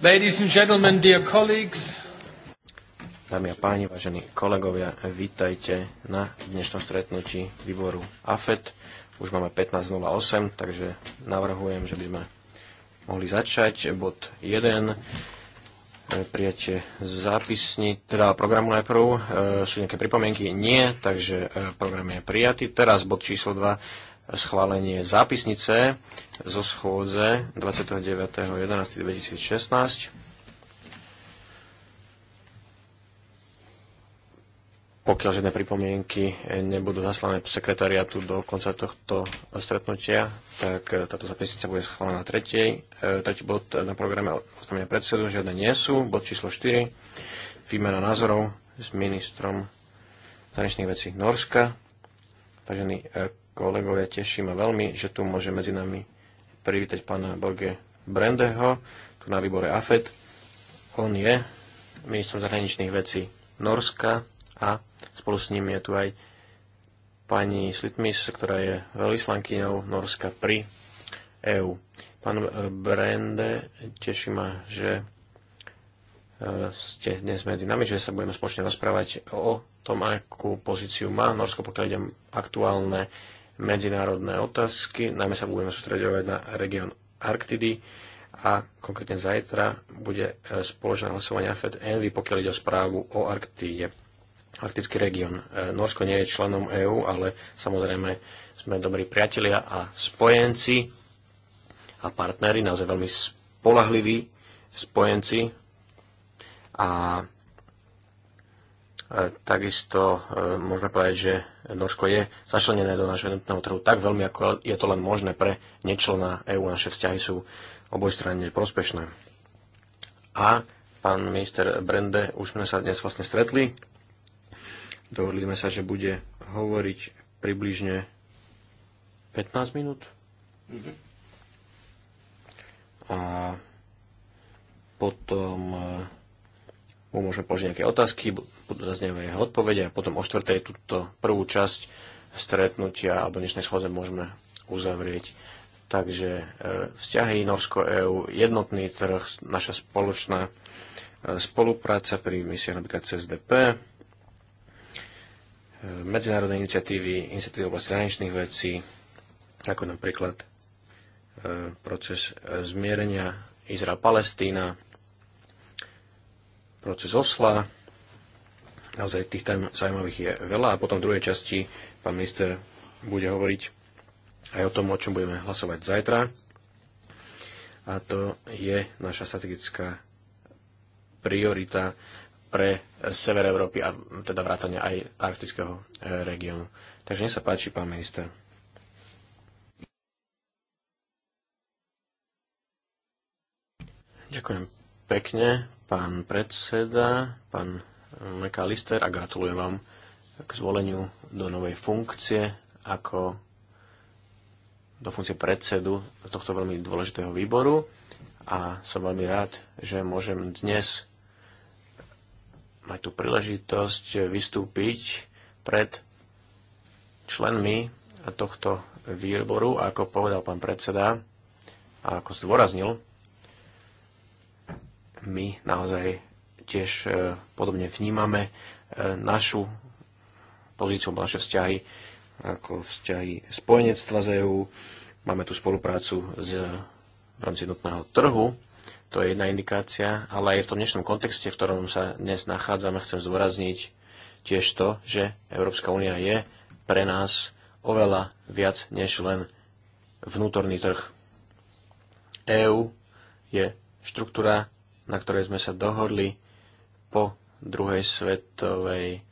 Ladies and gentlemen, dear colleagues. Dámy a páni, vážení kolegovia, vítajte na dnešnom stretnutí výboru AFET. Už máme 15.08, takže navrhujem, že by sme mohli začať. Bod 1, e, prijatie zápisní, teda programu najprv. E, sú nejaké pripomienky? Nie, takže e, program je prijatý. Teraz bod číslo 2, schválenie zápisnice zo schôdze 29.11.2016. Pokiaľ žiadne pripomienky nebudú zaslané sekretariatu do konca tohto stretnutia, tak táto zápisnica bude schválená tretej. E, tretí bod na programe oznámenia predsedu, žiadne nie sú. Bod číslo 4, výmena názorov s ministrom zahraničných vecí Norska, vážený e, kolegovia, teší ma veľmi, že tu môže medzi nami privítať pána Borge Brendeho, tu na výbore AFED. On je ministrom zahraničných vecí Norska a spolu s ním je tu aj pani Slitmis, ktorá je veľvyslankyňou Norska pri EÚ. Pán eh, Brende, teší ma, že eh, ste dnes medzi nami, že sa budeme spoločne rozprávať o tom, akú pozíciu má Norsko, pokiaľ idem aktuálne medzinárodné otázky, najmä sa budeme sústredovať na región Arktidy a konkrétne zajtra bude e, spoločné hlasovanie AFED Envy, pokiaľ ide o správu o Arktíde. Arktický región. E, Norsko nie je členom EÚ, ale samozrejme sme dobrí priatelia a spojenci a partneri, naozaj veľmi spolahliví spojenci a E, takisto e, môžeme povedať, že Norsko je začlenené do nášho jednotného trhu tak veľmi, ako je to len možné pre nečlena EÚ. Naše vzťahy sú obojstranne prospešné. A pán minister Brende, už sme sa dnes vlastne stretli. Dohodli sme sa, že bude hovoriť približne 15 minút. Mhm. A potom e, mu môžeme položiť nejaké otázky, budú zaznievajú jeho odpovede a potom o štvrtej túto prvú časť stretnutia alebo dnešnej schôdze môžeme uzavrieť. Takže e, vzťahy Norsko-EU, jednotný trh, naša spoločná e, spolupráca pri misiách napríklad CSDP, e, medzinárodné iniciatívy, iniciatívy v oblasti zahraničných vecí, ako napríklad proces zmierenia Izrael-Palestína, proces osla. Naozaj tých tam zaujímavých je veľa a potom v druhej časti pán minister bude hovoriť aj o tom, o čom budeme hlasovať zajtra. A to je naša strategická priorita pre sever Európy a teda vrátanie aj arktického e, regiónu. Takže nech sa páči, pán minister. Ďakujem pekne, pán predseda, pán McAllister a gratulujem vám k zvoleniu do novej funkcie ako do funkcie predsedu tohto veľmi dôležitého výboru a som veľmi rád, že môžem dnes mať tú príležitosť vystúpiť pred členmi tohto výboru, ako povedal pán predseda a ako zdôraznil, my naozaj tiež e, podobne vnímame e, našu pozíciu, naše vzťahy ako vzťahy spojenectva z EU. Máme tu spoluprácu s, v rámci jednotného trhu, to je jedna indikácia, ale aj v tom dnešnom kontexte, v ktorom sa dnes nachádzame, chcem zdôrazniť tiež to, že Európska únia je pre nás oveľa viac než len vnútorný trh. EÚ je štruktúra, na ktorej sme sa dohodli po druhej svetovej eh,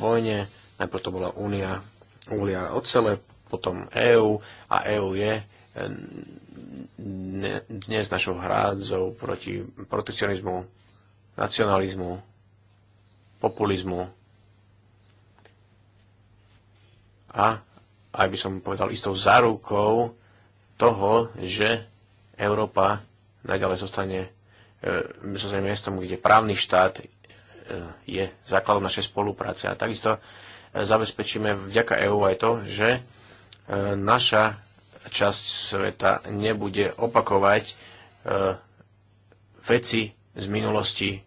vojne. Najprv to bola Únia Únia ocele, potom EÚ a EÚ je eh, dnes našou hrádzou proti protekcionizmu, nacionalizmu, populizmu a aj by som povedal istou zárukou toho, že Európa naďalej zostane E, myslím, miestom, kde právny štát e, je základom našej spolupráce. A takisto e, zabezpečíme vďaka EÚ aj to, že naša časť sveta nebude opakovať veci z minulosti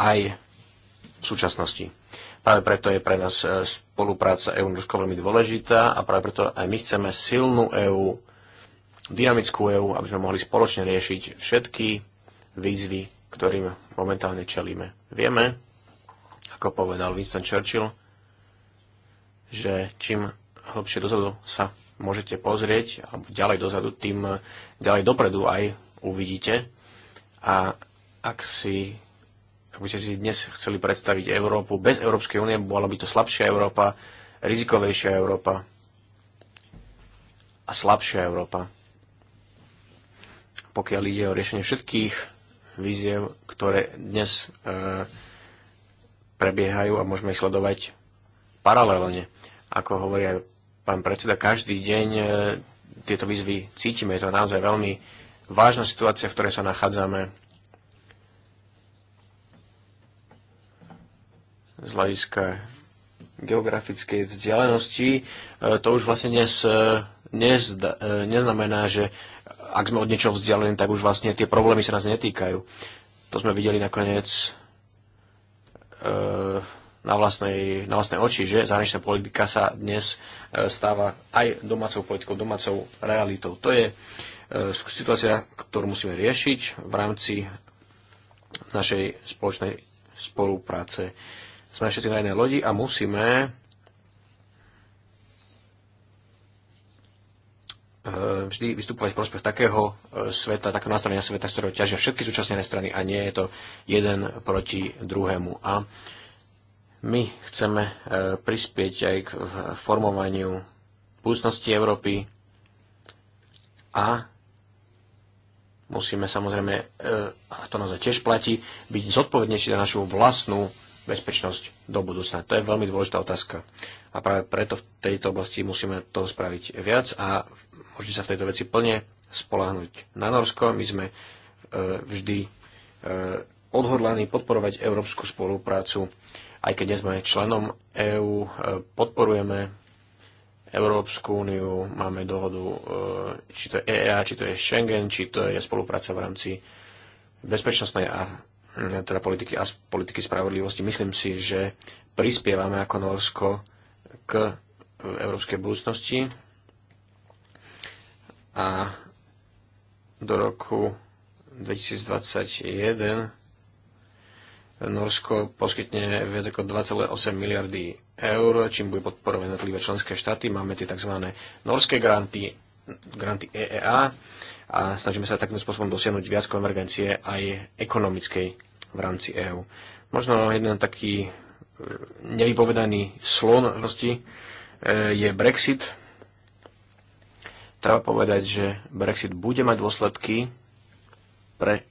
aj v súčasnosti. Práve preto je pre nás spolupráca EU veľmi dôležitá a práve preto aj my chceme silnú EÚ, dynamickú EÚ, aby sme mohli spoločne riešiť všetky výzvy, ktorým momentálne čelíme. Vieme, ako povedal Winston Churchill, že čím hlbšie dozadu sa môžete pozrieť, alebo ďalej dozadu, tým ďalej dopredu aj uvidíte. A ak si ak by ste si dnes chceli predstaviť Európu bez Európskej únie, bola by to slabšia Európa, rizikovejšia Európa a slabšia Európa. Pokiaľ ide o riešenie všetkých víziev, ktoré dnes e, prebiehajú a môžeme ich sledovať paralelne. Ako hovorí aj pán predseda, každý deň e, tieto výzvy cítime. Je to naozaj veľmi vážna situácia, v ktorej sa nachádzame. Z hľadiska geografickej vzdialenosti, e, to už vlastne dnes, dnes e, e, neznamená, že ak sme od niečoho vzdialení, tak už vlastne tie problémy sa nás netýkajú. To sme videli nakoniec e, na, vlastnej, na vlastnej oči, že zahraničná politika sa dnes e, stáva aj domácou politikou, domácou realitou. To je e, situácia, ktorú musíme riešiť v rámci našej spoločnej spolupráce. Sme všetci na jednej lodi a musíme E, vždy vystupovať v prospech takého e, sveta, takého nastavenia sveta, z ktorého ťažia všetky súčasnené strany a nie je to jeden proti druhému. A my chceme e, prispieť aj k formovaniu budúcnosti Európy a musíme samozrejme, a to naozaj tiež platí, byť zodpovednejší za našu vlastnú bezpečnosť do budúcna? To je veľmi dôležitá otázka. A práve preto v tejto oblasti musíme to spraviť viac a môžete sa v tejto veci plne spolahnuť na Norsko. My sme e, vždy e, odhodlaní podporovať európsku spoluprácu. Aj keď sme členom EÚ, e, podporujeme Európsku úniu, máme dohodu, e, či to je EEA, či to je Schengen, či to je spolupráca v rámci bezpečnostnej a Mm, teda politiky a politiky spravodlivosti. Myslím si, že prispievame ako Norsko k e, európskej budúcnosti a do roku 2021 Norsko poskytne viac ako 2,8 miliardy eur, čím bude podporovať jednotlivé členské štáty. Máme tie tzv. norské granty, granty EEA, a snažíme sa takým spôsobom dosiahnuť viac konvergencie aj ekonomickej v rámci EÚ. Možno jeden taký e, nevypovedaný slon e, je Brexit. Treba povedať, že Brexit bude mať dôsledky pre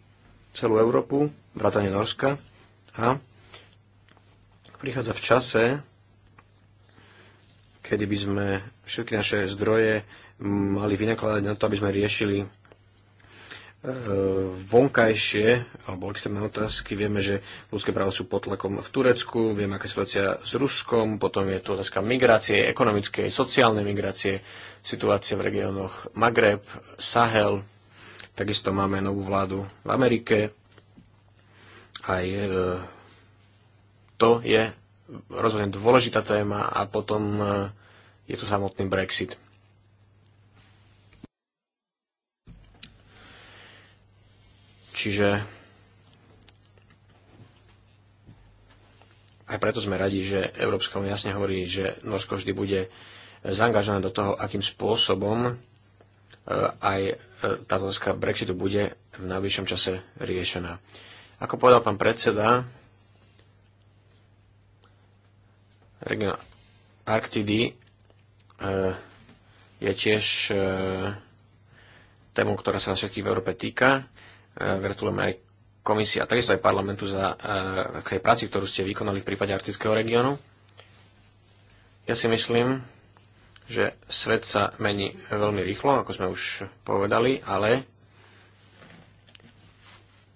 celú Európu, vrátane Norska a prichádza v čase, kedy by sme všetky naše zdroje mali vynakladať na to, aby sme riešili E, vonkajšie alebo externé otázky. Vieme, že ľudské práva sú pod tlakom v Turecku, vieme, aká situácia s Ruskom, potom je tu otázka migrácie, ekonomickej, sociálnej migrácie, situácia v regiónoch Magreb, Sahel, takisto máme novú vládu v Amerike. Aj e, to je rozhodne dôležitá téma a potom e, je tu samotný Brexit. Čiže aj preto sme radi, že Európska únia jasne hovorí, že Norsko vždy bude e, zaangažované do toho, akým spôsobom e, aj e, tá otázka Brexitu bude v najbližšom čase riešená. Ako povedal pán predseda, region Arktidy je tiež témou, ktorá sa na všetkých v Európe týka. E, gratulujeme aj a takisto aj parlamentu za, e, k tej práci, ktorú ste vykonali v prípade arktického regiónu. Ja si myslím, že svet sa mení veľmi rýchlo, ako sme už povedali, ale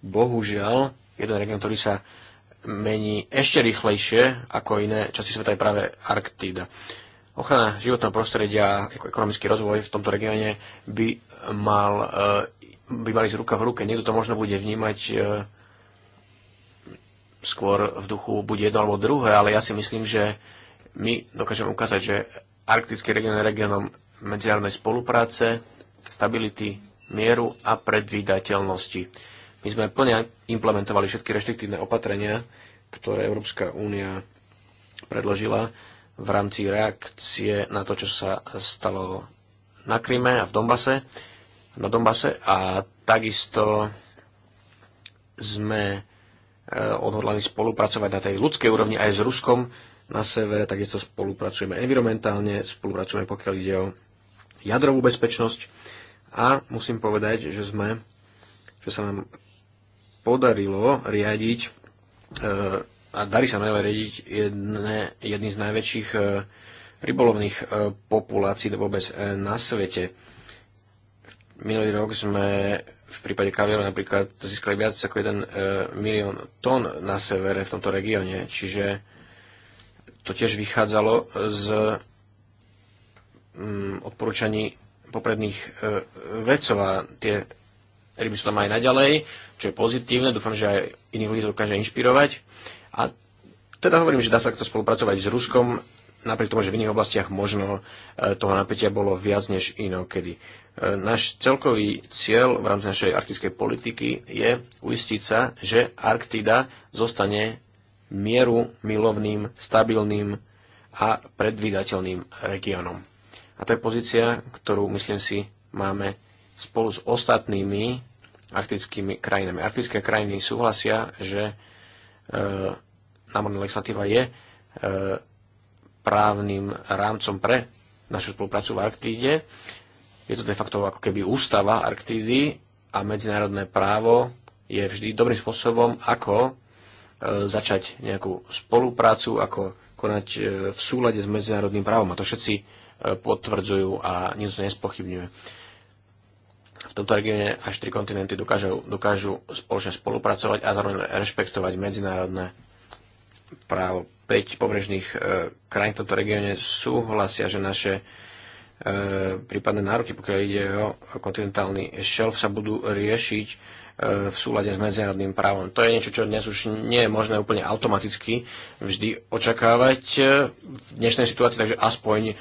bohužiaľ jeden región, ktorý sa mení ešte rýchlejšie ako iné časti sveta je práve Arktída. Ochrana životného prostredia a ekonomický rozvoj v tomto regióne by mal e, by mali z ruka v ruke. Niekto to možno bude vnímať e, skôr v duchu buď jedno alebo druhé, ale ja si myslím, že my dokážeme ukázať, že arktický region je regionom medzinárodnej spolupráce, stability, mieru a predvídateľnosti. My sme plne implementovali všetky reštriktívne opatrenia, ktoré Európska únia predložila v rámci reakcie na to, čo sa stalo na Kryme a v Donbase na Donbase a takisto sme e, odhodlani spolupracovať na tej ľudskej úrovni aj s Ruskom na severe, takisto spolupracujeme environmentálne, spolupracujeme pokiaľ ide o jadrovú bezpečnosť a musím povedať, že sme, že sa nám podarilo riadiť e, a darí sa najmä riadiť jedne, jedný z najväčších e, rybolovných populácií vôbec na svete Minulý rok sme v prípade kaviaru napríklad získali viac ako 1 e, milión tón na severe v tomto regióne, čiže to tiež vychádzalo z mm, odporúčaní popredných e, vedcov a tie ryby sú tam aj naďalej, čo je pozitívne, dúfam, že aj iných ľudí to dokáže inšpirovať. A teda hovorím, že dá sa takto spolupracovať s Ruskom, napriek tomu, že v iných oblastiach možno e, toho napätia bolo viac než inokedy. Náš celkový cieľ v rámci našej arktickej politiky je uistiť sa, že Arktida zostane mieru milovným, stabilným a predvydateľným regiónom. A to je pozícia, ktorú, myslím si, máme spolu s ostatnými arktickými krajinami. Arktické krajiny súhlasia, že e, námorná legislatíva je e, právnym rámcom pre našu spoluprácu v Arktíde je to de facto ako keby ústava Arktídy a medzinárodné právo je vždy dobrým spôsobom, ako e, začať nejakú spoluprácu, ako konať e, v súlade s medzinárodným právom. A to všetci e, potvrdzujú a nič to nespochybňuje. V tomto regióne až tri kontinenty dokážu, dokážu spoločne spolupracovať a zároveň rešpektovať medzinárodné právo. 5 pobrežných e, krajín v tomto regióne súhlasia, že naše E, prípadné nároky, pokiaľ ide o kontinentálny šelf, sa budú riešiť e, v súlade s medzinárodným právom. To je niečo, čo dnes už nie je možné úplne automaticky vždy očakávať e, v dnešnej situácii, takže aspoň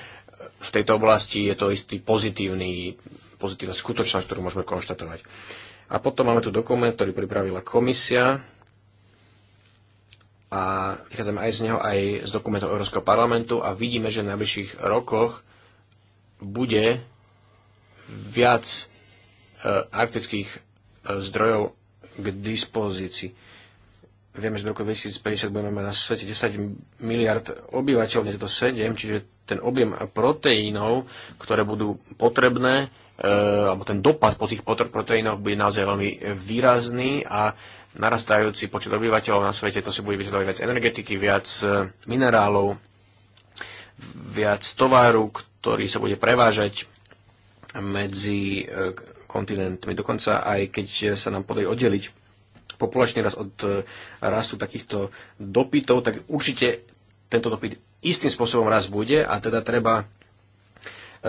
v tejto oblasti je to istý pozitívny, pozitívna skutočnosť, ktorú môžeme konštatovať. A potom máme tu dokument, ktorý pripravila komisia a vychádzame aj z neho, aj z dokumentov Európskeho parlamentu a vidíme, že v najbližších rokoch bude viac e, arktických e, zdrojov k dispozícii. Vieme, že do roku 2050 budeme mať na svete 10 miliard obyvateľov, dnes to 7, čiže ten objem proteínov, ktoré budú potrebné, e, alebo ten dopad po tých proteínoch bude naozaj veľmi výrazný a narastajúci počet obyvateľov na svete, to si bude vyžadovať viac energetiky, viac minerálov, viac tovaru, ktorý sa bude prevážať medzi eh, kontinentmi. Dokonca aj keď sa nám podarí oddeliť populačný raz od eh, rastu takýchto dopytov, tak určite tento dopyt istým spôsobom raz bude a teda treba eh,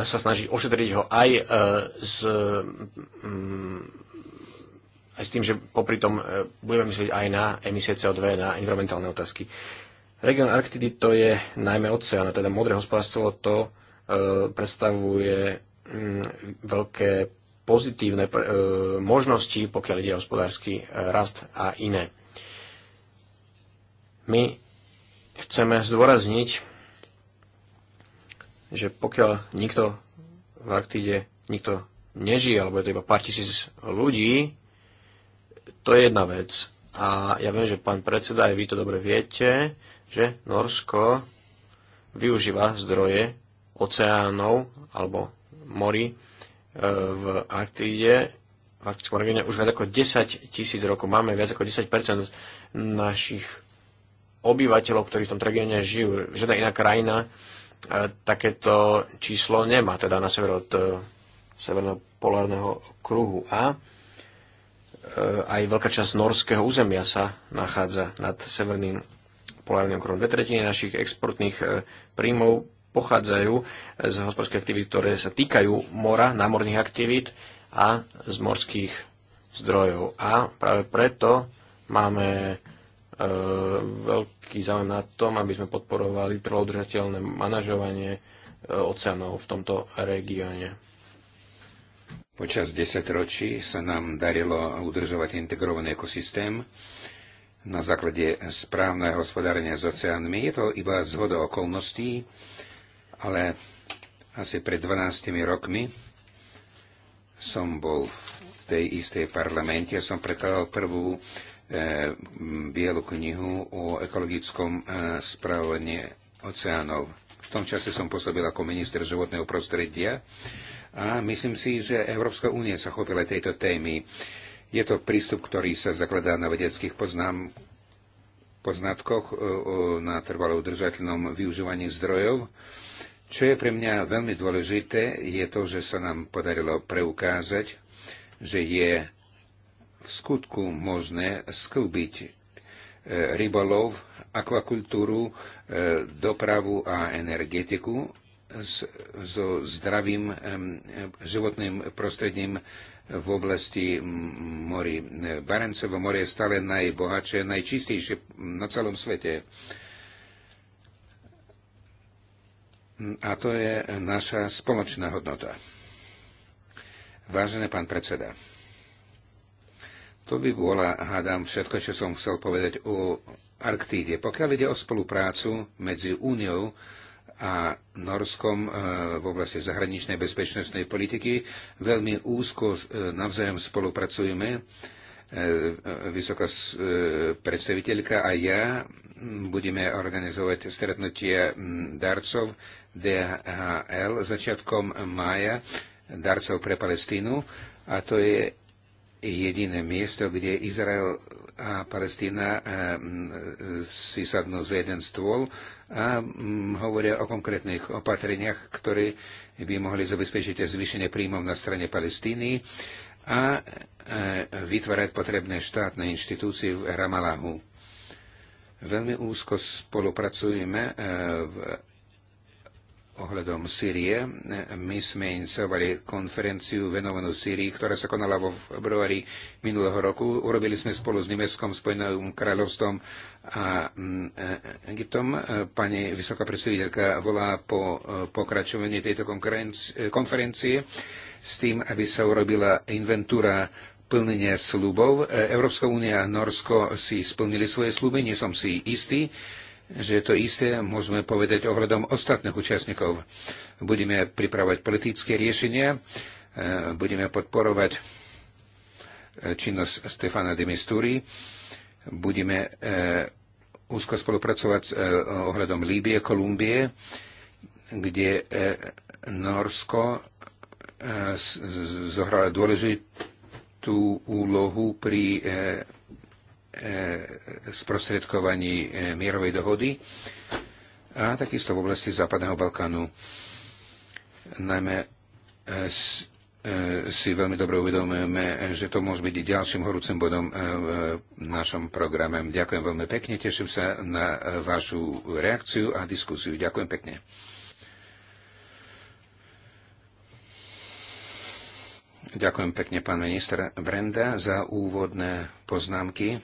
sa snažiť ošetriť ho aj s, mm, aj s tým, že popri tom budeme myslieť aj na emisie CO2, na environmentálne otázky. Region Arktidy to je najmä oceán, teda modré hospodárstvo to E, predstavuje mm, veľké pozitívne e, možnosti, pokiaľ ide o hospodársky e, rast a iné. My chceme zdôrazniť, že pokiaľ nikto v Arktide nikto nežije, alebo je to iba pár tisíc ľudí, to je jedna vec. A ja viem, že pán predseda, aj vy to dobre viete, že Norsko využíva zdroje oceánov alebo mori e, v Arktíde, v Arktickom regióne už viac ako 10 tisíc rokov. Máme viac ako 10 našich obyvateľov, ktorí v tomto regióne žijú. Žiadna iná krajina e, takéto číslo nemá, teda na sever od e, severnopolárneho kruhu. A aj veľká časť norského územia sa nachádza nad severným polárnym kruhom. Dve tretiny našich exportných príjmov pochádzajú z hospodských aktivít, ktoré sa týkajú mora, námorných aktivít a z morských zdrojov. A práve preto máme e, veľký záujem na tom, aby sme podporovali trvodržateľné manažovanie e, oceánov v tomto regióne. Počas desaťročí sa nám darilo udržovať integrovaný ekosystém na základe správneho hospodárenia s oceánmi. Je to iba zhoda okolností, ale asi pred 12 rokmi som bol v tej istej parlamente, a som prekladal prvú e, bielu knihu o ekologickom e, eh, správaní oceánov. V tom čase som pôsobil ako minister životného prostredia a myslím si, že Európska únia sa chopila tejto témy. Je to prístup, ktorý sa zakladá na vedeckých poznám, poznatkoch eh, na trvalo udržateľnom využívaní zdrojov. E, čo je pre mňa veľmi dôležité, je to, že sa nám podarilo preukázať, že je v skutku možné sklbiť e, rybolov, akvakultúru, e, dopravu a energetiku so zdravým životným prostredím v oblasti mori. Barencevo more je stále najbohatšie, najčistejšie na celom svete. A to je naša spoločná hodnota. Vážený pán predseda, to by bola, hádam, všetko, čo som chcel povedať o Arktíde. Pokiaľ ide o spoluprácu medzi Úniou a Norskom e, v oblasti zahraničnej bezpečnostnej politiky, veľmi úzko e, navzájom spolupracujeme e, vysoká predstaviteľka a ja budeme organizovať stretnutie darcov DHL začiatkom mája darcov pre Palestínu a to je jediné miesto, kde Izrael a Palestína eh, si sadnú za jeden stôl a mm, hovoria o konkrétnych opatreniach, ktoré by mohli zabezpečiť zvýšenie príjmov na strane Palestíny a eh, vytvárať potrebné štátne inštitúcie v Ramalahu. Veľmi úzko spolupracujeme eh, v ohľadom Sýrie. My sme iniciovali konferenciu venovanú Sýrii, ktorá sa konala vo februári minulého roku. Urobili sme spolu s Nemeckom, Spojeným kráľovstvom a mm, e, Egyptom. Pani vysoká predstaviteľka volá po e, pokračovaní tejto e, konferencie s tým, aby sa urobila inventúra plnenia slubov. Európska únia a Norsko si splnili svoje sluby, nie som si istý že to isté môžeme povedať ohľadom ostatných účastníkov. Budeme pripravať politické riešenia, e, budeme podporovať e, činnosť Stefana de Misturi, budeme e, úzko spolupracovať s ohľadom Líbie, Kolumbie, kde Norsko zohrala dôležitú úlohu pri E, sprostredkovaní e, mierovej dohody a takisto v oblasti Západného Balkánu. Najmä e, si veľmi dobre uvedomujeme, že to môže byť ďalším horúcim bodom v našom programe. Ďakujem veľmi pekne, teším sa na vašu reakciu a diskusiu. Ďakujem pekne. Ďakujem pekne, pán minister Brenda, za úvodné poznámky.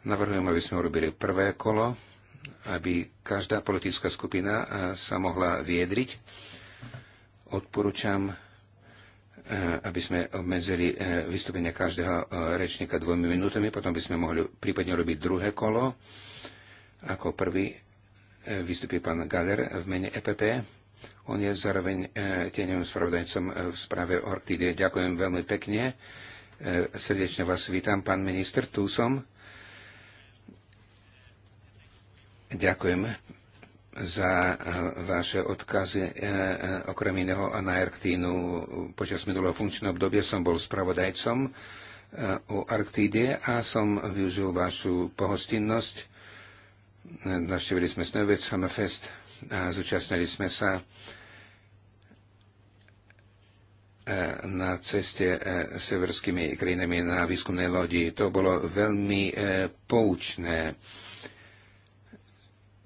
Navrhujem, aby sme urobili prvé kolo, aby každá politická skupina eh, sa mohla viedriť. Odporúčam, eh, aby sme obmedzili eh, vystúpenie každého rečníka dvomi minútami, potom by sme mohli prípadne robiť druhé kolo. Ako prvý vystupí pán Galer v mene EPP. On je zároveň tieňovým spravodajcom v správe Ortide. Ďakujem veľmi pekne. Srdečne vás vítam, pán minister, tu som. Ďakujem za eh, vaše odkazy. Eh, eh, okrem iného na Arktínu počas minulého funkčného obdobia som bol spravodajcom o Arktíde a som využil vašu pohostinnosť. Navštívili sme Snovec, Hammerfest a zúčastnili sme sa na ceste severskými krajinami na výskumnej lodi. To bolo veľmi poučné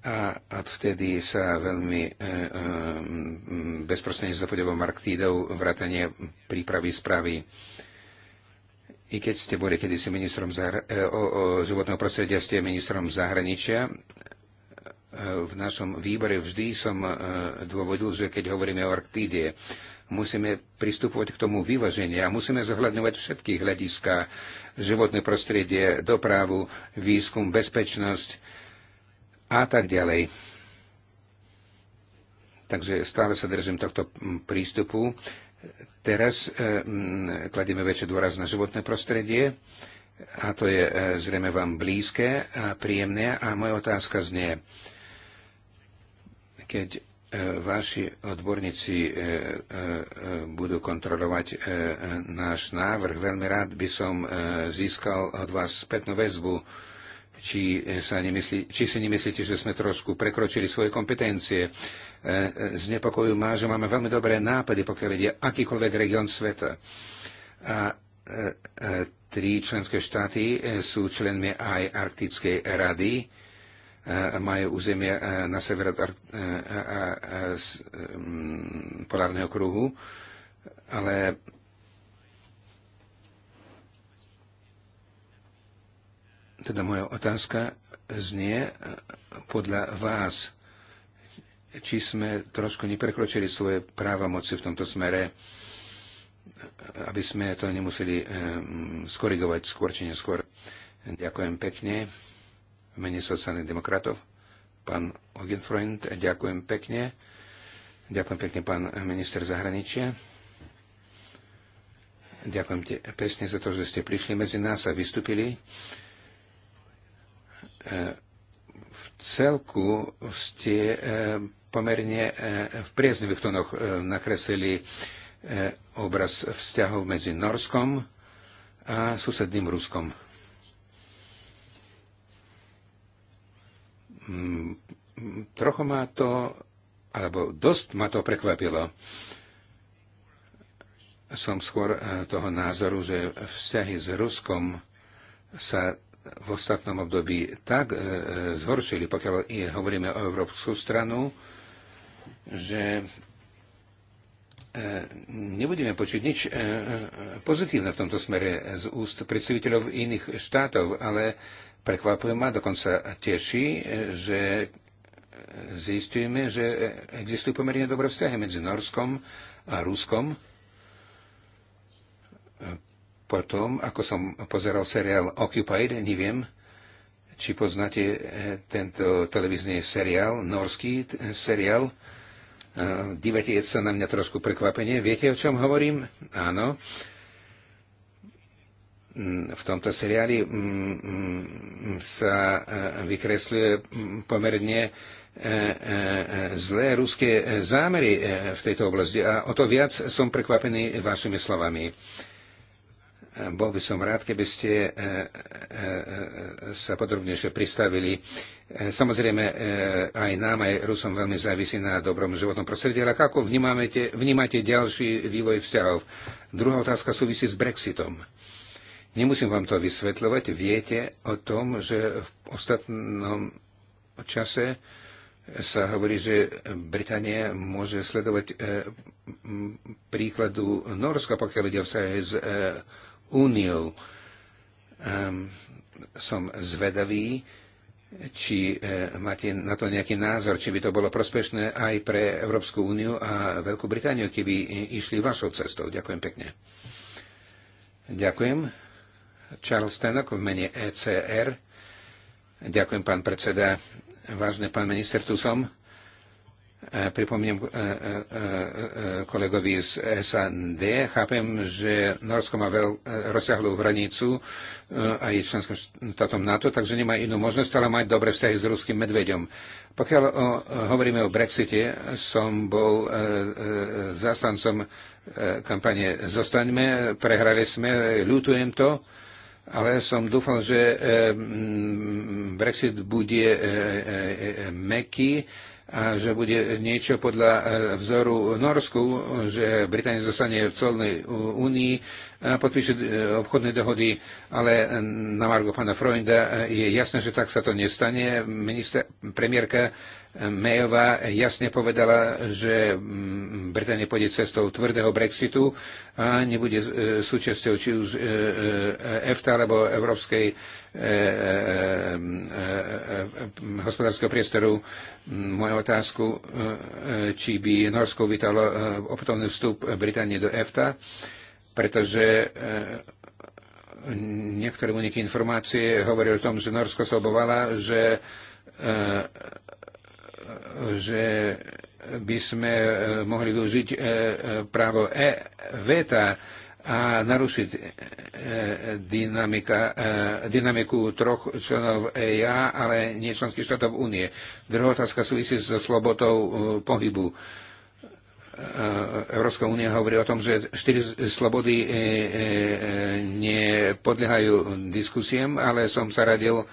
a odvtedy sa veľmi e, e, bezprostredne Mark Arktídov vrátanie prípravy správy. I keď ste boli kedysi ministrom zahra- e, o, o životného prostredia, ste ministrom zahraničia, e, v našom výbore vždy som e, dôvodil, že keď hovoríme o Arktíde, musíme pristupovať k tomu vyvaženie a musíme zohľadňovať všetky hľadiska, životné prostredie, dopravu, výskum, bezpečnosť, a tak ďalej. Takže stále sa držím tohto prístupu. Teraz e, kladieme väčšie dôraz na životné prostredie a to je e, zrejme vám blízke a príjemné. A moja otázka znie, keď e, vaši odborníci e, e, budú kontrolovať e, náš návrh, veľmi rád by som e, získal od vás spätnú väzbu, e, či, eh, sa nemyslí, či si nemyslíte, že sme trošku prekročili svoje kompetencie. Eh, eh, Znepokojú ma, že máme veľmi dobré nápady, pokiaľ ide akýkoľvek región sveta. A tri členské štáty sú členmi aj Arktickej rady, majú územie na sever od polárneho kruhu, ale Teda moja otázka znie e, podľa vás, či sme trošku neprekročili svoje právomoci v tomto smere, e, aby sme to nemuseli e, skorigovať skôr či neskôr. Ďakujem pekne. V mene sociálnych demokratov. Pán Ogenfreund, ďakujem pekne. Ďakujem pekne, pán minister zahraničia. Ďakujem te, pekne za to, že ste prišli medzi nás a vystúpili. V celku ste e, pomerne e, v priezdnevých tónoch e, nakreslili obraz vzťahov medzi Norskom a susedným Ruskom. Mm, trochu ma to, alebo dosť ma to prekvapilo. Som skôr toho názoru, že vzťahy s Ruskom sa v ostatnom období tak e, e, zhoršili, pokiaľ hovoríme o európsku stranu, že e, nebudeme počuť nič pozitívne v tomto smere z úst predstaviteľov iných štátov, ale prekvapuje ma, dokonca teší, že zistujeme, že existujú pomerne dobré vzťahy medzi Norskom a Ruskom, potom, ako som pozeral seriál Occupied, neviem, či poznáte eh, tento televízny seriál, norský seriál. Eh, Dívate sa na mňa trošku prekvapenie. Viete, o čom hovorím? Áno. Mm, v tomto seriáli mm, mm, sa eh, vykresľuje pomerne zlé ruské zámery v tejto oblasti. A o to viac som prekvapený vašimi slovami. Bol by som rád, keby ste e, e, e, sa podrobnejšie pristavili. Samozrejme, aj nám, aj Rusom veľmi závisí na dobrom životnom prostredí, ale ako vnímate, vnímate ďalší vývoj vzťahov? Druhá otázka súvisí s Brexitom. Nemusím vám to vysvetľovať. Viete o tom, že v ostatnom čase sa hovorí, že Británia môže sledovať e, príkladu Norska, pokiaľ ide vzťahy s e, úniou. Um, som zvedavý, či e, máte na to nejaký názor, či by to bolo prospešné aj pre Európsku úniu a Veľkú Britániu, keby išli vašou cestou. Ďakujem pekne. Ďakujem. Charles Tenok v mene ECR. Ďakujem, pán predseda. Vážne, pán minister, tu som. E, pripomínam e, e, kolegovi z SND, chápem, že Norsko má veľ, rozsiahlú hranicu aj členským štátom NATO, takže nemá inú možnosť, ale mať dobré vzťahy s ruským medveďom. Pokiaľ o, hovoríme o Brexite, som bol zastancom kampane Zostaňme, prehrali sme, ľutujem to, ale som dúfal, že Brexit bude meký a že bude niečo podľa eh, vzoru Norsku, že Británia zostane v celnej eh, únii podpíše e, obchodné dohody, ale e, na Margo pána Freunda e, je jasné, že tak sa to nestane. Minister, premiérka Mayová jasne povedala, že mm, Británia pôjde cestou tvrdého Brexitu a nebude súčasťou či už EFTA alebo Európskej hospodárskeho priestoru. Mm, moja otázku, či by Norsko vytalo opätovný vstup Británie do EFTA pretože eh, niektoré uniky informácie hovorí o tom, že Norsko sa obovala, že, eh, že by sme eh, mohli využiť právo e veta a narušiť dynamika, dynamiku troch členov EIA, ale nie členských štátov únie. Druhá otázka súvisí so slobodou pohybu. E, Európska únia hovorí o tom, že štyri slobody e, e, nepodliehajú diskusiem, ale som sa radil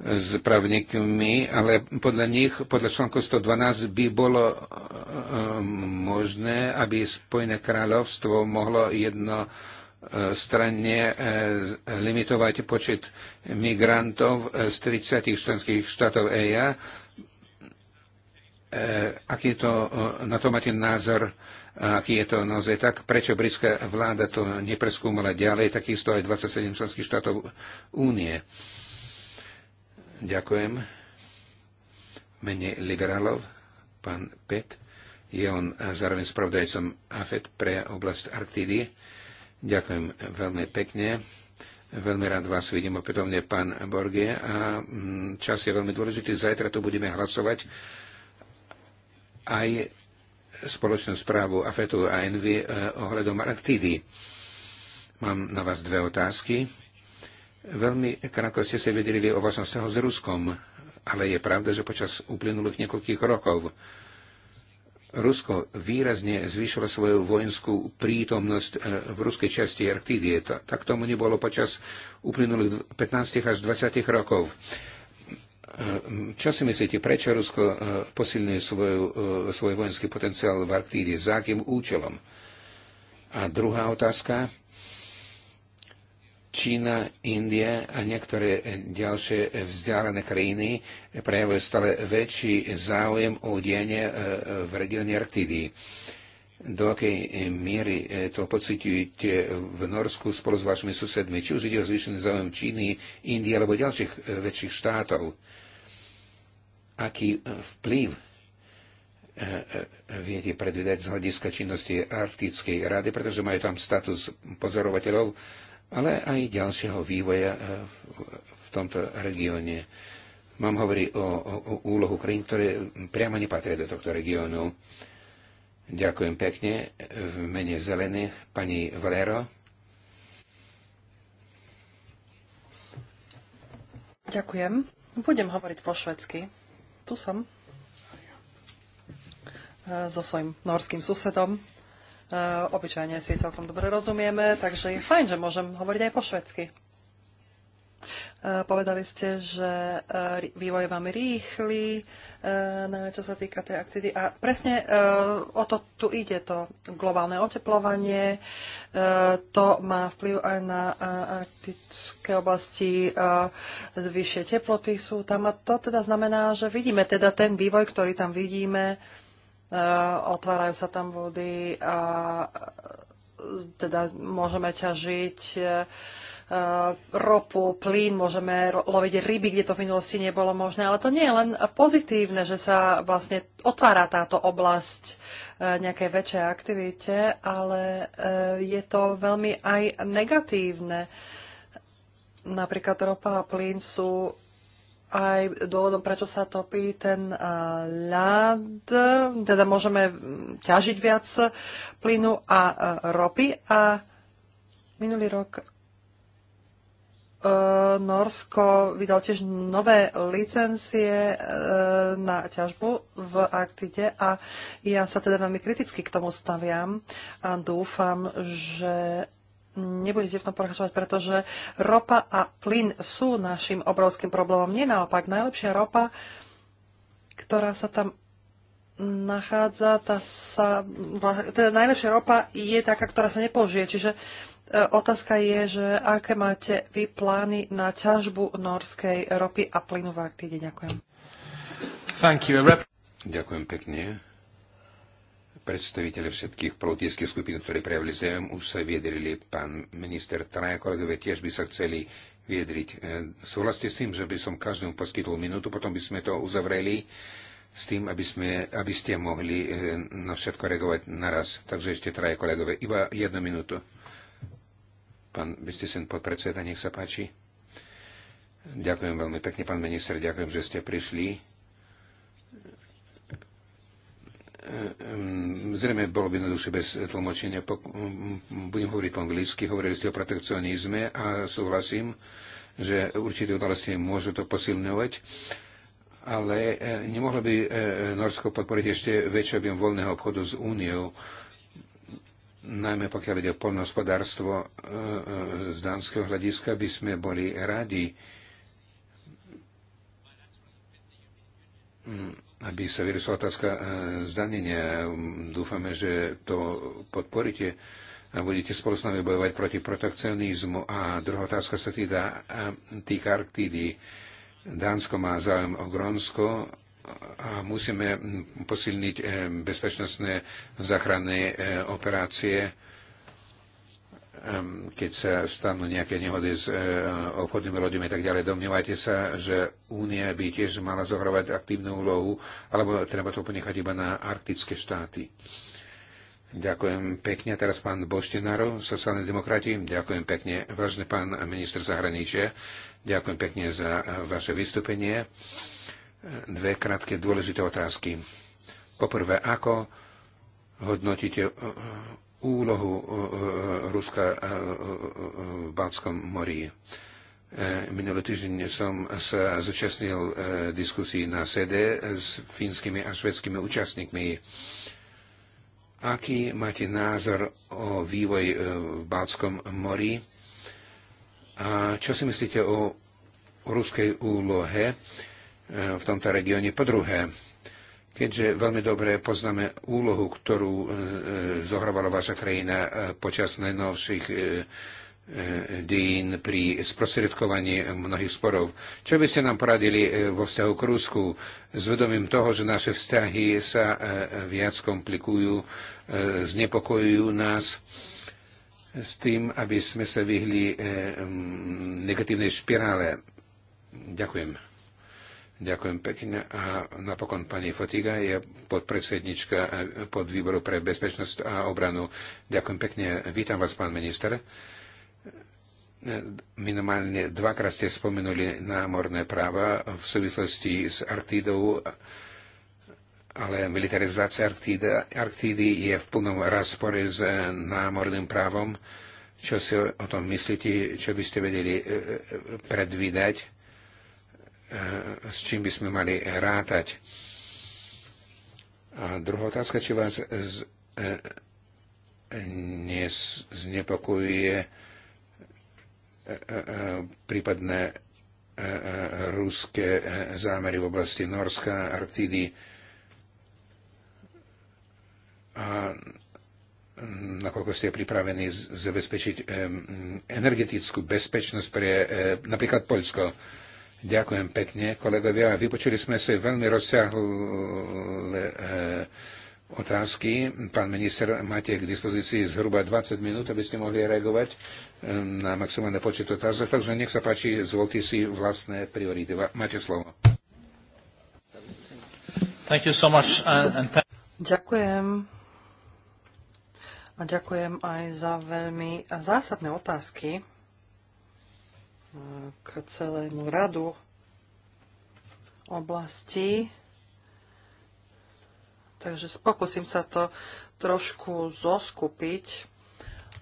s právnikmi, ale podľa nich, podľa článku 112 by bolo možné, aby Spojené kráľovstvo mohlo jedno stranne limitovať počet migrantov z 30 členských štátov EIA Eh, aký je to, eh, na to máte názor, eh, aký je to naozaj tak, prečo britská vláda to nepreskúmala ďalej, takisto aj 27 členských štátov únie. Ďakujem. Mene liberálov, pán Pet, je on zároveň spravodajcom AFET pre oblasť Arktídy. Ďakujem veľmi pekne. Veľmi rád vás vidím opätovne, pán Borgie. A mm, čas je veľmi dôležitý. Zajtra tu budeme hlasovať aj spoločnú správu AFETu a ENVY eh, ohľadom Arktídy. Mám na vás dve otázky. Veľmi krátko ste sa vedeli o vašom vzťahu s Ruskom, ale je pravda, že počas uplynulých niekoľkých rokov Rusko výrazne zvýšilo svoju vojenskú prítomnosť eh, v ruskej časti Arktídy. Tak tomu nebolo počas uplynulých 15 až 20 rokov. Hm, čo si myslíte, prečo Rusko hm, posilňuje svoj, hm, svoj vojenský potenciál v Arktíde? Za akým účelom? A druhá otázka. Čína, India a niektoré ďalšie vzdialené krajiny prejavujú stále väčší záujem o dianie v regióne Arktídy. Do akej miery to pocitujete v Norsku spolu s vašimi susedmi? Či už ide o zvýšený záujem Číny, Indie alebo ďalších väčších štátov? aký e, vplyv e, e, viete predvídať z hľadiska činnosti Arktickej rady, pretože majú tam status pozorovateľov, ale aj ďalšieho vývoja v tomto regióne. Mám hovorí o, o, o úlohu krajín, ktoré priamo nepatria do tohto regiónu. Ďakujem pekne v mene Zelených pani Valero. Ďakujem. Budem hovoriť po švedsky. Tu som e, so svojím norským susedom. E, obyčajne si celkom dobre rozumieme, takže je fajn, že môžem hovoriť aj po švedsky. E, povedali ste, že e, vývoj je veľmi rýchly, e, čo sa týka tej aktivity. A presne o to tu ide, to globálne oteplovanie. To má vplyv aj na arktické oblasti. Vyššie teploty sú tam. A to teda znamená, že vidíme teda ten vývoj, ktorý tam vidíme. Otvárajú sa tam vody a teda môžeme ťažiť Eh, ropu, plyn, môžeme loviť ryby, kde to v minulosti nebolo možné. Ale to nie je len pozitívne, že sa vlastne otvára táto oblasť eh, nejakej väčšej aktivite, ale eh, je to veľmi aj negatívne. Napríklad ropa a plyn sú aj dôvodom, prečo sa topí ten ľad, teda môžeme mm, ťažiť viac plynu a ropy. A minulý rok E, Norsko vydal tiež nové licencie e, na ťažbu v Arktide a ja sa teda veľmi kriticky k tomu staviam a dúfam, že nebudete v tom pokračovať, pretože ropa a plyn sú našim obrovským problémom. Nie naopak, najlepšia ropa, ktorá sa tam nachádza, tá sa, teda najlepšia ropa je taká, ktorá sa nepoužije. Čiže E, otázka je, že aké máte vy plány na ťažbu norskej ropy a plynu v Arktíde. Ďakujem. Thank you. Ďakujem pekne. Predstaviteľe všetkých politických skupín, ktoré prejavili zem, už sa viedrili. Pán minister Traja, kolegovia, tiež by sa chceli viedriť. E, súhlasíte s tým, že by som každému poskytol minútu, potom by sme to uzavreli s tým, aby, sme, aby ste mohli e, na všetko reagovať naraz. Takže ešte traje kolegové. Iba jednu minútu. Pán Bistisen, podpredseda, nech sa páči. Ďakujem veľmi pekne, pán minister, ďakujem, že ste prišli. Ehm, zrejme bolo by jednoduchšie bez tlmočenia. Budem hovoriť po anglicky, hovorili ste o protekcionizme a súhlasím, že určité udalosti môžu to posilňovať ale e, nemohlo by e, Norsko podporiť ešte väčší objem voľného obchodu s Úniou najmä pokiaľ ide o polnohospodárstvo e, e, z dánskeho hľadiska, by sme boli radi, mm, aby sa vyriešila otázka e, zdanenia. Dúfame, že to podporíte a budete spolu s nami bojovať proti protekcionizmu. A druhá otázka sa týka, týka Arktídy. Dánsko má záujem o Grónsko a musíme posilniť e, bezpečnostné záchranné e, operácie, keď sa stanú nejaké nehody s e, obchodnými loďmi a tak ďalej. Domnievajte sa, že Únia by tiež mala zohrávať aktívnu úlohu, alebo treba to ponechať iba na arktické štáty. Ďakujem pekne. Teraz pán Boštinárov, sociálny demokrati. Ďakujem pekne. Vážny pán minister zahraničia, ďakujem pekne za vaše vystúpenie dve krátke dôležité otázky. Poprvé, ako hodnotíte uh, uh, úlohu uh, Ruska v Balckom mori? Minulý týždeň som sa zúčastnil diskusii na sede s fínskymi a švedskými účastníkmi. Aký máte názor o vývoj v Balckom mori? A čo si myslíte o ruskej úlohe? E, v tomto regióne. Po druhé, keďže veľmi dobre poznáme úlohu, ktorú e, e, zohrávala vaša krajina počas najnovších dejín pri sprostredkovaní mnohých sporov. Čo by ste nám poradili vo vzťahu k Rusku s vedomím toho, že naše vzťahy sa viac komplikujú, znepokojujú nás s tým, aby sme sa vyhli negatívnej špirále? Ďakujem. Ďakujem pekne. A napokon pani Fotiga je podpredsednička Výboru pre bezpečnosť a obranu. Ďakujem pekne. Vítam vás, pán minister. Minimálne dvakrát ste spomenuli námorné práva v súvislosti s Arktídou, ale militarizácia Arktída, Arktídy je v plnom rozpore s námorným právom. Čo si o tom myslíte? Čo by ste vedeli eh, eh, predvídať? E, s čím by sme mali rátať. A druhá otázka, či vás z, e, znepokojuje e, e, prípadné e, e ruské e, zámery v oblasti Norska, Arktidy a nakoľko ste pripravení zabezpečiť energetickú bezpečnosť pre napríklad Poľsko. Ďakujem pekne, kolegovia. Vypočuli sme si veľmi rozsiahle e, otázky. Pán minister, máte k dispozícii zhruba 20 minút, aby ste mohli reagovať e, na maximálne počet otázok. Takže nech sa páči, zvolte si vlastné priority. Máte slovo. Thank you so much, uh, and th- ďakujem. A ďakujem aj za veľmi eh, zásadné otázky k celému radu oblastí. Takže pokúsim sa to trošku zoskupiť.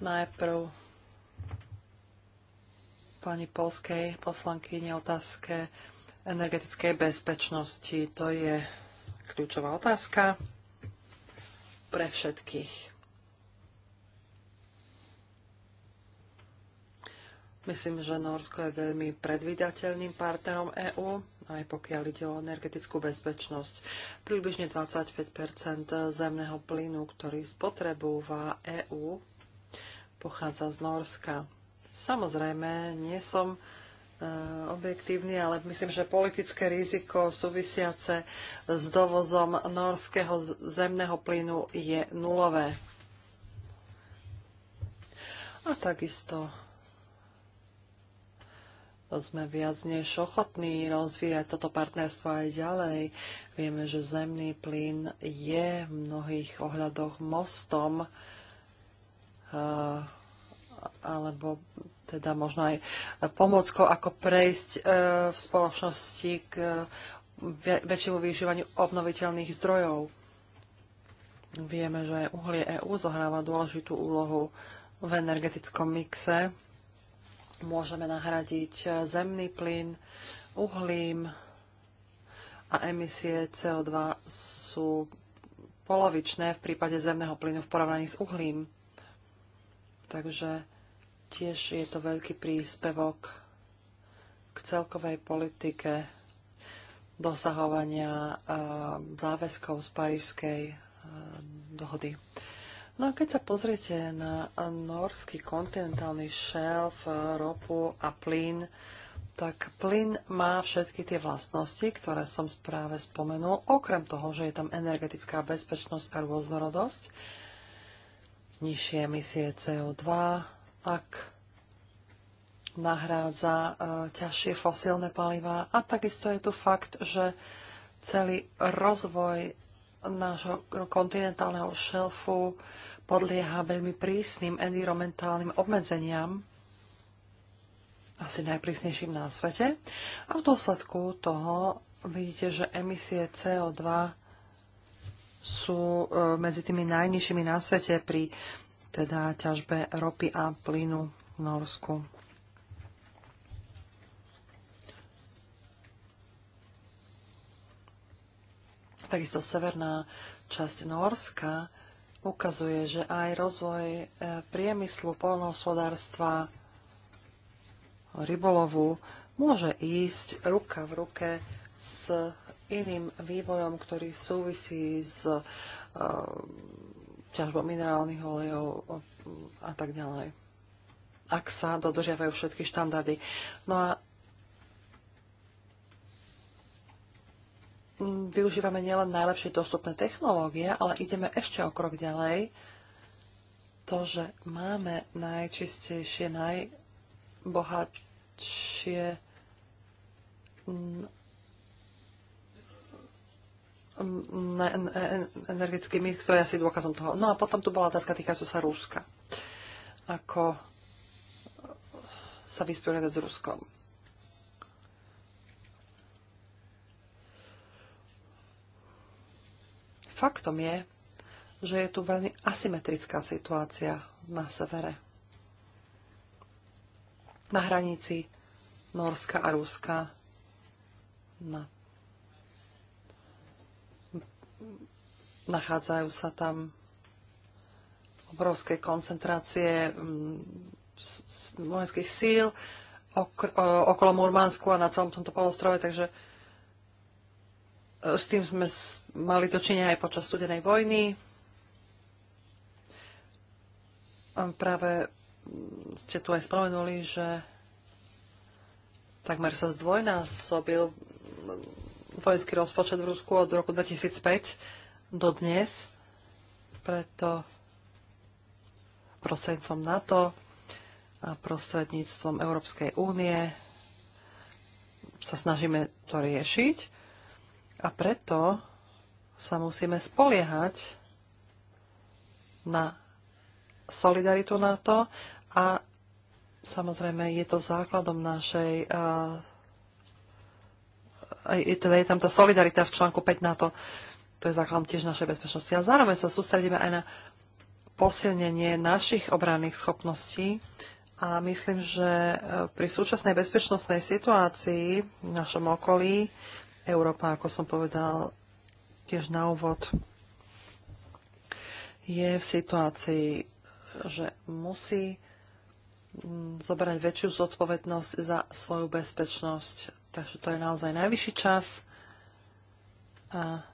Najprv pani polskej poslankyne otázke energetickej bezpečnosti. To je kľúčová otázka pre všetkých. Myslím, že Norsko je veľmi predvydateľným partnerom EÚ, aj pokiaľ ide o energetickú bezpečnosť. Približne 25 zemného plynu, ktorý spotrebúva EÚ, pochádza z Norska. Samozrejme, nie som e, objektívny, ale myslím, že politické riziko súvisiace s dovozom norského zemného plynu je nulové. A takisto sme viac než ochotní rozvíjať toto partnerstvo aj ďalej. Vieme, že zemný plyn je v mnohých ohľadoch mostom eh, alebo teda možno aj pomôckou, ako prejsť eh, v spoločnosti k väčšiemu využívaniu obnoviteľných zdrojov. Vieme, že aj uhlie EÚ zohráva dôležitú úlohu v energetickom mixe môžeme nahradiť eh, zemný plyn uhlím a emisie CO2 sú polovičné v prípade zemného plynu v porovnaní s uhlím. Takže tiež je to veľký príspevok k celkovej politike dosahovania eh, záväzkov z Parížskej eh, dohody. No a keď sa pozriete na norský kontinentálny šelf, ropu a plyn, tak plyn má všetky tie vlastnosti, ktoré som práve spomenul, okrem toho, že je tam energetická bezpečnosť a rôznorodosť, nižšie emisie CO2, ak nahrádza e, ťažšie fosílne paliva a takisto je tu fakt, že celý rozvoj nášho kontinentálneho šelfu podlieha veľmi prísnym environmentálnym obmedzeniam, asi najprísnejším na svete. A v dôsledku toho vidíte, že emisie CO2 sú e, medzi tými najnižšími na svete pri teda ťažbe ropy a plynu v Norsku. takisto severná časť Norska ukazuje, že aj rozvoj e, priemyslu, polnohospodárstva, rybolovu môže ísť ruka v ruke s iným vývojom, ktorý súvisí s uh, ťažbou minerálnych olejov a tak ďalej. Ak sa dodržiavajú všetky štandardy. No a využívame nielen najlepšie dostupné technológie, ale ideme ešte o krok ďalej. To, že máme najčistejšie, najbohatšie mm, mm, energetický mix, to je asi dôkazom toho. No a potom tu bola otázka týkajúca sa Ruska. Ako sa vysporiadať s Ruskom. faktom je, že je tu veľmi asymetrická situácia na severe. Na hranici Norska a Ruska na... nachádzajú sa tam obrovské koncentrácie mm, vojenských síl okolo Murmansku a na celom tomto polostrove, takže E, s tým sme mali dočinenia aj počas studenej vojny. Práve ste tu aj spomenuli, že takmer sa zdvojnásobil vojenský rozpočet v Rusku od roku 2005 do dnes. Preto prostredníctvom NATO a prostredníctvom Európskej únie sa snažíme to riešiť. A preto sa musíme spoliehať na solidaritu na to a samozrejme je to základom našej teda je tam tá solidarita v článku 5 to To je základom tiež našej bezpečnosti. A zároveň sa sústredíme aj na posilnenie našich obranných schopností. A myslím, že e, pri súčasnej bezpečnostnej situácii v našom okolí Európa, ako som povedal tiež na úvod, je v situácii, že musí mm, zobrať väčšiu zodpovednosť za svoju bezpečnosť. Takže to je naozaj najvyšší čas. A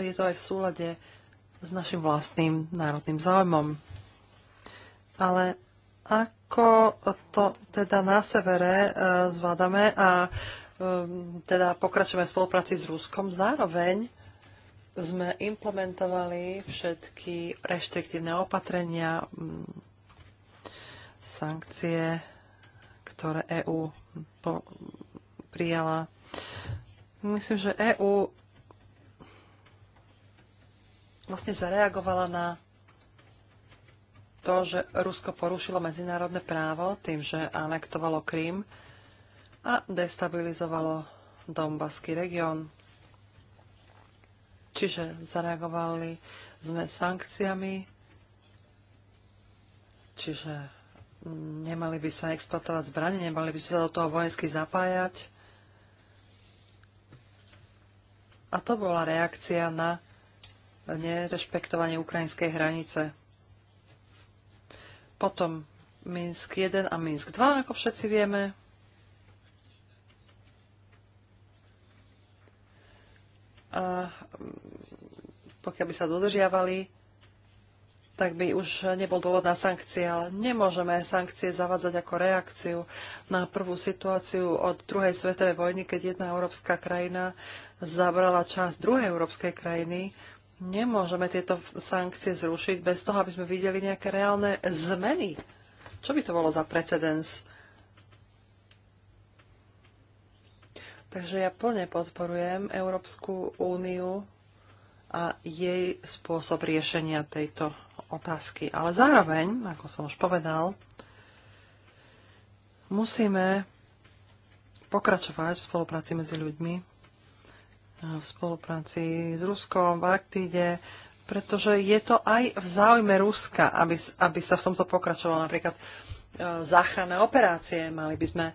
je to aj v súlade s našim vlastným národným záujmom. Ale ak ako to teda na severe e, zvládame a e, teda pokračujeme v spolupráci s Ruskom. Zároveň sme implementovali všetky reštriktívne opatrenia, sankcie, ktoré EÚ prijala. Myslím, že EÚ vlastne zareagovala na to, že Rusko porušilo medzinárodné právo tým, že anektovalo Krym a destabilizovalo Donbaský región. Čiže zareagovali sme sankciami, čiže nemali by sa exploatovať zbranie, nemali by sa do toho vojensky zapájať. A to bola reakcia na nerešpektovanie ukrajinskej hranice. Potom Minsk 1 a Minsk 2, ako všetci vieme. A mm, pokiaľ by sa dodržiavali, tak by už nebol dôvod na sankcie, ale nemôžeme sankcie zavádzať ako reakciu na prvú situáciu od druhej svetovej vojny, keď jedna európska krajina zabrala časť druhej európskej krajiny Nemôžeme tieto sankcie zrušiť bez toho, aby sme videli nejaké reálne zmeny. Čo by to bolo za precedens? Takže ja plne podporujem Európsku úniu a jej spôsob riešenia tejto otázky. Ale zároveň, ako som už povedal, musíme pokračovať v spolupráci medzi ľuďmi v spolupráci s Ruskom v Arktíde, pretože je to aj v záujme Ruska, aby, aby sa v tomto pokračovalo napríklad e, záchranné operácie. Mali by sme e,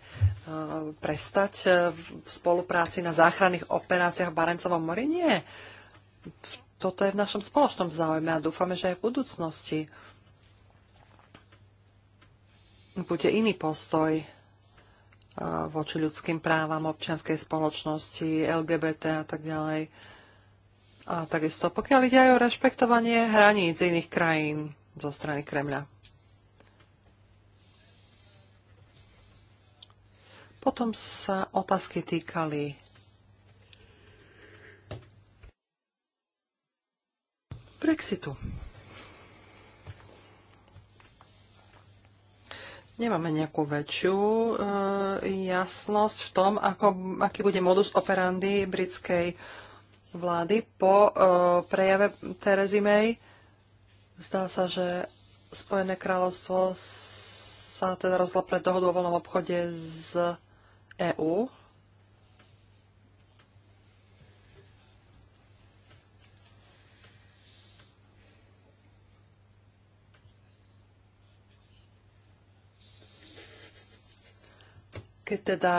prestať e, v spolupráci na záchranných operáciách v Barencovom mori? Nie. Toto je v našom spoločnom záujme a dúfame, že aj v budúcnosti bude iný postoj voči ľudským právam občianskej spoločnosti, LGBT a tak ďalej. A takisto, pokiaľ ide aj o rešpektovanie hraníc iných krajín zo strany Kremľa. Potom sa otázky týkali Brexitu. nemáme nejakú väčšiu e, jasnosť v tom, ako, aký bude modus operandi britskej vlády po e, prejave Terezy May. Zdá sa, že Spojené kráľovstvo sa teda rozhodlo pre dohodu o voľnom obchode z EÚ. Keď teda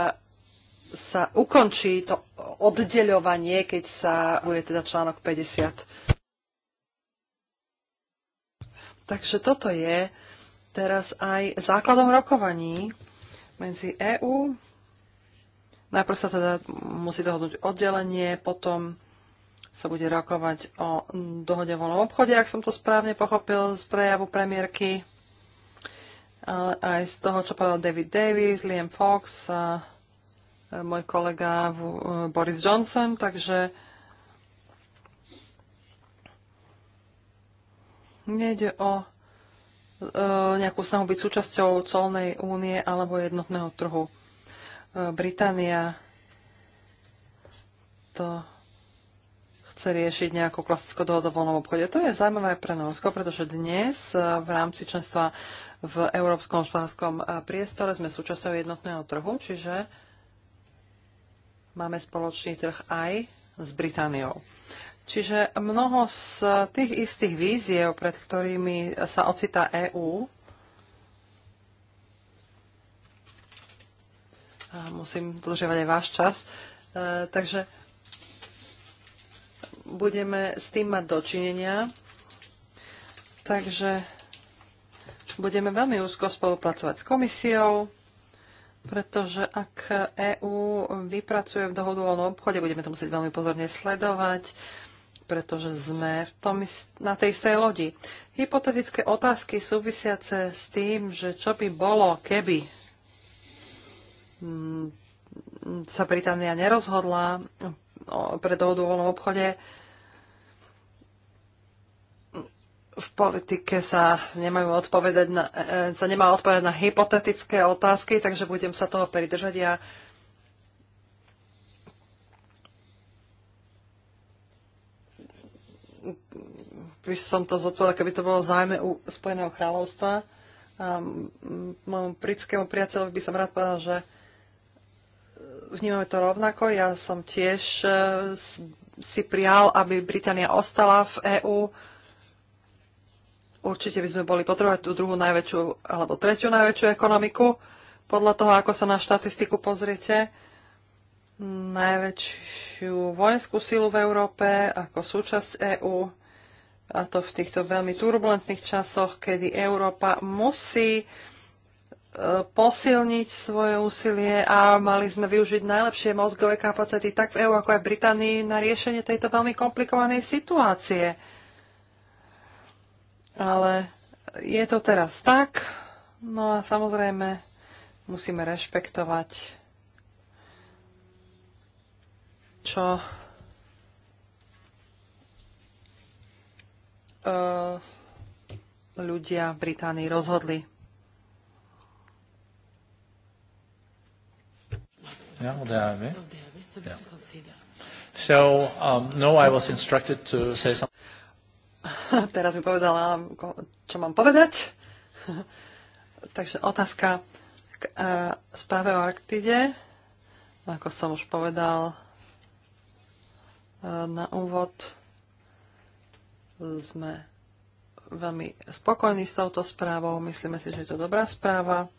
sa ukončí to oddeľovanie, keď sa bude teda článok 50. Takže toto je teraz aj základom rokovaní medzi EÚ. Najprv sa teda musí dohodnúť oddelenie, potom sa bude rokovať o dohode voľnom obchode, ak som to správne pochopil z prejavu premiérky ale aj z toho, čo povedal David Davis, Liam Fox a môj kolega e, Boris Johnson, takže nejde o e, nejakú snahu byť súčasťou colnej únie alebo jednotného trhu. E, Británia to chce riešiť nejakou klasickou dohodou o voľnom obchode. To je zaujímavé pre Norsko, pretože dnes eh, v rámci členstva v Európskom hospodárskom eh, priestore sme súčasťou jednotného trhu, čiže máme spoločný trh aj s Britániou. Čiže mnoho z tých istých víziev, pred ktorými sa ocitá EÚ, musím dodržiavať aj váš čas, eh, takže budeme s tým mať dočinenia, takže budeme veľmi úzko spolupracovať s komisiou, pretože ak EÚ vypracuje v dohodu o obchode, budeme to musieť veľmi pozorne sledovať, pretože sme v tom, na tej istej lodi. Hypotetické otázky súvisiace s tým, že čo by bolo, keby sa Británia nerozhodla pre dohodu o voľnom obchode, v politike sa, nemajú odpovedať na, e, e, sa nemá odpovedať na hypotetické otázky, takže budem sa toho pridržať. Ja by som to zodpovedal, keby to bolo zájme u Spojeného kráľovstva. A môjmu britskému priateľovi by som rád povedal, že vnímame to rovnako. Ja som tiež e, si prijal, aby Británia ostala v EÚ. Určite by sme boli potrebovať tú druhú najväčšiu alebo tretiu najväčšiu ekonomiku. Podľa toho, ako sa na štatistiku pozriete, najväčšiu vojenskú silu v Európe ako súčasť EÚ a to v týchto veľmi turbulentných časoch, kedy Európa musí e, posilniť svoje úsilie a mali sme využiť najlepšie mozgové kapacity tak v EÚ ako aj v Británii na riešenie tejto veľmi komplikovanej situácie. Ale je to teraz tak. No a samozrejme musíme rešpektovať čo e, ľudia v Británii rozhodli. Yeah, well, yeah. So, um, no, I was instructed to say something. Teraz mi povedala, čo mám povedať. Takže otázka k e, správe o Arktide. Ako som už povedal e, na úvod, sme veľmi spokojní s touto správou. Myslíme si, že je to dobrá správa.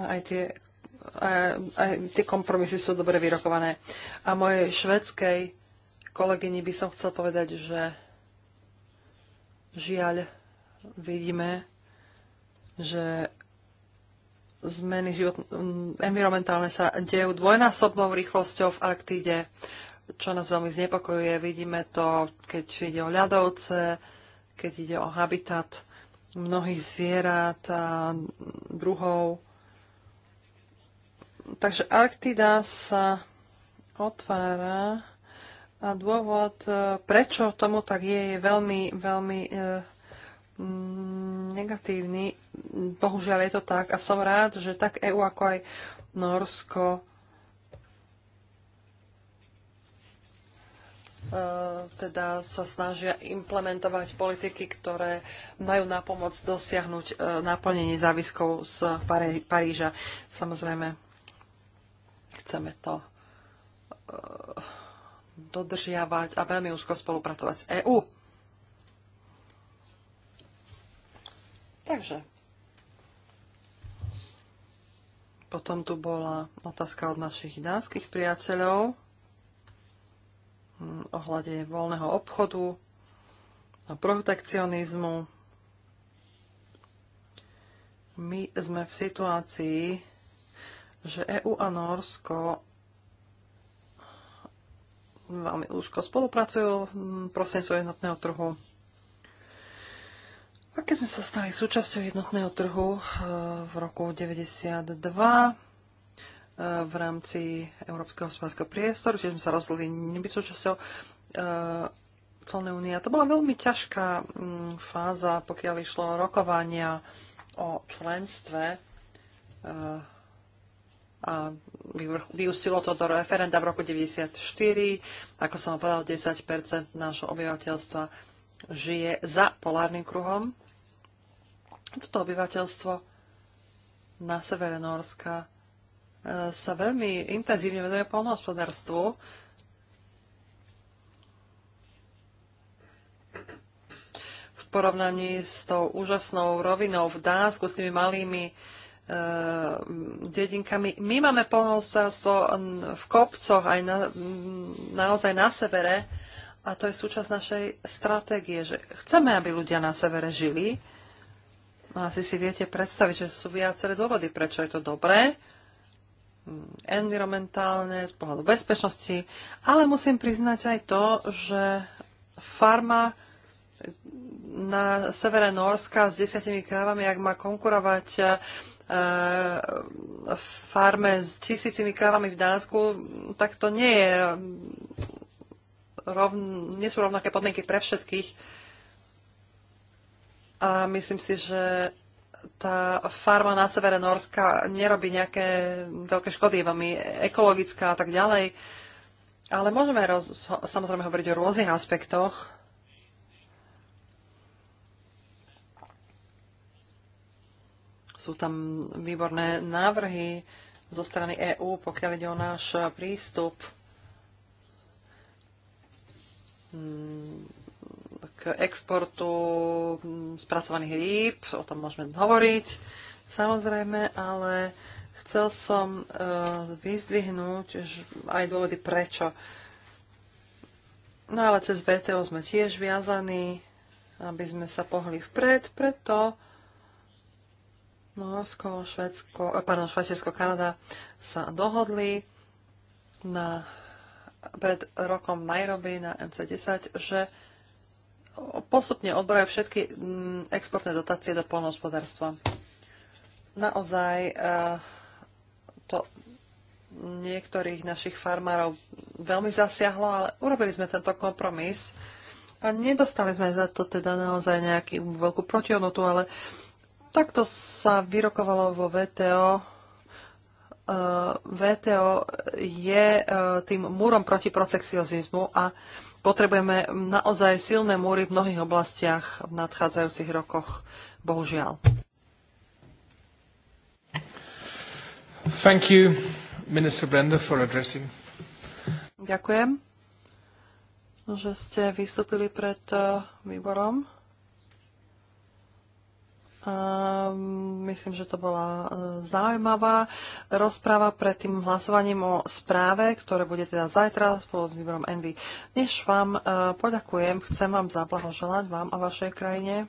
aj tie a, a tie kompromisy sú dobre vyrokované. A mojej švedskej kolegyni by som chcel povedať, že žiaľ vidíme, že zmeny život, environmentálne sa dejú dvojnásobnou rýchlosťou v Arktíde, čo nás veľmi znepokojuje. Vidíme to, keď ide o ľadovce, keď ide o habitat mnohých zvierat a druhov takže Arktida sa otvára a dôvod, e, prečo tomu tak je, je veľmi, veľmi e, mm, negatívny. Bohužiaľ je to tak a som rád, že tak EU ako aj Norsko e, teda sa snažia implementovať politiky, ktoré majú na pomoc dosiahnuť e, naplnenie záviskov z Paríža. Samozrejme, Chceme to e, dodržiavať a veľmi úzko spolupracovať s EÚ. Takže. Potom tu bola otázka od našich dánskych priateľov hm, ohľade voľného obchodu a protekcionizmu. My sme v situácii, že EÚ a Norsko veľmi úzko spolupracujú prosím prostredníctvom jednotného trhu. A keď sme sa stali súčasťou jednotného trhu e, v roku 1992 e, v rámci Európskeho hospodárskeho priestoru, kde sme sa rozhodli nebyť súčasťou e, celnej únie. To bola veľmi ťažká mm, fáza, pokiaľ išlo rokovania o členstve a vyústilo to do referenda v roku 1994. Ako som povedal, 10 nášho obyvateľstva žije za polárnym kruhom. Toto obyvateľstvo na severe Norska e, sa veľmi intenzívne venuje polnohospodárstvu. V porovnaní s tou úžasnou rovinou v Dánsku, s tými malými uh, dedinkami. My máme polnohospodárstvo v kopcoch aj na, naozaj na severe a to je súčasť našej stratégie, že chceme, aby ľudia na severe žili. No asi si viete predstaviť, že sú viaceré dôvody, prečo je to dobré environmentálne, z pohľadu bezpečnosti, ale musím priznať aj to, že farma na severe Norska s desiatimi krávami, ak má konkurovať E, farme s tisícimi krávami v Dánsku, tak to nie je rovn, nie sú rovnaké podmienky pre všetkých. A myslím si, že tá farma na severe Norska nerobí nejaké veľké škody, je veľmi ekologická a tak ďalej. Ale môžeme roz, samozrejme hovoriť o rôznych aspektoch Sú tam výborné návrhy zo strany EÚ, pokiaľ ide o náš prístup k exportu spracovaných rýb, o tom môžeme hovoriť, samozrejme, ale chcel som eh, vyzdvihnúť aj dôvody prečo. No ale cez VTO sme tiež viazaní, aby sme sa pohli vpred, preto Norsko, Švedsko, eh, pardon, Švajčiarsko, Kanada sa dohodli na, pred rokom Nairobi na MC10, že postupne odborajú všetky mm, exportné dotácie do polnohospodárstva. Naozaj eh, to niektorých našich farmárov veľmi zasiahlo, ale urobili sme tento kompromis a nedostali sme za to teda naozaj nejakú veľkú protihodnotu, ale Takto sa vyrokovalo vo VTO. E, VTO je e, tým múrom proti protekciozizmu a potrebujeme naozaj silné múry v mnohých oblastiach v nadchádzajúcich rokoch, bohužiaľ. Thank you, Minister Brenda, for addressing. Ďakujem, že ste vystúpili pred e, výborom. Ehm, myslím, že to bola eh, zaujímavá rozpráva pred tým hlasovaním o správe, ktoré bude teda zajtra spolu s výborom Envy. Než vám eh, poďakujem, chcem vám zablahoželať vám a vašej krajine.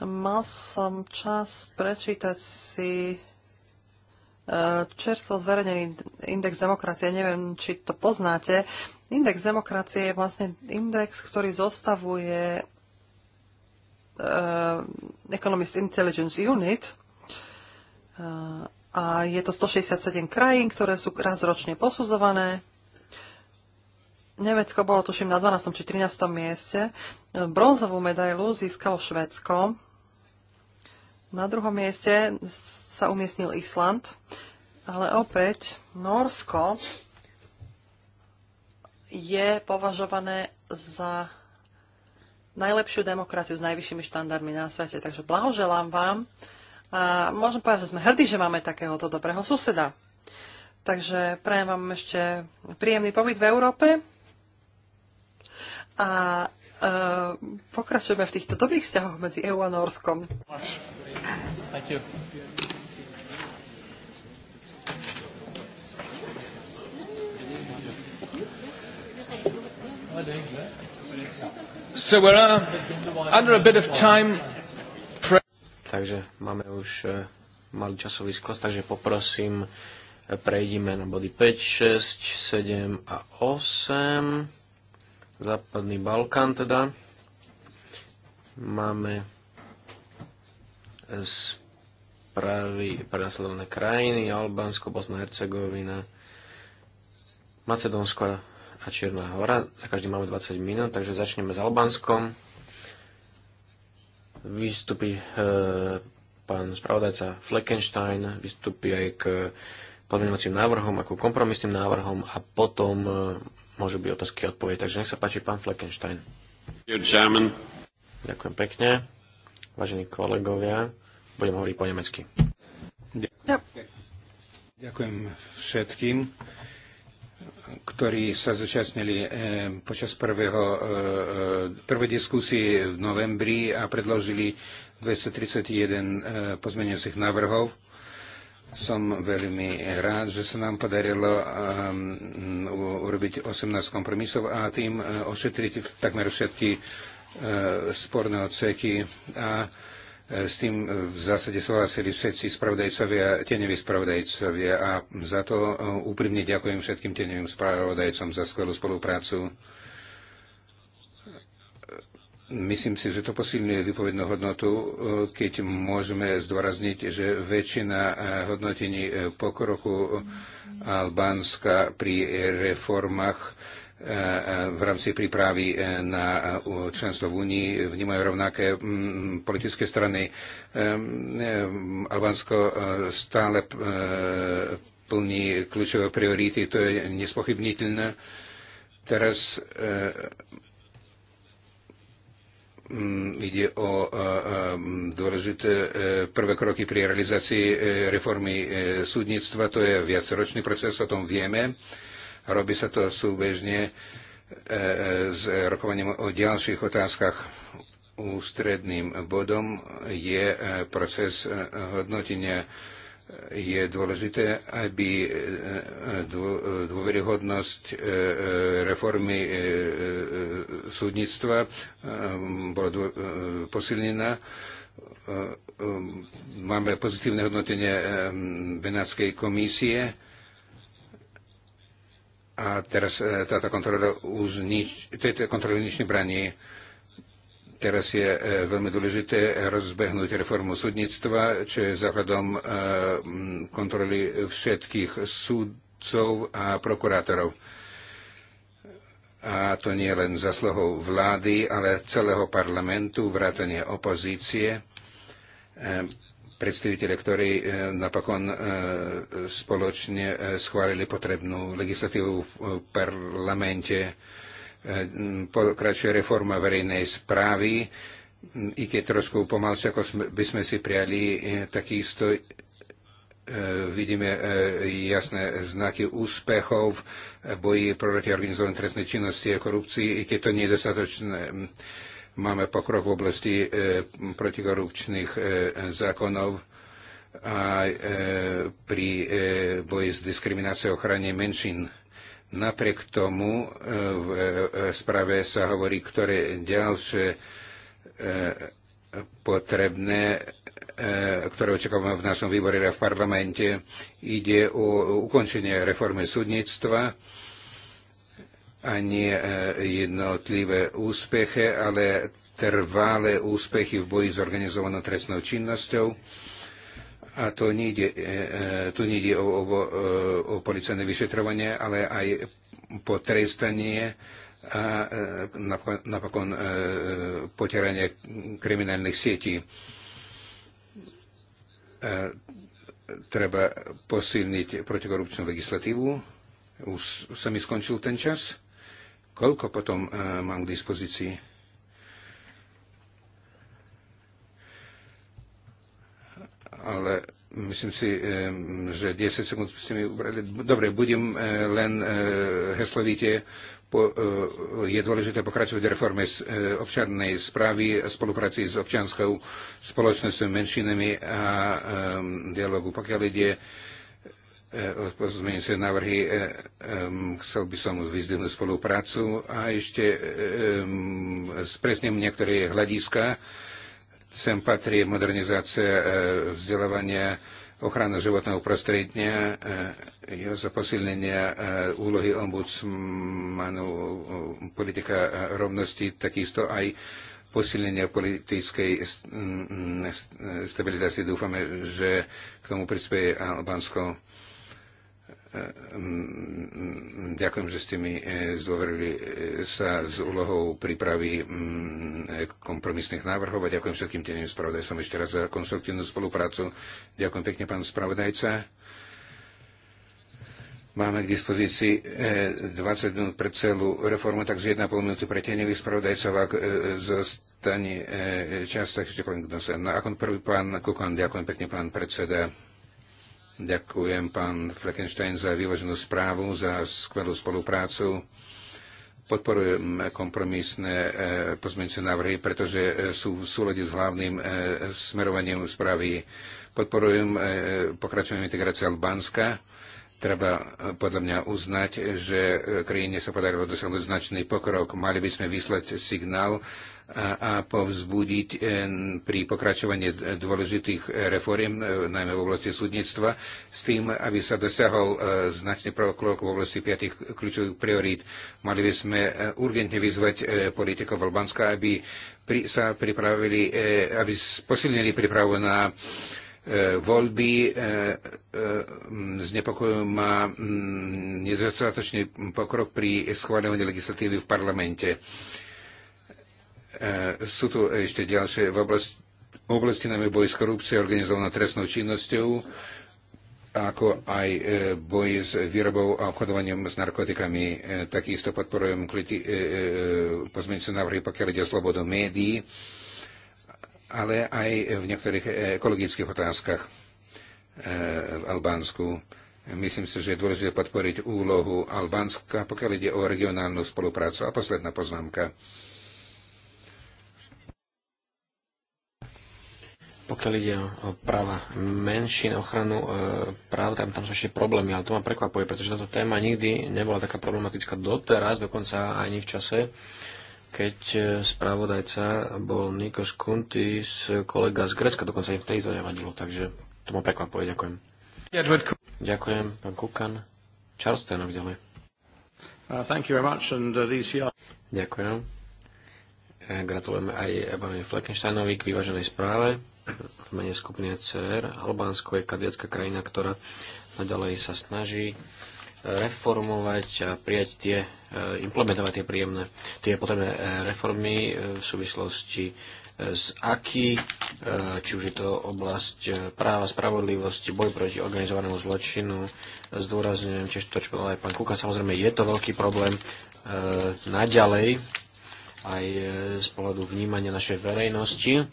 Mal som čas prečítať si eh, čerstvo zverejnený index demokracie. Neviem, či to poznáte. Index demokracie je vlastne index, ktorý zostavuje Uh, Economist Intelligence Unit uh, a je to 167 krajín, ktoré sú raz ročne posudzované. Nemecko bolo tuším na 12. či 13. mieste. Bronzovú medailu získalo Švedsko. Na druhom mieste sa umiestnil Island. Ale opäť Norsko je považované za najlepšiu demokraciu s najvyššími štandardmi na svete. Takže blahoželám vám a môžem povedať, že sme hrdí, že máme takéhoto dobrého suseda. Takže prajem vám ešte príjemný pobyt v Európe a e, pokračujeme v týchto dobrých vzťahoch medzi EU a Norskom. Thank you. So we're uh, under a bit of time. Takže máme už uh, malý časový sklos, takže poprosím, uh, prejdime na body 5, 6, 7 a 8. Západný Balkán teda. Máme správy prenasledované krajiny, Albánsko, Bosna, Hercegovina, Macedónsko a Čierna hora. Za každý máme 20 minút, takže začneme s Albánskom. Vystupí e, pán spravodajca Fleckenstein, vystupí aj k podmienovacím návrhom, ako kompromisným návrhom a potom e, môžu byť otázky a odpovede. Takže nech sa páči pán Fleckenstein. Ďakujem pekne. Vážení kolegovia, budem hovoriť po nemecky. Ďakujem. Ďakujem všetkým ktorí sa zúčastnili eh, počas prvého, eh, eh, prvej diskusie v novembri a predložili 231 pozmeňujúcich návrhov. Som veľmi rád, že sa nám podarilo ehm, urobiť 18 kompromisov a tým ošetriť takmer všetky sporné odseky a E, s tým e, v zásade súhlasili všetci spravodajcovia, teneví spravodajcovia a za to e, úprimne ďakujem všetkým tenevým spravodajcom za skvelú spoluprácu. Myslím si, že to posilňuje výpovednú hodnotu, keď môžeme zdôrazniť, že väčšina hodnotení pokroku Albánska pri reformách v rámci prípravy e, na e, členstvo v Únii vnímajú rovnaké mm, politické strany. E, Albánsko stále plní kľúčové priority, to je nespochybniteľné. Teraz mm, ide o dôležité prvé kroky pri realizácii reformy súdnictva. To je viaceročný proces, o tom vieme. Robí sa to súbežne e, e, s rokovaním o ďalších otázkach. Ústredným bodom je e, proces hodnotenia. Je dôležité, aby dôveryhodnosť reformy súdnictva bola posilnená máme pozitívne hodnotenie Benátskej komisie a teraz e, táto kontrola uznič, tejto kontroly nič nebranie. Teraz je e, veľmi dôležité rozbehnúť reformu súdnictva, čo je základom e, kontroly všetkých súdcov a prokurátorov. A to nie len zaslohou vlády, ale celého parlamentu, vrátanie opozície predstaviteľe, ktorí e, napokon e, spoločne e, schválili potrebnú legislatívu v parlamente. Pokračuje reforma verejnej správy, i keď trošku pomalšie, ako by sme si prijali, takisto vidíme jasné znaky úspechov v boji proti organizovanej trestnej činnosti a korupcii, i keď to nie je dostatočné Máme pokrok v oblasti e, protikorupčných e, zákonov a e, pri boji s diskrimináciou ochrane menšín. Napriek tomu v správe sa hovorí, ktoré ďalšie potrebné, ktoré očakávame v našom výbore a v parlamente. Ide o ukončenie reformy súdnictva a nie e, jednotlivé úspechy, ale trvalé úspechy v boji s organizovanou trestnou činnosťou. A to nejde, e, e, tu nejde o, o, o policajné vyšetrovanie, ale aj potrestanie a napokon, napokon potieranie kriminálnych sietí. Treba posilniť protikorupčnú legislatívu. Už sa mi skončil ten čas. Koľko potom e, mám k dispozícii? Ale myslím si, e, že 10 sekúnd ste mi ubrali. Dobre, budem e, len e, heslovite. Po, e, je dôležité pokračovať reforme z, e, občiannej správy, spolupráci s občianskou spoločnosťou, menšinami a e, dialogu. Pokiaľ ide E, pozmeňujúce návrhy. E, chcel by som vyzdvihnúť spoluprácu a ešte spresnem niektoré hľadiska. Sem patrí modernizácia e, vzdelávania ochrana životného prostredia, e, jeho zaposilnenia úlohy ombudsmanu, politika rovnosti, takisto aj posilnenia politickej stabilizácie. Dúfame, že k tomu prispieje Albánsko. Hm, ďakujem, že ste mi e, zdôverili e, sa s úlohou prípravy hm, e, kompromisných návrhov a ďakujem všetkým teným spravodajcom ešte raz za konstruktívnu spoluprácu. Ďakujem pekne, pán spravodajca. Máme k dispozícii 20 minút pre celú reformu, takže 1,5 minúty pre tenevých spravodajcov, ak zostane čas, tak ešte pán Gnosen. Ako prvý pán Kukan, ďakujem pekne, pán predseda. Ďakujem pán Fleckenstein za vyloženú správu, za skvelú spoluprácu. Podporujem kompromisné e, pozmeňujúce návrhy, pretože e, sú v súlade s hlavným e, smerovaním správy. Podporujem pokračovanie integrácie Albánska. Treba podľa mňa uznať, že krajine sa podarilo dosiahnuť značný pokrok. Mali by sme vyslať signál, a povzbudiť e, pri pokračovaní dôležitých reforiem, e, najmä v oblasti súdnictva, s tým, aby sa dosiahol e, značný pokrok v oblasti piatých kľúčových priorít. Mali by sme urgentne vyzvať politikov Albánska, aby sa pripravili, aby posilnili prípravu na voľby. Znepokojujú ma nedostatočný pokrok pri schváľovaní legislatívy v parlamente. E, sú tu ešte ďalšie v oblasti, oblasti najmä boj s korupciou, organizovanou trestnou činnosťou, ako aj e, boj s výrobou a obchodovaním s narkotikami. E, takisto podporujem pozmeňujúce návrhy, pokiaľ ide o slobodu médií, ale aj v niektorých ekologických otázkach v Albánsku. Myslím si, že je dôležité podporiť úlohu Albánska, pokiaľ ide o regionálnu spoluprácu. A posledná poznámka. pokiaľ ide o práva menšin, ochranu e, práv, tam, tam sú ešte problémy, ale to ma prekvapuje, pretože táto téma nikdy nebola taká problematická doteraz, dokonca ani v čase, keď e, spravodajca bol Nikos Kuntis, kolega z Grecka, dokonca im vtedy to nevadilo, takže to ma prekvapuje, ďakujem. Ďakujem, pán Kukan. Charles Tenok ďalej. Uh, uh, ďakujem. E, gratulujeme aj Ebanovi Fleckensteinovi k vyváženej správe v mene skupiny e CR. Albánsko je kadiacká krajina, ktorá naďalej sa snaží e, reformovať a prijať tie, e, implementovať tie príjemné, tie potrebné reformy v súvislosti z aký, či už je to oblasť práva, spravodlivosti, boj proti organizovanému zločinu. Zdôrazňujem tiež to, čo aj pán Kuka, samozrejme je to veľký problém naďalej aj z pohľadu vnímania našej verejnosti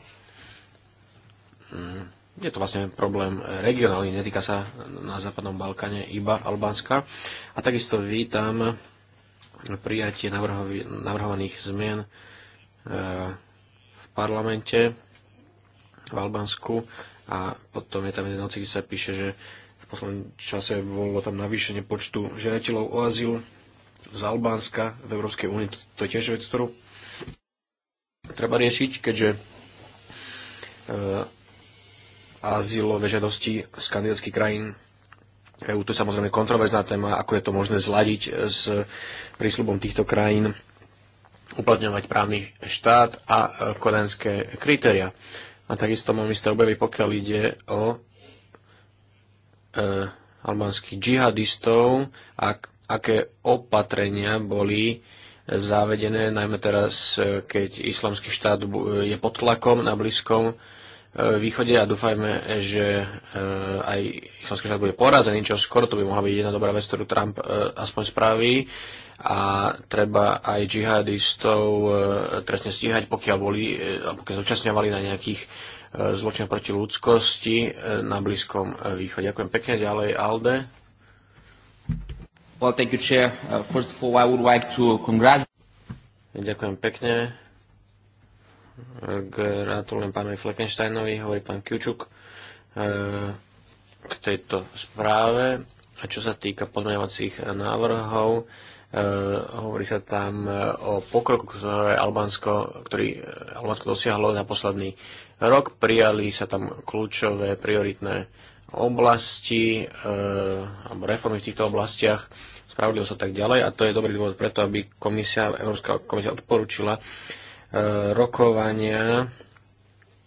je to vlastne problém regionálny, netýka sa na Západnom Balkáne iba Albánska. A takisto vítam prijatie navrhovaných zmien e, v parlamente v Albánsku a potom je tam jeden odsek, kde sa píše, že v poslednom čase bolo tam navýšenie počtu žiadateľov o azyl z Albánska v Európskej únii. To je tiež vec, ktorú treba riešiť, keďže e, azylové žiadosti z kandidátskych krajín EU. To je samozrejme kontroverzná téma, ako je to možné zladiť s prísľubom týchto krajín uplatňovať právny štát a e, kodenské kritéria. A takisto mám isté objavy, pokiaľ ide o e, albánskych džihadistov a aké opatrenia boli zavedené, najmä teraz, e, keď islamský štát je pod tlakom na Blízkom východe a dúfajme, že e, aj islamský štát bude porazený, čo skoro to by mohla byť jedna dobrá vec, ktorú Trump e, aspoň spraví a treba aj džihadistov e, trestne stíhať, pokiaľ, boli, pokiaľ zúčastňovali na nejakých zločinoch proti ľudskosti na Blízkom východe. Ďakujem pekne. Ďalej Alde. Well, thank you, Chair. Uh, first of all, I would like to congratulate... Ďakujem pekne. Gratulujem pánovi Fleckensteinovi, hovorí pán Kiučuk e, k tejto správe. A čo sa týka pozmeňovacích návrhov, e, hovorí sa tam e, o pokroku, ktoré Albánsko, ktorý Albánsko dosiahlo za posledný rok. Prijali sa tam kľúčové prioritné oblasti, alebo reformy v týchto oblastiach, spravodlivosť a tak ďalej. A to je dobrý dôvod preto, aby komisia, Európska komisia odporúčila E, rokovania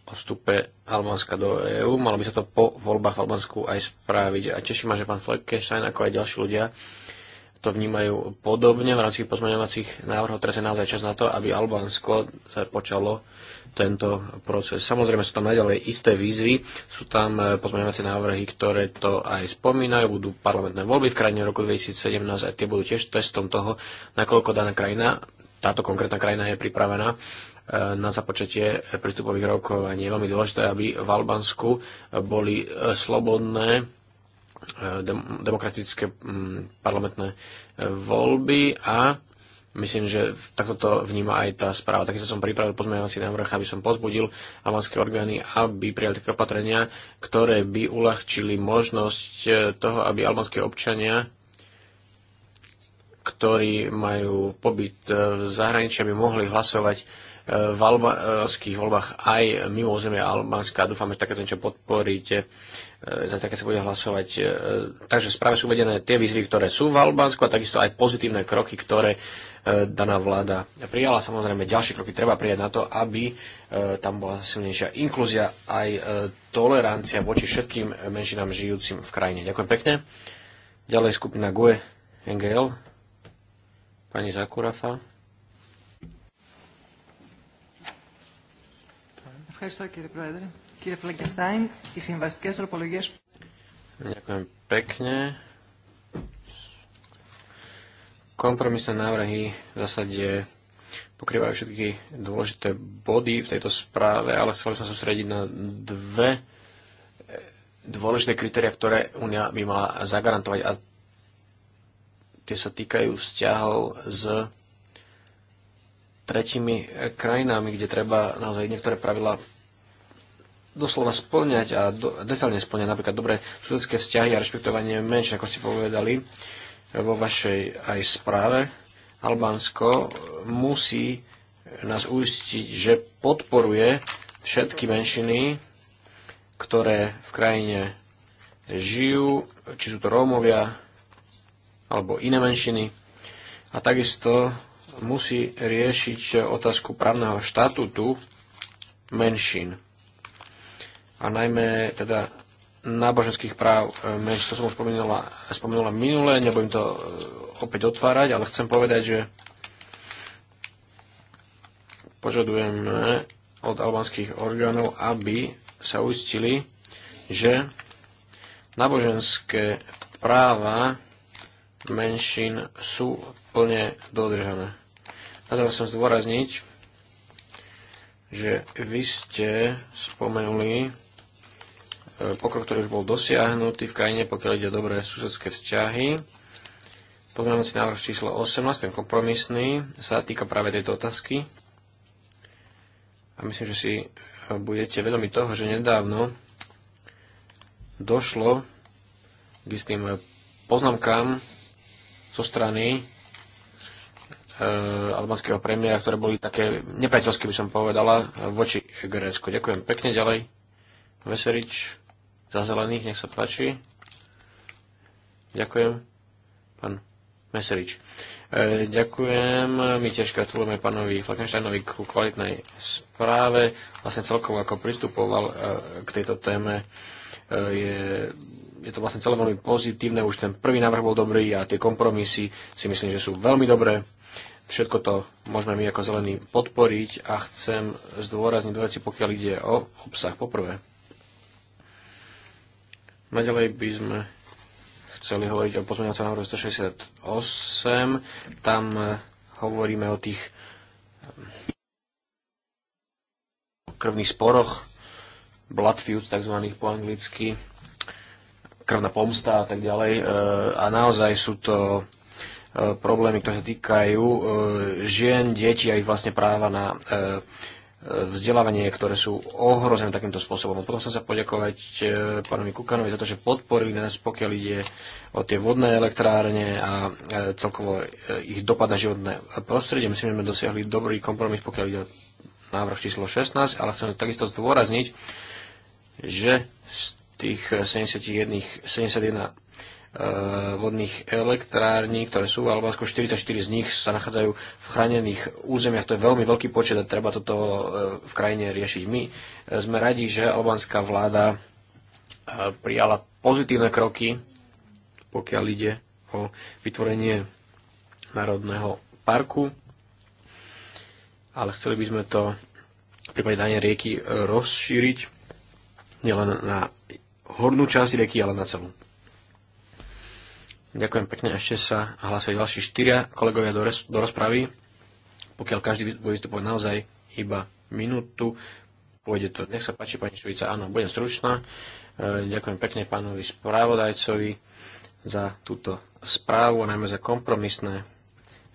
o vstupe Albánska do EÚ. Malo by sa to po voľbách v Albánsku aj spraviť. A teší ma, že pán Fleckenstein, ako aj ďalší ľudia, to vnímajú podobne v rámci pozmeňovacích návrhov. Teraz je naozaj čas na to, aby Albánsko sa počalo tento proces. Samozrejme sú tam naďalej isté výzvy, sú tam e, pozmeňovacie návrhy, ktoré to aj spomínajú, budú parlamentné voľby v krajine roku 2017 a tie budú tiež testom toho, nakoľko daná krajina táto konkrétna krajina je pripravená e, na započatie prístupových rokov nie Je veľmi dôležité, aby v Albánsku boli e, slobodné e, demokratické parlamentné voľby a myslím, že takto to vníma aj tá správa. Takisto som pripravil pozmeňovací návrh, aby som pozbudil albánske orgány, aby prijali také opatrenia, ktoré by uľahčili možnosť toho, aby albánske občania ktorí majú pobyt e, v zahraničí, aby mohli hlasovať e, v albánskych voľbách aj mimo územia Albánska. Dúfam, že takéto niečo podporíte, e, za také sa bude hlasovať. Takže správe sú uvedené tie výzvy, ktoré sú v Albánsku a takisto aj pozitívne kroky, ktoré daná vláda prijala. Samozrejme, ďalšie kroky treba prijať na to, aby tam bola silnejšia inklúzia aj tolerancia voči všetkým menšinám žijúcim v krajine. Ďakujem pekne. Ďalej skupina GUE NGL. Pani Zakurafa. Ďakujem pekne. Kompromisné návrhy v zásade pokrývajú všetky dôležité body v tejto správe, ale chcel by som sústrediť na dve dôležité kritéria, ktoré Únia by mala zagarantovať. A tie sa týkajú vzťahov s tretimi krajinami, kde treba naozaj niektoré pravidlá doslova splňať a do, detálne splňať napríklad dobré susedské vzťahy a rešpektovanie menšie, ako ste povedali vo vašej aj správe. Albánsko musí nás uistiť, že podporuje všetky menšiny, ktoré v krajine žijú, či sú to Rómovia, alebo iné menšiny a takisto musí riešiť otázku právneho štatútu menšín a najmä teda náboženských práv e, menšín. To som už spomenula, spomenula minule, nebudem to e, opäť otvárať, ale chcem povedať, že požadujeme od albanských orgánov, aby sa uistili, že náboženské práva menšín sú plne dodržané. A teraz chcem zdôrazniť, že vy ste spomenuli e, pokrok, ktorý už bol dosiahnutý v krajine, pokiaľ ide dobré susedské vzťahy. si návrh číslo 18, ten kompromisný, sa týka práve tejto otázky. A myslím, že si e, budete vedomi toho, že nedávno došlo k istým e, poznámkám zo strany e, eh, albanského premiéra, ktoré boli také nepriateľské, by som povedala, eh, voči Grécku. Ďakujem pekne ďalej. Veserič za zelených, nech sa páči. Ďakujem. Pán Meserič. E, eh, ďakujem. My tiež gratulujeme pánovi Flakensteinovi ku kvalitnej správe. Vlastne celkovo ako pristupoval e, k tejto téme e, je je to vlastne celé veľmi pozitívne, už ten prvý návrh bol dobrý a tie kompromisy si myslím, že sú veľmi dobré. Všetko to môžeme my ako zelení podporiť a chcem zdôrazniť dve veci, pokiaľ ide o obsah. Poprvé, naďalej by sme chceli hovoriť o pozmeňovacom návrhu 168. Tam e, hovoríme o tých e, krvných sporoch, blood feuds, tzv. po anglicky krvná pomsta a tak ďalej. E, a naozaj sú to e, problémy, ktoré sa týkajú e, žien, detí a ich vlastne práva na vzdelávanie, ktoré sú ohrozené takýmto spôsobom. Potom chcem sa poďakovať pánovi Kukanovi za to, že podporili nás, pokiaľ ide o tie vodné elektrárne a celkovo ich dopad na životné prostredie. Myslím, že sme dosiahli dobrý kompromis, pokiaľ ide o návrh číslo 16, ale chcem takisto zdôrazniť, že z tých 71, eh, 71 eh, vodných elektrární, ktoré sú alebo 44 z nich sa nachádzajú v chránených územiach. To je veľmi veľký počet a treba toto eh, v krajine riešiť. My sme radi, že albánska vláda prijala pozitívne kroky, pokiaľ ide o vytvorenie Národného parku, ale chceli by sme to v prípade danej rieky rozšíriť nielen na hornú časť rieky, ale na celú. Ďakujem pekne. Ešte sa hlásia ďalší štyria kolegovia do, res, do rozpravy. Pokiaľ každý bude vystupovať naozaj iba minútu, pôjde to. Nech sa páči, pani Švica. Áno, budem stručná. E, ďakujem pekne pánovi správodajcovi za túto správu, najmä za kompromisné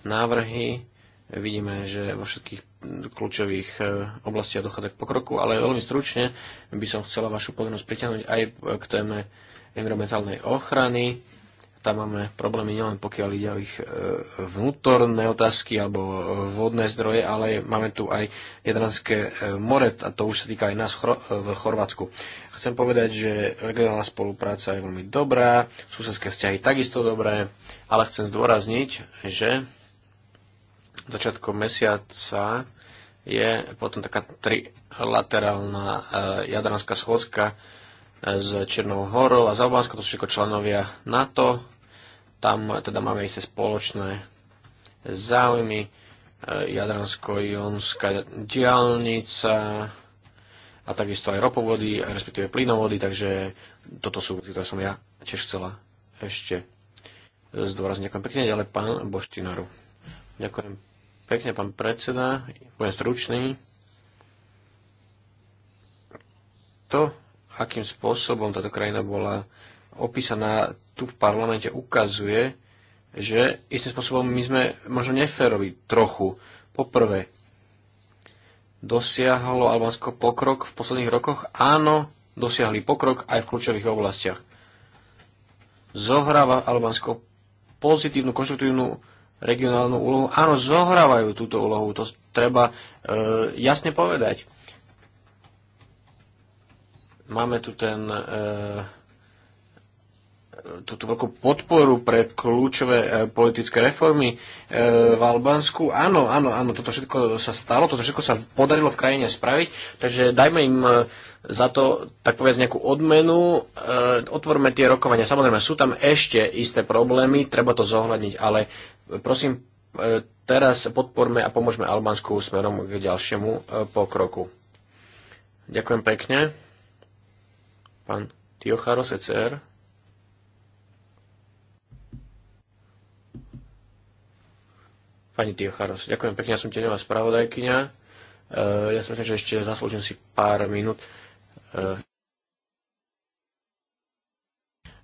návrhy. Vidíme, že vo všetkých kľúčových e, oblastiach dochádza k pokroku, ale veľmi stručne by som chcela vašu pozornosť priťahnuť aj k téme environmentálnej ochrany. Tam máme problémy nielen pokiaľ ide o ich e, vnútorné otázky alebo e, vodné zdroje, ale máme tu aj Jadranské more a to už sa týka aj nás v Chorvátsku. Chcem povedať, že regionálna spolupráca je veľmi dobrá, susedské vzťahy takisto dobré, ale chcem zdôrazniť, že začiatkom mesiaca je potom taká trilaterálna eh, jadranská schôdzka eh, s Černou horou a Zalbánskou, to sú všetko členovia NATO. Tam teda máme isté spoločné záujmy. Eh, Jadransko-Jonská diálnica a takisto aj ropovody, respektíve plynovody, takže toto sú, ktoré som ja tiež chcela ešte zdôrazniť. Ďakujem pekne, ďalej pán Boštinaru. Ďakujem pekne, pán predseda. Budem stručný. To, akým spôsobom táto krajina bola opísaná tu v parlamente, ukazuje, že istým spôsobom my sme možno neférovi trochu. Poprvé, dosiahlo Albánsko pokrok v posledných rokoch? Áno, dosiahli pokrok aj v kľúčových oblastiach. Zohráva Albánsko pozitívnu, konštruktívnu regionálnu úlohu. Áno, zohrávajú túto úlohu, to treba e, jasne povedať. Máme tu ten, e, túto veľkú podporu pre kľúčové e, politické reformy e, v Albánsku. Áno, áno, áno, toto všetko sa stalo, toto všetko sa podarilo v krajine spraviť, takže dajme im e, za to, tak povedz, nejakú odmenu. E, otvorme tie rokovania. Samozrejme, sú tam ešte isté problémy, treba to zohľadniť, ale Prosím, e, teraz podporme a pomôžme Albánsku smerom k ďalšiemu e, pokroku. Ďakujem pekne. Pán Tiocharos, ECR. Pani Tiocharos, ďakujem pekne, ja som tenová spravodajkyňa. E, ja si myslím, že ešte zaslúžim si pár minút.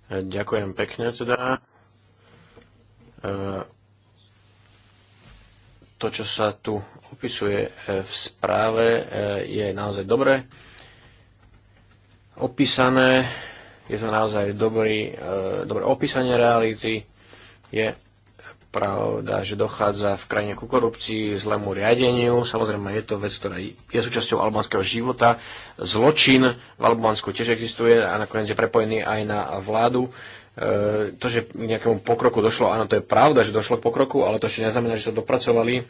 Ďakujem pekne teda to, čo sa tu opisuje e, v správe, e, je naozaj dobre opísané, je to naozaj dobrý, e, dobré opísanie reality, je pravda, že dochádza v krajine ku korupcii, zlému riadeniu. Samozrejme, je to vec, ktorá je súčasťou albánskeho života. Zločin v Albánsku tiež existuje a nakoniec je prepojený aj na vládu. E, to, že k nejakému pokroku došlo, áno, to je pravda, že došlo k pokroku, ale to ešte neznamená, že sa dopracovali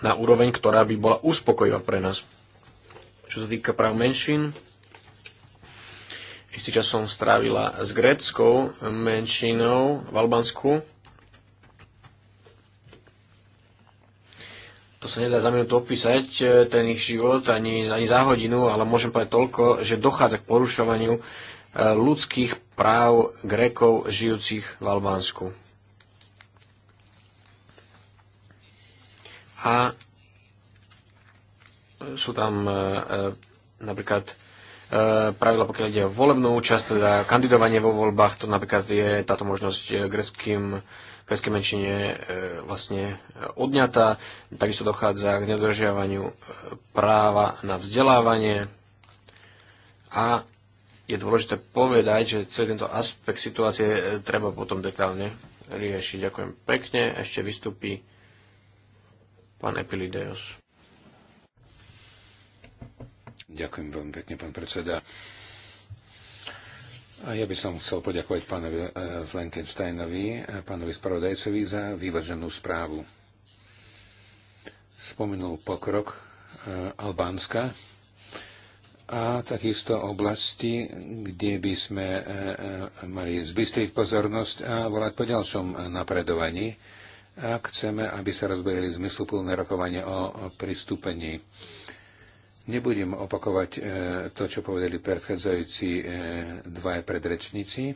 na úroveň, ktorá by bola uspokojivá pre nás. Čo sa týka práv menšín, istý čas som strávila s gréckou menšinou v Albánsku. To sa nedá za minútu opísať, e, ten ich život, ani, ani za hodinu, ale môžem povedať toľko, že dochádza k porušovaniu ľudských práv Grékov žijúcich v Albánsku. A sú tam e, e, napríklad e, pravidla, pokiaľ ide o volebnú účasť, teda kandidovanie vo voľbách, to napríklad je táto možnosť greckým, greckej menšine vlastne odňatá. Takisto dochádza k nedržiavaniu práva na vzdelávanie a je dôležité povedať, že celý tento aspekt situácie e, treba potom detálne riešiť. Ďakujem pekne. Ešte vystupí pán Epilideos. Ďakujem veľmi pekne, pán predseda. A ja by som chcel poďakovať pánovi e, Flankensteinovi, e, pánovi spravodajcovi za vyvaženú správu. Spomenul pokrok Albánska a takisto oblasti, kde by sme e, e, mali zbystriť pozornosť a volať po ďalšom napredovaní, ak chceme, aby sa rozbehli zmysluplné rokovanie o pristúpení. Nebudem opakovať e, to, čo povedali predchádzajúci dva predrečníci.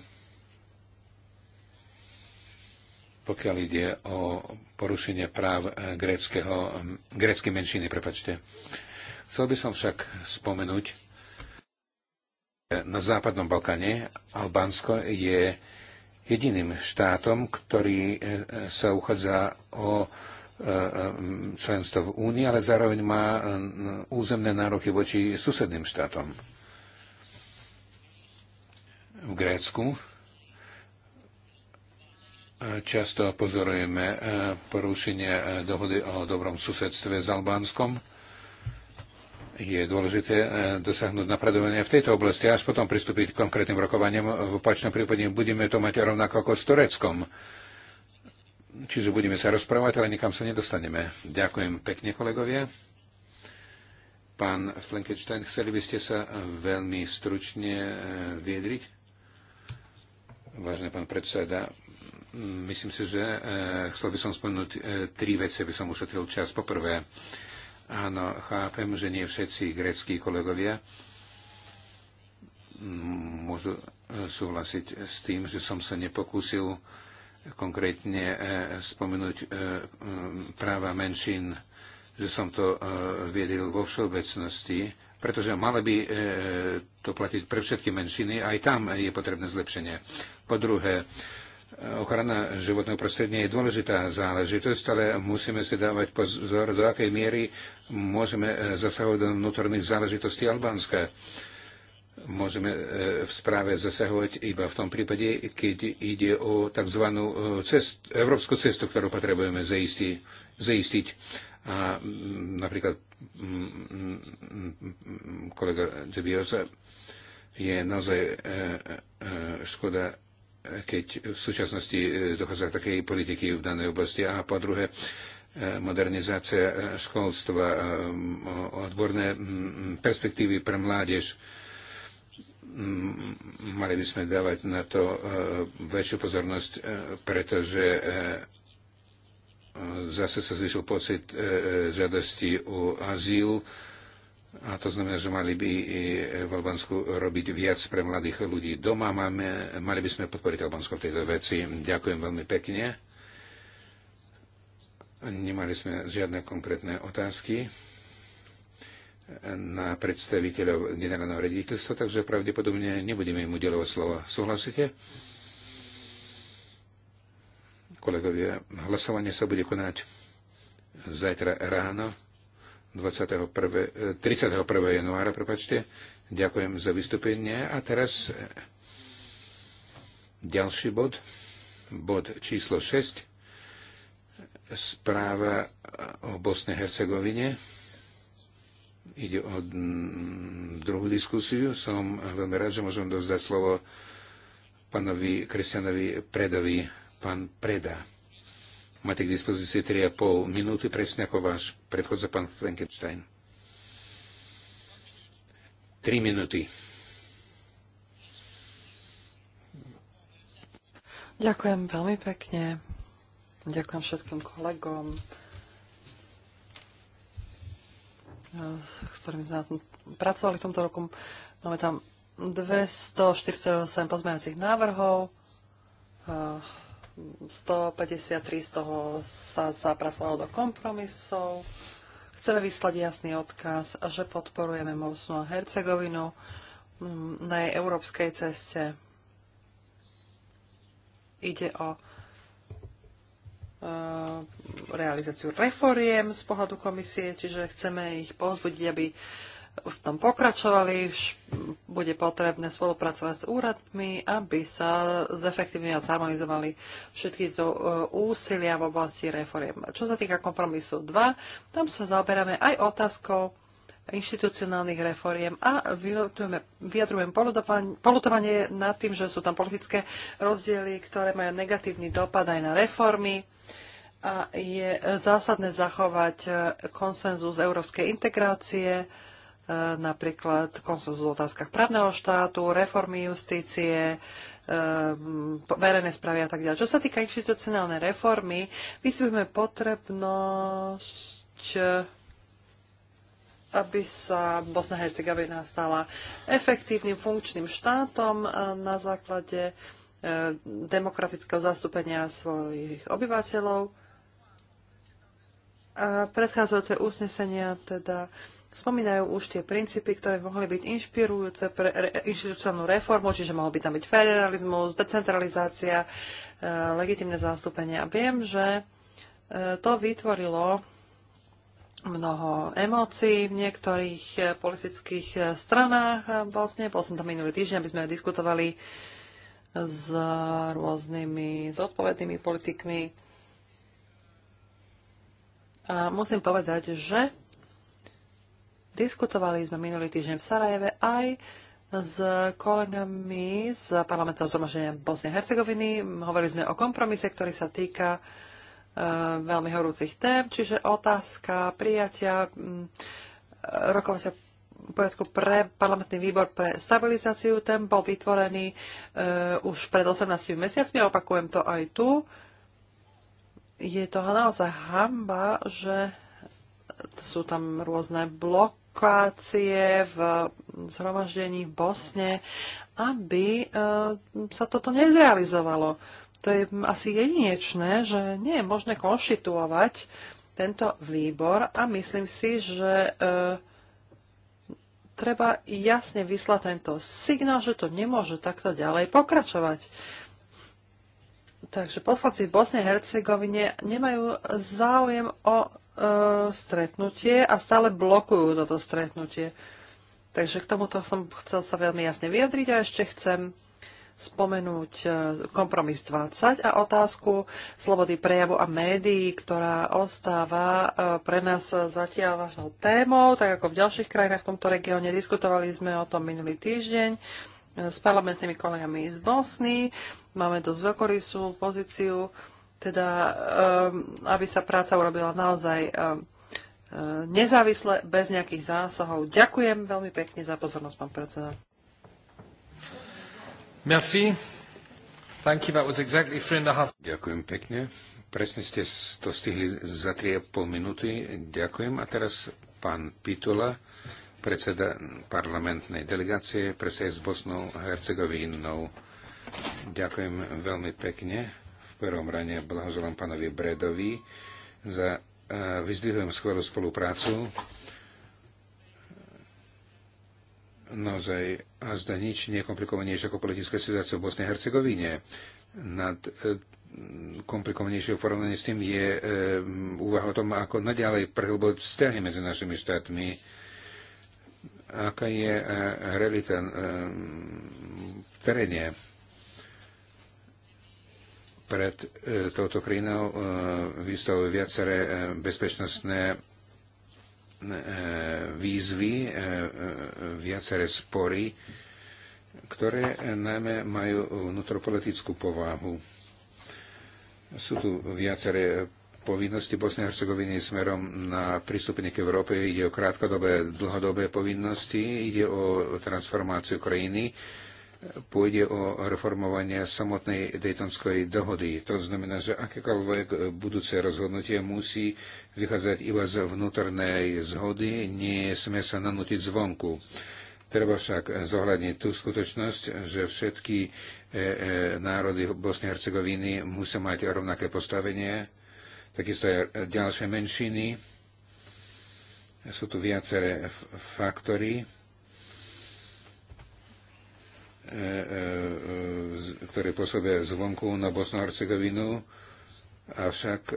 Pokiaľ ide o porušenie práv gréckej menšiny, prepačte. Chcel by som však spomenúť, na Západnom Balkáne Albánsko je jediným štátom, ktorý e, sa uchádza o e, e, členstvo v Únii, ale zároveň má územné nároky voči susedným štátom. V Grécku často pozorujeme porušenie dohody o dobrom susedstve s Albánskom je dôležité e, dosiahnuť napredovanie v tejto oblasti až potom pristúpiť k konkrétnym rokovaniam. V opačnom prípade budeme to mať rovnako ako s Tureckom. Čiže budeme sa rozprávať, ale nikam sa nedostaneme. Ďakujem pekne, kolegovia. Pán Flenkenstein, chceli by ste sa veľmi stručne e, viedriť? Vážne pán predseda, myslím si, že e, chcel by som spomenúť tri veci, aby som ušetril čas. Poprvé, prvé, Áno, chápem, že nie všetci greckí kolegovia môžu e, súhlasiť s tým, že som sa nepokúsil konkrétne e, spomenúť e, práva menšín, že som to viedil vo všeobecnosti, pretože mali by to platiť pre všetky menšiny, aj tam je potrebné zlepšenie. Po druhé, Ochrana životného prostredia je dôležitá záležitosť, ale musíme si dávať pozor, do akej miery môžeme eh, zasahovať do vnútorných záležitostí Albánska. Môžeme eh, v správe zasahovať iba v tom prípade, keď ide o tzv. Eh, cest, európsku cestu, ktorú potrebujeme zaisti, zaistiť. A mm, napríklad mm, mm, kolega Debioza je naozaj škoda, keď v súčasnosti e, dochádza k takej politiky v danej oblasti. A po druhé, e, modernizácia e, školstva, odborné perspektívy pre mládež. Mali by sme dávať na to väčšiu pozornosť, pretože zase sa zvyšil pocit žiadosti o azyl a to znamená, že mali by v Albánsku robiť viac pre mladých ľudí doma. Máme, mali by sme podporiť Albánsko v tejto veci. Ďakujem veľmi pekne. Nemali sme žiadne konkrétne otázky na predstaviteľov generálneho rediteľstva, takže pravdepodobne nebudeme im udelovať slovo. Súhlasíte? Kolegovia, hlasovanie sa bude konať zajtra ráno 21, 31. januára. Prepačte. Ďakujem za vystúpenie. A teraz eh, ďalší bod, bod číslo 6, správa eh, o Bosne Hercegovine. Ide o mm, druhú diskusiu. Som eh, veľmi rád, že môžem dovzdať slovo pánovi Kristianovi Predovi. Pán Preda. Máte k dispozícii 3,5 minúty, presne ako váš predchodca, pán Frankenstein. 3 minúty. Ďakujem veľmi pekne. Ďakujem všetkým kolegom, s ktorými sme pracovali v tomto roku. Máme tam 248 pozmeňacích návrhov. 153 z toho sa zapracovalo do kompromisov. Chceme vyslať jasný odkaz, že podporujeme Bosnu a Hercegovinu na jej európskej ceste. Ide o e, realizáciu reforiem z pohľadu komisie, čiže chceme ich pozbudiť, aby v tom pokračovali. Bude potrebné spolupracovať s úradmi, aby sa zefektívne a zharmonizovali všetky to e, úsilia v oblasti reforiem. Čo sa týka kompromisu 2, tam sa zaoberáme aj otázkou inštitucionálnych reforiem a vyjadrujem polutovanie nad tým, že sú tam politické rozdiely, ktoré majú negatívny dopad aj na reformy a je zásadné zachovať e, konsenzus európskej integrácie, Eh, napríklad konsenzus v otázkach právneho štátu, reformy justície, eh, verejné správy a tak ďalej. Čo sa týka inštitucionálnej reformy, vysvíme potrebnosť eh, aby sa Bosna Hercegovina stala efektívnym funkčným štátom na základe demokratického zastúpenia svojich obyvateľov. A predchádzajúce usnesenia teda spomínajú už tie princípy, ktoré mohli byť inšpirujúce pre re, inštitucionálnu reformu, čiže mohol by tam byť federalizmus, decentralizácia, e, legitimné zastúpenie. A viem, že e, to vytvorilo mnoho emócií v niektorých e, politických e, stranách e, Bosne. Bol som tam minulý týždeň, aby sme diskutovali s rôznymi zodpovednými politikmi. A musím povedať, že Diskutovali sme minulý týždeň v Sarajeve aj s kolegami z parlamentného Bosne Bosnej Hercegoviny. Hovorili sme o kompromise, ktorý sa týka e, veľmi horúcich tém, čiže otázka prijatia rokovacia poriadku pre parlamentný výbor pre stabilizáciu. Ten bol vytvorený e, už pred 18 mesiacmi, opakujem to aj tu. Je to naozaj hamba, že sú tam rôzne bloky, provokácie v zhromaždení v Bosne, aby eh, sa toto nezrealizovalo. To je asi jedinečné, že nie je možné konštituovať tento výbor a myslím si, že e, treba jasne vyslať tento signál, že to nemôže takto ďalej pokračovať. Takže poslanci v Bosnej a Hercegovine nemajú záujem o E, stretnutie a stále blokujú toto stretnutie. Takže k tomuto som chcel sa veľmi jasne vyjadriť a ešte chcem spomenúť e, kompromis 20 a otázku slobody prejavu a médií, ktorá ostáva e, pre nás zatiaľ našou témou, tak ako v ďalších krajinách v tomto regióne. Diskutovali sme o tom minulý týždeň s parlamentnými kolegami z Bosny. Máme dosť veľkorysú pozíciu teda ehm, aby sa práca urobila naozaj ehm, ehm, nezávisle, bez nejakých zásahov. Ďakujem veľmi pekne za pozornosť, pán predseda. Merci. Thank you. That was exactly three and a half. Ďakujem pekne. Presne ste to stihli za 3,5 minúty. Ďakujem. A teraz pán Pitula, predseda parlamentnej delegácie, predseda s Bosnou a Hercegovinou. Ďakujem veľmi pekne prvom rane blahoželám pánovi Bredovi za e, vyzdvihujem skvelú spoluprácu. Naozaj a zda nič nekomplikovanejšie ako politická situácia v Bosnej Hercegovine. Nad e, komplikovanejšie v porovnaní s tým je e, úvaha o tom, ako naďalej prehlbovať vzťahy medzi našimi štátmi, aká je e, realita e, v teréne pred e, touto krajinou e, vystavujú viaceré e, bezpečnostné výzvy, viaceré spory, ktoré najmä majú vnútropolitickú povahu. Sú tu viaceré povinnosti Bosne a Hercegoviny smerom na pristúpenie k Európe. Ide o krátkodobé, dlhodobé povinnosti, ide o transformáciu krajiny pôjde o reformovanie samotnej Daytonskej dohody. To znamená, že akékoľvek budúce rozhodnutie musí vychádzať iba z vnútornej zhody, nie sme sa nanútiť zvonku. Treba však zohľadniť tú skutočnosť, že všetky e, e, národy Bosnej Hercegoviny musia mať rovnaké postavenie, takisto aj ďalšie menšiny. Sú tu viaceré faktory E, e, ktoré pôsobia zvonku na Bosnu a Hercegovinu. Avšak e,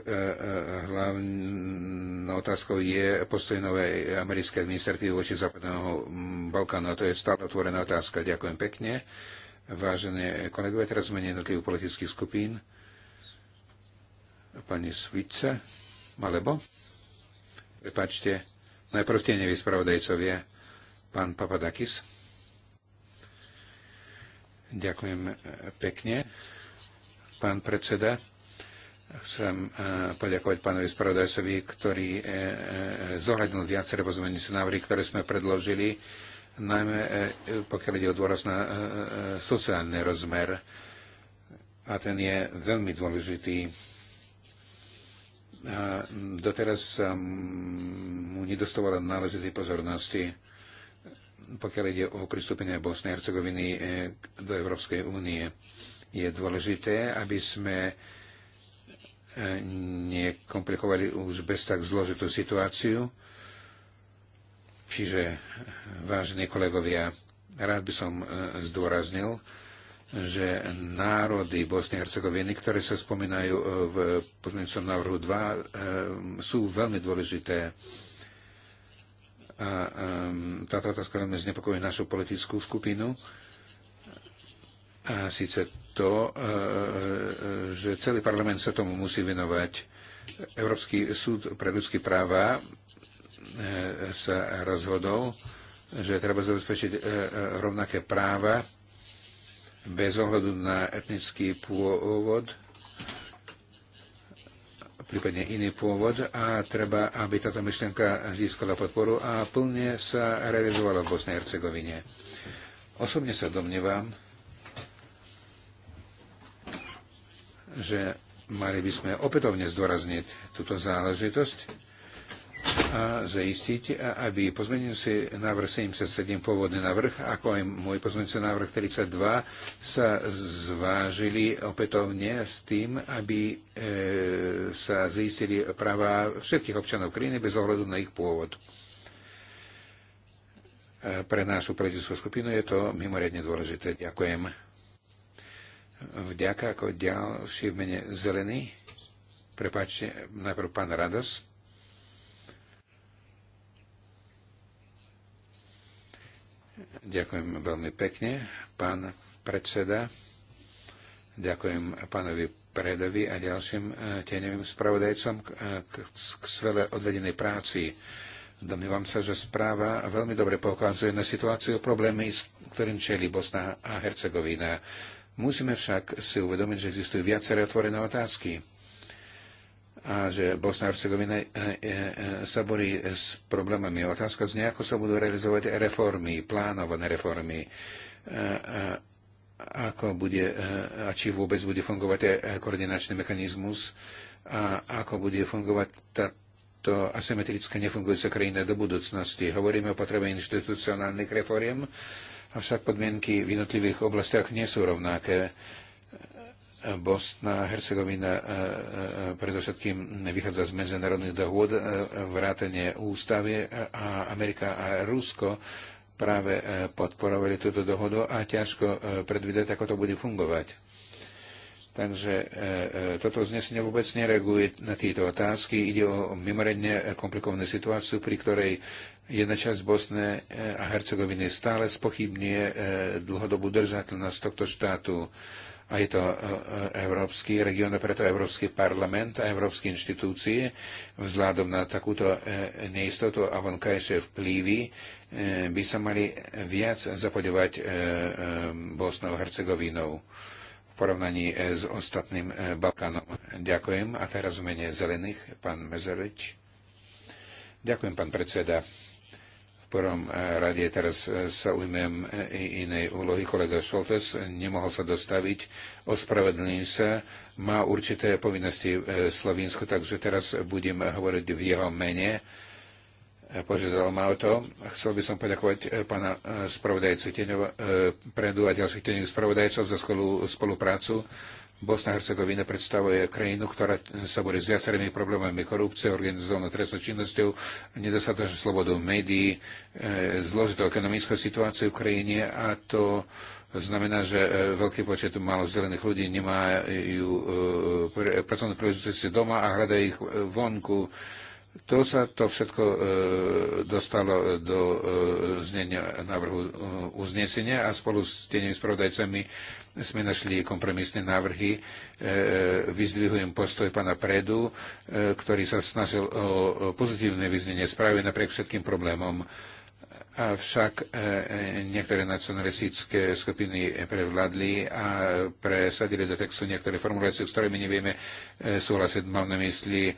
hlavnou otázkou je postoj novej americkej administratívy voči Západného Balkánu. A to je stále otvorená otázka. Ďakujem pekne. Vážené kolegové, teraz zmenie jednotlivých politických skupín. Pani Svice, alebo? Prepačte, najprv tie nevyspravodajcovia. Pán Papadakis. Ďakujem e, pekne. Pán predseda, chcem e, poďakovať pánovi spravodajcovi, ktorý e, zohľadnil viaceré pozmeňujúce návrhy, ktoré sme predložili, najmä pokiaľ ide o dôraz na sociálny rozmer. A ten je veľmi dôležitý. A doteraz sa mu nedostávalo náležitej pozornosti pokiaľ ide o pristúpenie Bosnej a Hercegoviny eh, do Európskej únie. Je dôležité, aby sme eh, nekomplikovali už bez tak zložitú situáciu. Čiže, eh, vážení kolegovia, rád by som zdôraznil, že národy Bosny a Hercegoviny, ktoré sa spomínajú v pozmeňujúcom návrhu 2, sú veľmi dôležité a um, táto otázka veľmi znepokojuje našu politickú skupinu. A síce to, e, e, e, že celý parlament sa tomu musí venovať. Európsky súd pre ľudské práva sa rozhodol, že treba zabezpečiť rovnaké práva bez ohľadu na etnický pôvod prípadne iný pôvod a treba, aby táto myšlienka získala podporu a plne sa realizovala v Bosnej Hercegovine. Osobne sa domnievam, že mali by sme opätovne zdôrazniť túto záležitosť a zaistiť, aby pozmeňujúci návrh 77 pôvodný návrh, ako aj môj pozmeňujúci návrh 32 sa zvážili opätovne s tým, aby e, sa zaistili práva všetkých občanov krajiny bez ohľadu na ich pôvod. E, pre našu politickú skupinu je to mimoriadne dôležité. Ďakujem. Vďaka ako ďalší v mene zelený. Prepáčte, najprv pán Rados. Ďakujem veľmi pekne, pán predseda. Ďakujem pánovi Predovi a ďalším e, tieňovým spravodajcom k e, svele odvedenej práci. Domnívam sa, že správa veľmi dobre poukazuje na situáciu problémy, s ktorým čeli Bosna a Hercegovina. Musíme však si uvedomiť, že existujú viaceré otvorené otázky a že Bosna a Hercegovina e, e, e, sa borí s problémami. Otázka znie, ako sa budú realizovať reformy, plánované reformy, a ako bude, a či vôbec bude fungovať koordinačný mechanizmus a ako bude fungovať táto asymetrická nefungujúca krajina do budúcnosti. Hovoríme o potrebe inštitucionálnych reforiem, avšak podmienky v jednotlivých oblastiach nie sú rovnaké. Bosna a Hercegovina e, e, e, predovšetkým vychádza z medzinárodných dohôd, vrátanie ústavy a Amerika a Rusko práve podporovali túto dohodu a ťažko predvídať, ako to bude fungovať. Takže toto znesenie vôbec nereaguje na tieto otázky. Ide o mimoriadne komplikovanú situáciu, pri ktorej jedna časť Bosne a Hercegoviny stále spochybňuje dlhodobú držateľnosť tohto štátu a je to e, e, Európsky region, preto Európsky parlament a Európske inštitúcie vzhľadom na takúto e, neistotu a vonkajšie vplyvy by sa mali viac zapodovať Bosnou a Hercegovinou v porovnaní s ostatným Balkánom. Ďakujem. A teraz v mene zelených, pán Mezerič. Ďakujem, pán predseda prvom eh, rade teraz eh, sa ujmem eh, inej úlohy. Kolega Šoltes nemohol sa dostaviť, ospravedlňujem sa, má určité povinnosti v Slovensku, takže teraz budem hovoriť v jeho mene. Požiadal ma o to. Chcel by som poďakovať pána spravodajcu Teňova, predu a ďalších teňových spravodajcov za skvelú spoluprácu Bosna a Hercegovina predstavuje krajinu, ktorá sa bude s viacerými problémami korupcie, organizovanou trestnou činnosťou, nedostatočnou slobodou médií, e, zložitou ekonomickou situáciou v krajine a to znamená, že e, veľký počet malo vzdelených ľudí nemajú e, pracovné príležitosti doma a hľadajú ich vonku. E, to sa to všetko e, dostalo do e, znenia návrhu e, uznesenia a spolu s tými spravodajcami sme našli kompromisné návrhy. E, e vyzdvihujem postoj pana Predu, e, ktorý sa snažil o pozitívne vyznenie správy napriek všetkým problémom. E, Avšak e, e, niektoré nacionalistické skupiny prevládli a presadili do textu niektoré formulácie, s ktorými nevieme e, súhlasiť. Mám na mysli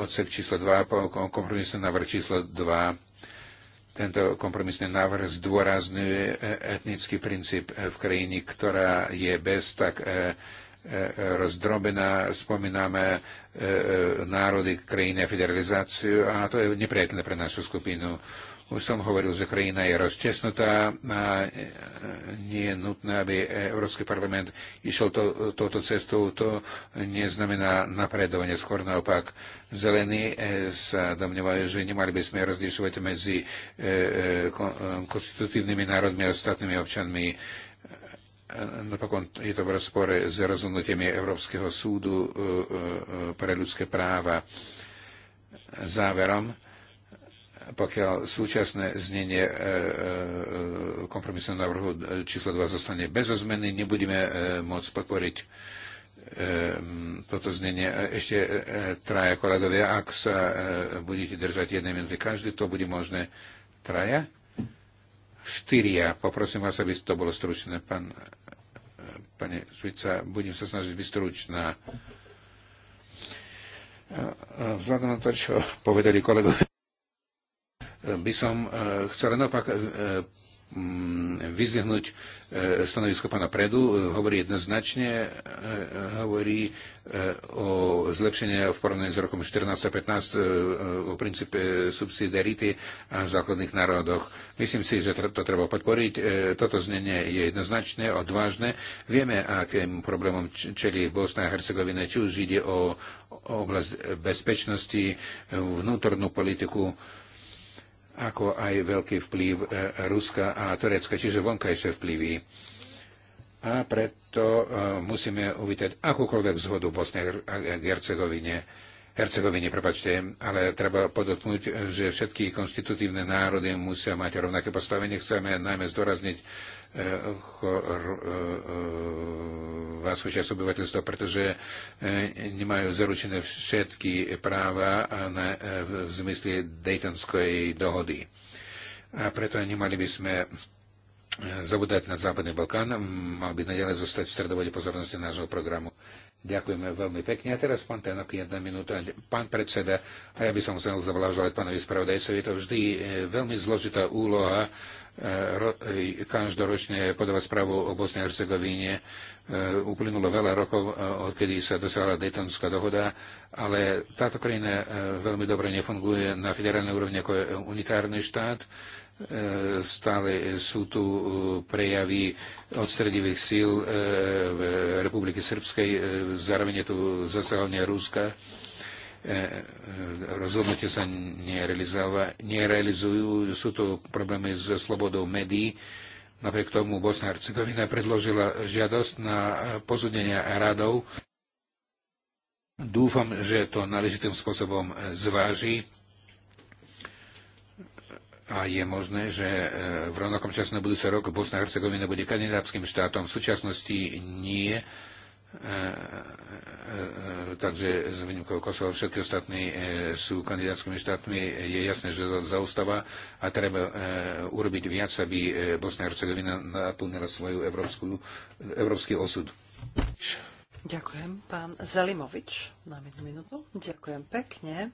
odsek číslo 2, kompromisný návrh číslo 2. Tento kompromisný návrh zdôrazňuje etnický princíp v krajine, ktorá je bez tak rozdrobená, spomíname národy krajiny a federalizáciu a to je nepriateľné pre našu skupinu. Už som hovoril, že krajina je rozčesnutá a nie je nutné, aby Európsky parlament išiel to, touto cestou. To neznamená napredovanie, skôr naopak. Zelení e, sa domnievajú, že nemali by sme rozlišovať medzi e, e, konstitutívnymi národmi a ostatnými občanmi napokon je to v rozpore s rozhodnutiami Európskeho súdu pre ľudské práva. Záverom, pokiaľ súčasné znenie e, e, e, kompromisného návrhu číslo 2 zostane bez zmeny, nebudeme môcť podporiť toto znenie. Ešte traja kolegovia, ak sa budete držať jednej minúty každý, to bude možné traja. Štyria. Poprosím vás, aby to bolo stručné. Pán, pane Švica, budem sa snažiť byť stručná. Vzhľadom na to, čo povedali kolegovia, by som e, chcel naopak e, vyzvihnúť e, stanovisko pána Predu, hovorí jednoznačne, hovorí o zlepšení v porovnaní s rokom 14 a 15 o princípe subsidiarity a základných národoch. Myslím si, že to treba podporiť. Toto znenie je jednoznačné, odvážne. Vieme, akým problémom čeli Bosna a Hercegovina, či už ide o oblasť bezpečnosti, vnútornú politiku, ako aj veľký vplyv e, Ruska a Turecka, čiže vonkajšie vplyvy. A preto e, musíme uvítať akúkoľvek zhodu v Bosnej a Hercegovine. Hercegovine, prepačte, ale treba podotknúť, že všetky konštitutívne národy musia mať rovnaké postavenie. Chceme najmä zdôrazniť vás časť obyvateľstva, pretože e, nemajú zaručené všetky práva na, e, v zmysle Daytonskej dohody. A preto nemali by sme e, zabúdať na Západný Balkán, mal by naďalej zostať v stredovode pozornosti nášho programu. Ďakujeme veľmi pekne. A teraz pán Tenok, jedna minúta. Pán predseda, a ja by som chcel zavlážovať pánovi spravodajcovi, je to vždy veľmi zložitá úloha každoročne podáva správu o Bosnej Hercegovine. E, uplynulo veľa rokov, e, odkedy sa dosiahla Daytonská dohoda, ale táto krajina e, veľmi dobre nefunguje na federálnej úrovni ako unitárny štát. Stále sú tu prejavy odstredivých síl v Republiky Srbskej, zároveň je tu zasahovanie Ruska E, e, rozhodnutie sa nerealizujú. Sú to problémy so slobodou médií. Napriek tomu Bosna a Hercegovina predložila žiadosť na posúdenia radov. Dúfam, že to náležitým spôsobom zváži a je možné, že e, v rovnakom čase na budúci rok Bosna a Hercegovina bude kandidátským štátom. V súčasnosti nie je E, e, e, takže z výnimkou Kosova všetky ostatní sú kandidátskymi štátmi. Je jasné, že zaustáva a treba urobiť viac, aby Bosnia a Hercegovina naplnila svoju európsku, európsky osud. Ďakujem, pán Zelimovič, na jednu minútu. Ďakujem pekne.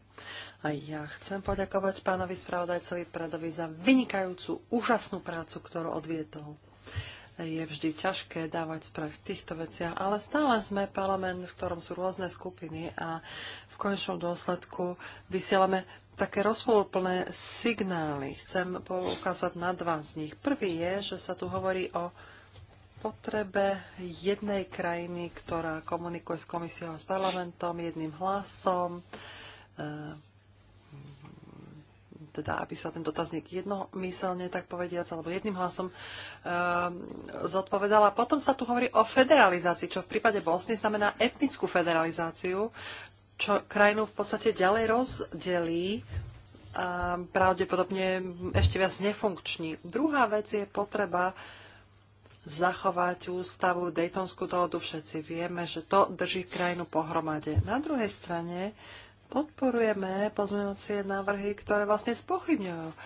A ja chcem poďakovať pánovi spravodajcovi Pradovi za vynikajúcu, úžasnú prácu, ktorú odvietol je vždy ťažké dávať správ v týchto veciach, ale stále sme parlament, v ktorom sú rôzne skupiny a v konečnom dôsledku vysielame také rozpoluplné signály. Chcem poukázať na dva z nich. Prvý je, že sa tu hovorí o potrebe jednej krajiny, ktorá komunikuje s komisiou a s parlamentom jedným hlasom. E, teda aby sa ten dotazník jednomyselne, tak povediac, alebo jedným hlasom e, ehm, zodpovedala. Potom sa tu hovorí o federalizácii, čo v prípade Bosny znamená etnickú federalizáciu, čo krajinu v podstate ďalej rozdelí a ehm, pravdepodobne ešte viac nefunkční. Druhá vec je potreba zachovať ústavu, Daytonskú dohodu, všetci vieme, že to drží krajinu pohromade. Na druhej strane podporujeme pozmeňovacie návrhy, ktoré vlastne spochybňujú e,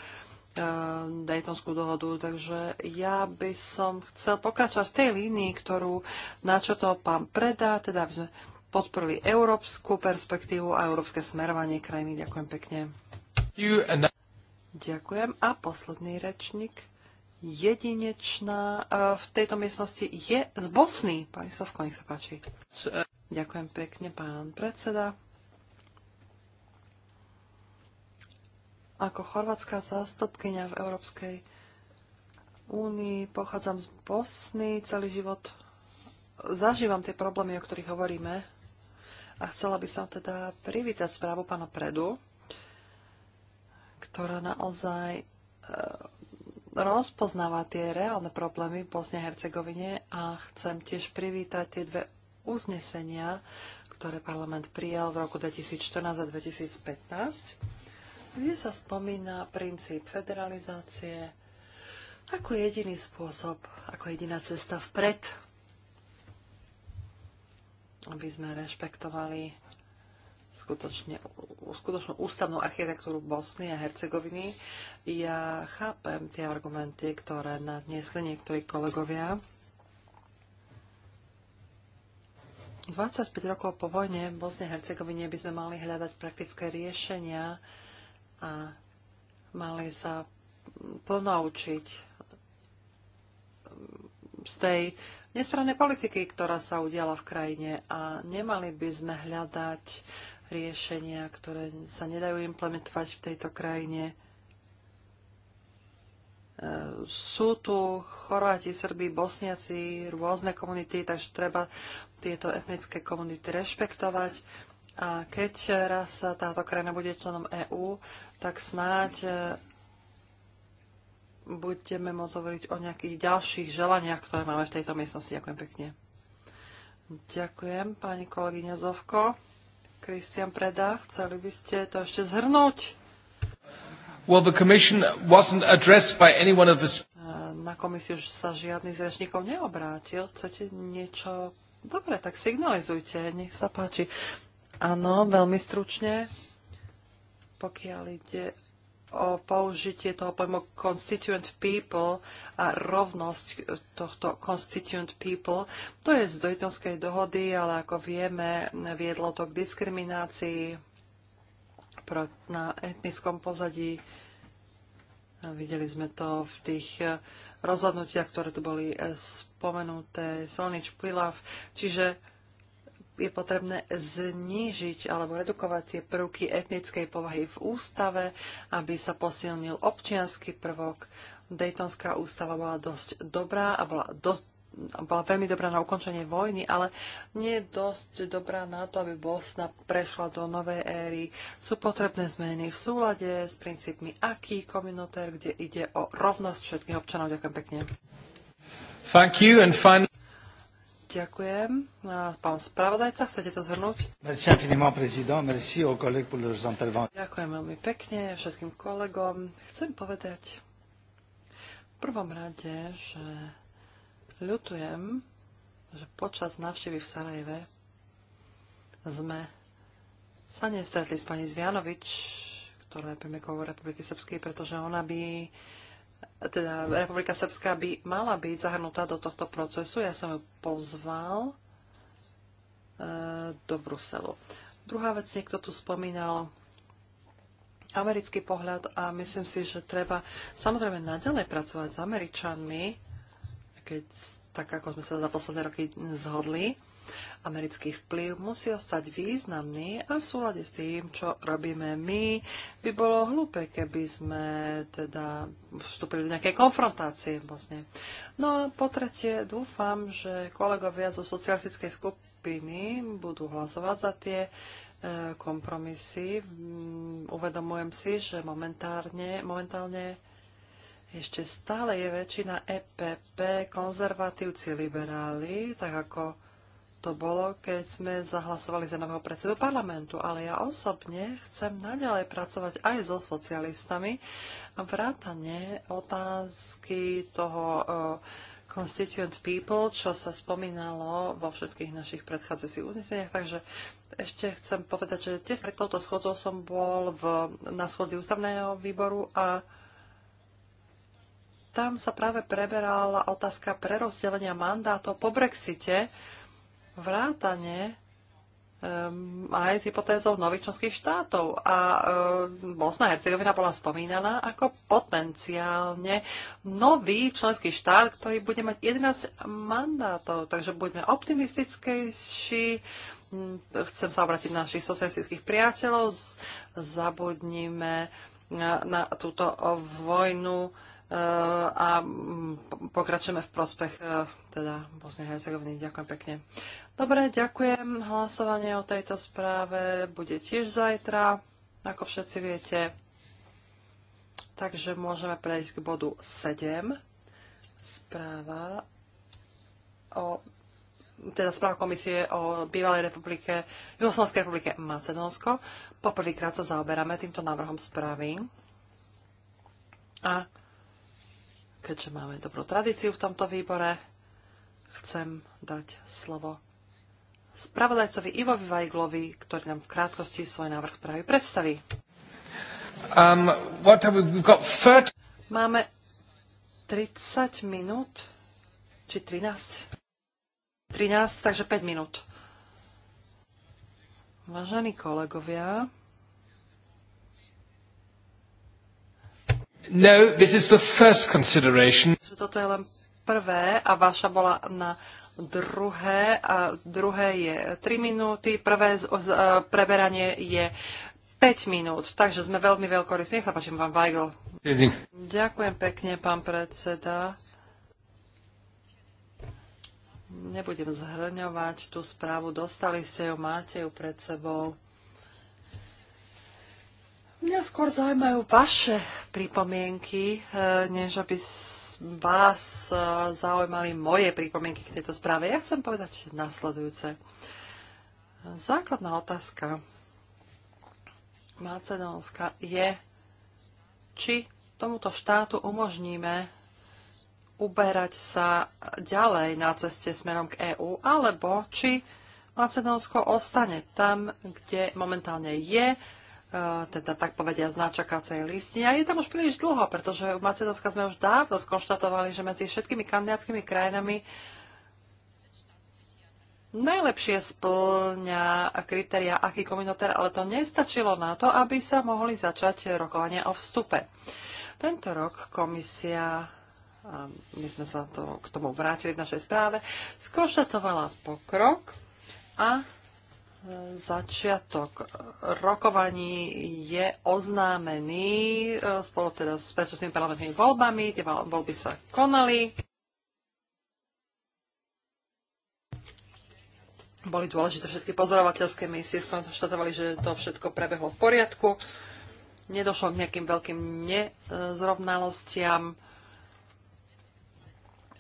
Daytonskú dohodu, takže ja by som chcel pokračovať v tej línii, ktorú to pán predá, teda aby sme podporili európsku perspektívu a európske smerovanie krajiny. Ďakujem pekne. Ďakujem. A posledný rečník, jedinečná e, v tejto miestnosti, je z Bosny. Pani Sovko, nech sa páči. Ďakujem pekne, pán predseda. Ako chorvátska zástupkynia v Európskej únii pochádzam z Bosny, celý život zažívam tie problémy, o ktorých hovoríme. A chcela by som teda privítať správu pána Predu, ktorá naozaj e, rozpoznáva tie reálne problémy v Bosne a Hercegovine a chcem tiež privítať tie dve uznesenia, ktoré parlament prijal v roku 2014 a 2015 kde sa spomína princíp federalizácie ako jediný spôsob, ako jediná cesta vpred, aby sme rešpektovali skutočne, skutočnú ústavnú architektúru Bosny a Hercegoviny. Ja chápem tie argumenty, ktoré nadniesli niektorí kolegovia. 25 rokov po vojne v Bosne a Hercegovine by sme mali hľadať praktické riešenia, a mali sa plnoučiť z tej nesprávnej politiky, ktorá sa udiala v krajine a nemali by sme hľadať riešenia, ktoré sa nedajú implementovať v tejto krajine. Sú tu Chorváti, Srbí, Bosniaci, rôzne komunity, takže treba tieto etnické komunity rešpektovať a keď raz táto krajina bude členom EÚ, tak snáď e, budeme môcť hovoriť o nejakých ďalších želaniach, ktoré máme v tejto miestnosti. Ďakujem pekne. Ďakujem, pani kolegyňa Zovko. Kristian Preda, chceli by ste to ešte zhrnúť? Well, the commission wasn't addressed by any one of the... E, na komisiu sa žiadny z rečníkov neobrátil. Chcete niečo Dobre, tak signalizujte, nech sa páči. Áno, veľmi stručne. Pokiaľ ide o použitie toho pojmu constituent people a rovnosť tohto constituent people. To je z Dojtonskej dohody, ale ako vieme, viedlo to k diskriminácii na etnickom pozadí. Videli sme to v tých eh, rozhodnutiach, ktoré tu boli eh, spomenuté, Solnič Pilav. Čiže je potrebné znížiť alebo redukovať tie prvky etnickej povahy v ústave, aby sa posilnil občianský prvok. Daytonská ústava bola dosť dobrá a bola dosť bola veľmi dobrá na ukončenie vojny, ale nie je dosť dobrá na to, aby Bosna prešla do novej éry. Sú potrebné zmeny v súlade s princípmi aký komunitér, kde ide o rovnosť všetkých občanov. Ďakujem pekne. Thank you and Ďakujem. Pán spravodajca, chcete to zhrnúť? Ďakujem veľmi pekne všetkým kolegom. Chcem povedať v prvom rade, že ľutujem, že počas návštevy v Sarajeve sme sa nestretli s pani Zvianovič, ktorá je premiérkou Republiky Srbskej, pretože ona by teda Republika Srbská by mala byť zahrnutá do tohto procesu. Ja som ju pozval e, do Bruselu. Druhá vec, niekto tu spomínal americký pohľad a myslím si, že treba samozrejme naďalej pracovať s Američanmi, keď tak ako sme sa za posledné roky zhodli americký vplyv musí ostať významný a v súlade s tým, čo robíme my, by bolo hlúpe, keby sme teda vstúpili do nejakej konfrontácie vlastne. No a po tretie, dúfam, že kolegovia zo socialistickej skupiny budú hlasovať za tie e, kompromisy. Mm, uvedomujem si, že momentárne, momentálne ešte stále je väčšina EPP konzervatívci liberáli, tak ako to bolo, keď sme zahlasovali za nového predsedu parlamentu, ale ja osobne chcem naďalej pracovať aj so socialistami a vrátane otázky toho uh, constituent people, čo sa spomínalo vo všetkých našich predchádzajúcich uzneseniach, takže ešte chcem povedať, že tiež pred touto schodzou som bol v, na schodzi ústavného výboru a tam sa práve preberala otázka prerozdelenia mandátov po Brexite. Uh, vrátane ehm, aj s hypotézou nových členských štátov. A ehm, Bosna a Hercegovina bola spomínaná ako potenciálne nový členský štát, ktorý bude mať 11 mandátov. Takže buďme optimistickejší, mm, chcem sa obratiť na našich socialistických priateľov, zabudnime na, na túto vojnu ehm, a mm, pokračujeme v prospech teda Bosne a Hercegoviny. Ďakujem pekne. Dobre, ďakujem. Hlasovanie o tejto správe bude tiež zajtra, ako všetci viete. Takže môžeme prejsť k bodu 7. Správa o teda správa komisie o bývalej republike, Jugoslovenskej republike Macedónsko. Poprvýkrát sa zaoberáme týmto návrhom správy. A keďže máme dobrú tradíciu v tomto výbore, chcem dať slovo spravodajcovi Ivovi Vajglovi, ktorý nám v krátkosti svoj návrh práve predstaví. Um, what have we, got 30... Máme 30 minút, či 13? 13, takže 5 minút. Vážení kolegovia, No, this is the first consideration. Toto je len prvé a vaša bola na druhé a druhé je 3 minúty, prvé z, z, e, preberanie je 5 minút, takže sme veľmi veľkorysní. Nech sa páči, pán Weigl. Ďakujem pekne, pán predseda. Nebudem zhrňovať tú správu, dostali ste ju, máte ju pred sebou. Mňa skôr zaujímajú vaše pripomienky, e, než aby vás eh, zaujímali moje pripomienky k tejto správe. Ja chcem povedať nasledujúce. Základná otázka Macedónska je, či tomuto štátu umožníme uberať sa ďalej na ceste smerom k EÚ, alebo či Macedónsko ostane tam, kde momentálne je, Eh, teda tak povedia na čakacej listine. A je tam už príliš dlho, pretože v Macedónska sme už dávno skonštatovali, že medzi všetkými kandidátskymi krajinami najlepšie splňa kritéria aký kominoter, ale to nestačilo na to, aby sa mohli začať rokovania o vstupe. Tento rok komisia a my sme sa to, k tomu vrátili v našej správe, skonštatovala pokrok a začiatok rokovaní je oznámený e, spolu teda s predčasnými parlamentnými voľbami. Tie voľby sa konali. Boli dôležité všetky pozorovateľské misie, skonštatovali, že to všetko prebehlo v poriadku. Nedošlo k nejakým veľkým nezrovnalostiam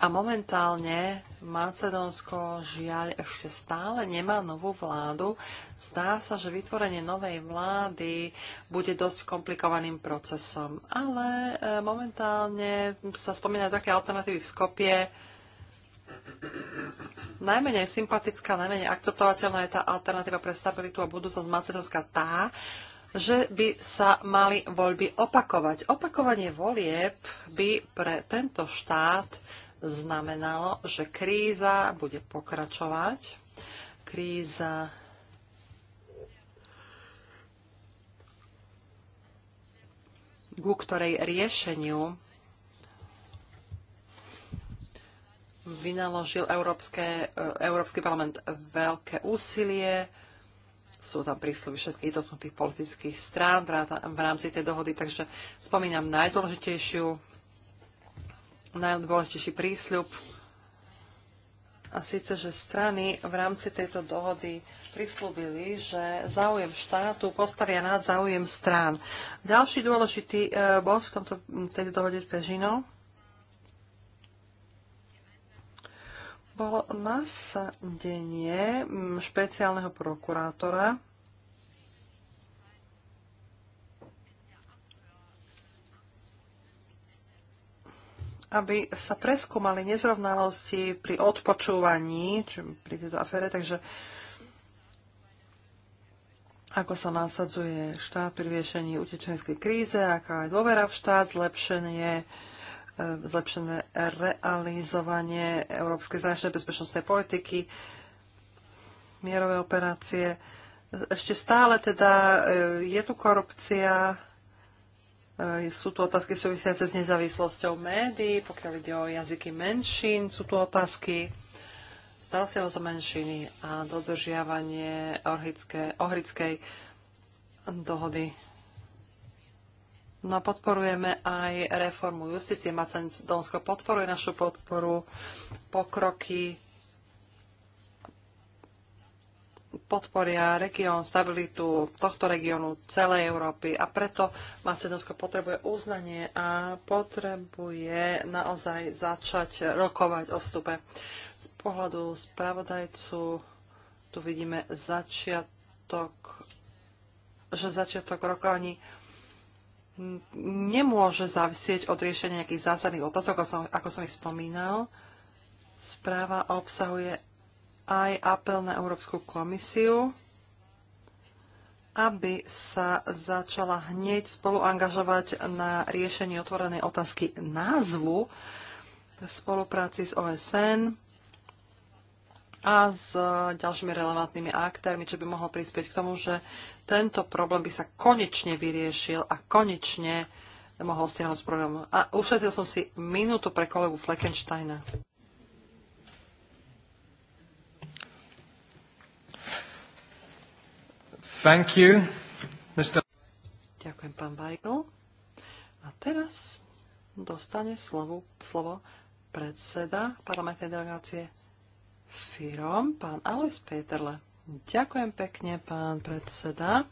a momentálne Macedónsko žiaľ ešte stále nemá novú vládu. Zdá sa, že vytvorenie novej vlády bude dosť komplikovaným procesom. Ale e, momentálne sa spomínajú také alternatívy v Skopie. Najmenej sympatická, najmenej akceptovateľná je tá alternatíva pre stabilitu a budúcnosť Macedónska tá, že by sa mali voľby opakovať. Opakovanie volieb by pre tento štát znamenalo, že kríza bude pokračovať. Kríza ku ktorej riešeniu vynaložil Európske, Európsky parlament veľké úsilie. Sú tam prísluby všetkých dotknutých politických strán v rámci tej dohody, takže spomínam najdôležitejšiu najdôležitejší prísľub a síce, že strany v rámci tejto dohody prislúbili, že záujem štátu postavia nad záujem strán. Ďalší dôležitý e, bod v tomto, tejto dohode s Pežinou bolo nasadenie špeciálneho prokurátora aby sa preskúmali nezrovnalosti pri odpočúvaní, či pri tejto afére, takže ako sa nasadzuje štát pri riešení utečenskej kríze, aká je dôvera v štát, zlepšenie, e, zlepšené realizovanie európskej zahraničnej bezpečnostnej politiky, mierové operácie. Ešte stále teda e, je tu korupcia, E, sú tu otázky súvisiace s nezávislosťou médií, pokiaľ ide o jazyky menšín, sú tu otázky starostlivosť o menšiny a dodržiavanie ohrickej dohody. No a podporujeme aj reformu justície. Macedónsko podporuje našu podporu, pokroky podporia región, stabilitu tohto regiónu, celej Európy a preto Macedónsko potrebuje uznanie a potrebuje naozaj začať rokovať o vstupe. Z pohľadu spravodajcu tu vidíme začiatok, že začiatok rokovaní nemôže závisieť od riešenia nejakých zásadných otázok, ako som, ako som ich spomínal. Správa obsahuje aj apel na Európsku komisiu, aby sa začala hneď spolu angažovať na riešenie otvorenej otázky názvu v spolupráci s OSN a s ďalšími relevantnými aktérmi, čo by mohlo prispieť k tomu, že tento problém by sa konečne vyriešil a konečne mohol stiahnuť z programu. A ušetil som si minútu pre kolegu Fleckensteina. Thank you, Mr. Ďakujem, pán Weigl. A teraz dostane slovo, slovo predseda parlamentnej delegácie FIROM, pán Alois Peterle. Ďakujem pekne, pán predseda.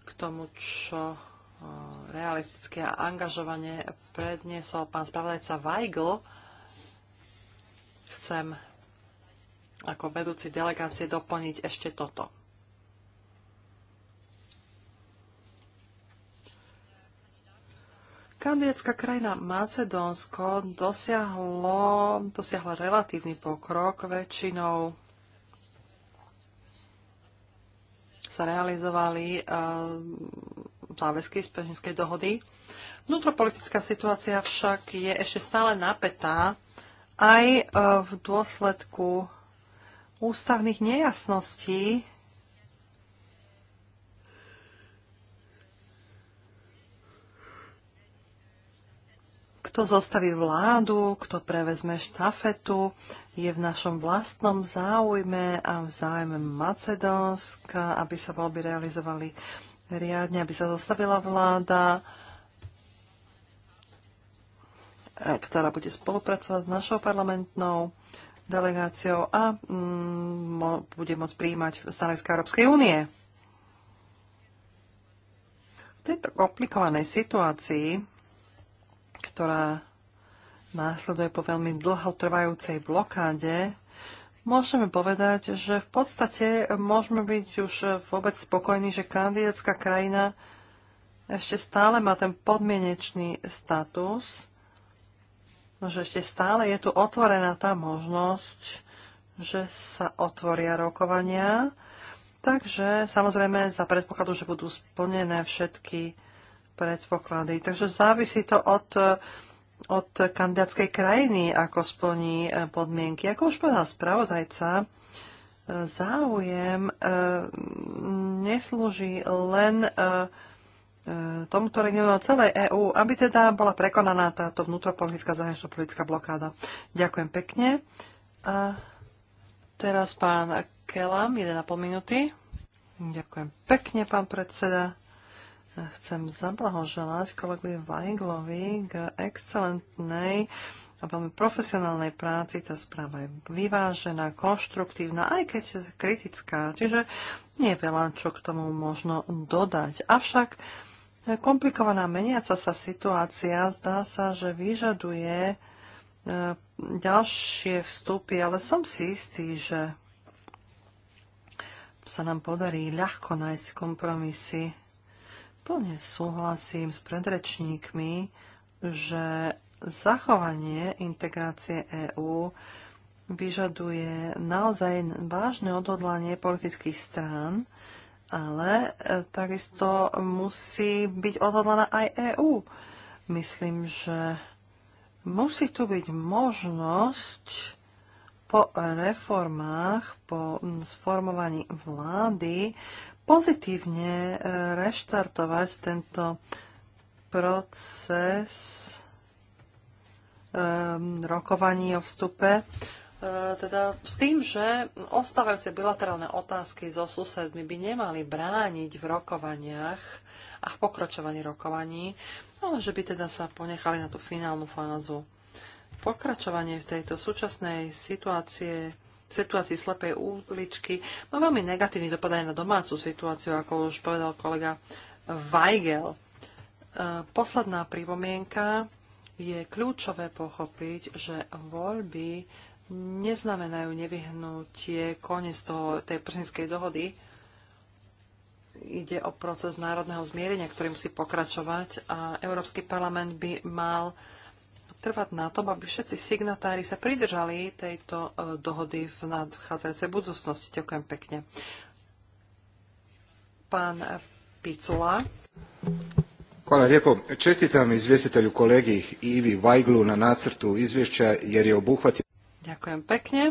K tomu, čo eh, realisticky a angažovanie predniesol pán spravodajca Weigl, chcem ako vedúci delegácie doplniť ešte toto. Kandidátska krajina Macedónsko dosiahlo, dosiahla relatívny pokrok. Väčšinou sa realizovali uh, záväzky z Pežinskej dohody. Vnútropolitická situácia však je ešte stále napätá aj uh, v dôsledku ústavných nejasností, kto zostaví vládu, kto prevezme štafetu, je v našom vlastnom záujme a v záujme Macedónska, aby sa voľby realizovali riadne, aby sa zostavila vláda, e, ktorá bude spolupracovať s našou parlamentnou delegáciou a mm, bude môcť príjmať stanoviska Európskej únie. V tejto komplikovanej situácii, ktorá následuje po veľmi dlhotrvajúcej blokáde, môžeme povedať, že v podstate môžeme byť už vôbec spokojní, že kandidátska krajina ešte stále má ten podmienečný status, že ešte stále je tu otvorená tá možnosť, že sa otvoria rokovania. Takže samozrejme za predpokladu, že budú splnené všetky predpoklady. Takže závisí to od, od kandidátskej krajiny, ako splní e, podmienky. Ako už povedal spravodajca, e, záujem e, neslúži len E, tomuto regiónu a celej EÚ, aby teda bola prekonaná táto vnútropolitická zahraničná politická blokáda. Ďakujem pekne. A teraz pán Kelam, 1,5 minúty. Ďakujem pekne, pán predseda. Chcem zablahoželať kolegovi Weiglovi k excelentnej a veľmi profesionálnej práci. Tá správa je vyvážená, konštruktívna, aj keď kritická. Čiže nie je veľa, čo k tomu možno dodať. Avšak Komplikovaná meniaca sa situácia zdá sa, že vyžaduje e, ďalšie vstupy, ale som si istý, že sa nám podarí ľahko nájsť kompromisy. Plne súhlasím s predrečníkmi, že zachovanie integrácie EÚ vyžaduje naozaj vážne odhodlanie politických strán, ale e, takisto musí byť odhodlaná aj EÚ. Myslím, že musí tu byť možnosť po reformách, po sformovaní vlády pozitívne e, reštartovať tento proces um, rokovaní o vstupe E, teda s tým, že ostávajúce bilaterálne otázky so susedmi by nemali brániť v rokovaniach a v pokračovaní rokovaní, ale že by teda sa ponechali na tú finálnu fázu. Pokračovanie v tejto súčasnej situácie situácii slepej úličky má veľmi negatívny dopad aj na domácu situáciu, ako už povedal kolega Weigel. E, posledná pripomienka je kľúčové pochopiť, že voľby neznamenajú nevyhnutie koniec toho, tej prsinskej dohody. Ide o proces národného zmierenia, ktorý musí pokračovať a Európsky parlament by mal trvať na tom, aby všetci signatári sa pridržali tejto e, dohody v nadchádzajúcej budúcnosti. Ďakujem pekne. Pán Picula. Hvala lijepo. Čestitam izvjestitelju kolegi Ivi Vajglu na nacrtu izvješća jer je obuhvatio Ďakujem pekne.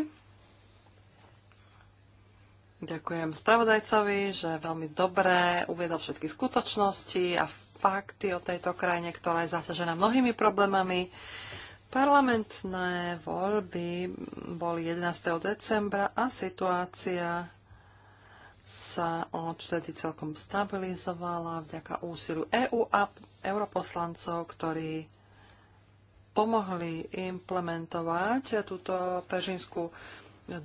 Ďakujem spravodajcovi, že veľmi dobre uviedol všetky skutočnosti a fakty o tejto krajine, ktorá je zaťažená mnohými problémami. Parlamentné voľby boli 11. decembra a situácia sa odtedy celkom stabilizovala vďaka úsilu EÚ EU a europoslancov, ktorí pomohli implementovať túto pežinskú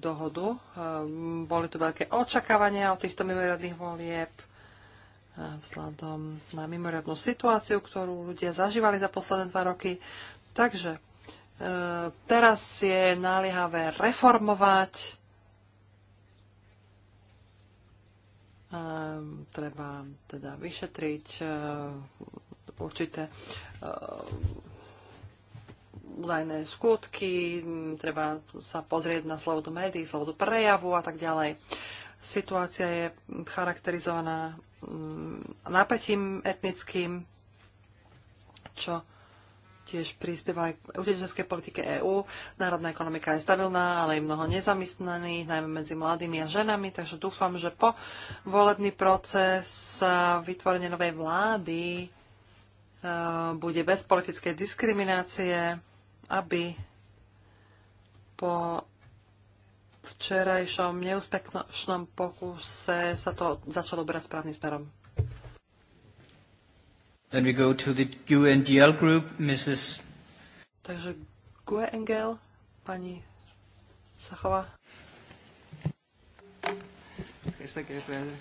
dohodu. Ehm, boli tu veľké očakávania od týchto mimoriadných volieb e, vzhľadom na mimoriadnú situáciu, ktorú ľudia zažívali za posledné dva roky. Takže e, teraz je naliehavé reformovať. Ehm, treba teda vyšetriť e, určité údajné skutky, treba sa pozrieť na slobodu médií, slobodu prejavu a tak ďalej. Situácia je charakterizovaná napätím etnickým, čo tiež prispieva aj k utečenskej politike EÚ. Národná ekonomika je stabilná, ale aj mnoho nezamestnaných, najmä medzi mladými a ženami, takže dúfam, že po volebný proces vytvorenie novej vlády e, bude bez politickej diskriminácie aby po včerajšom neúspešnom pokuse sa to začalo brať správnym smerom. Then we go to the UNGL group, Mrs. Takže GUNGL, pani Sachova. Ευχαριστώ κύριε Πρόεδρε.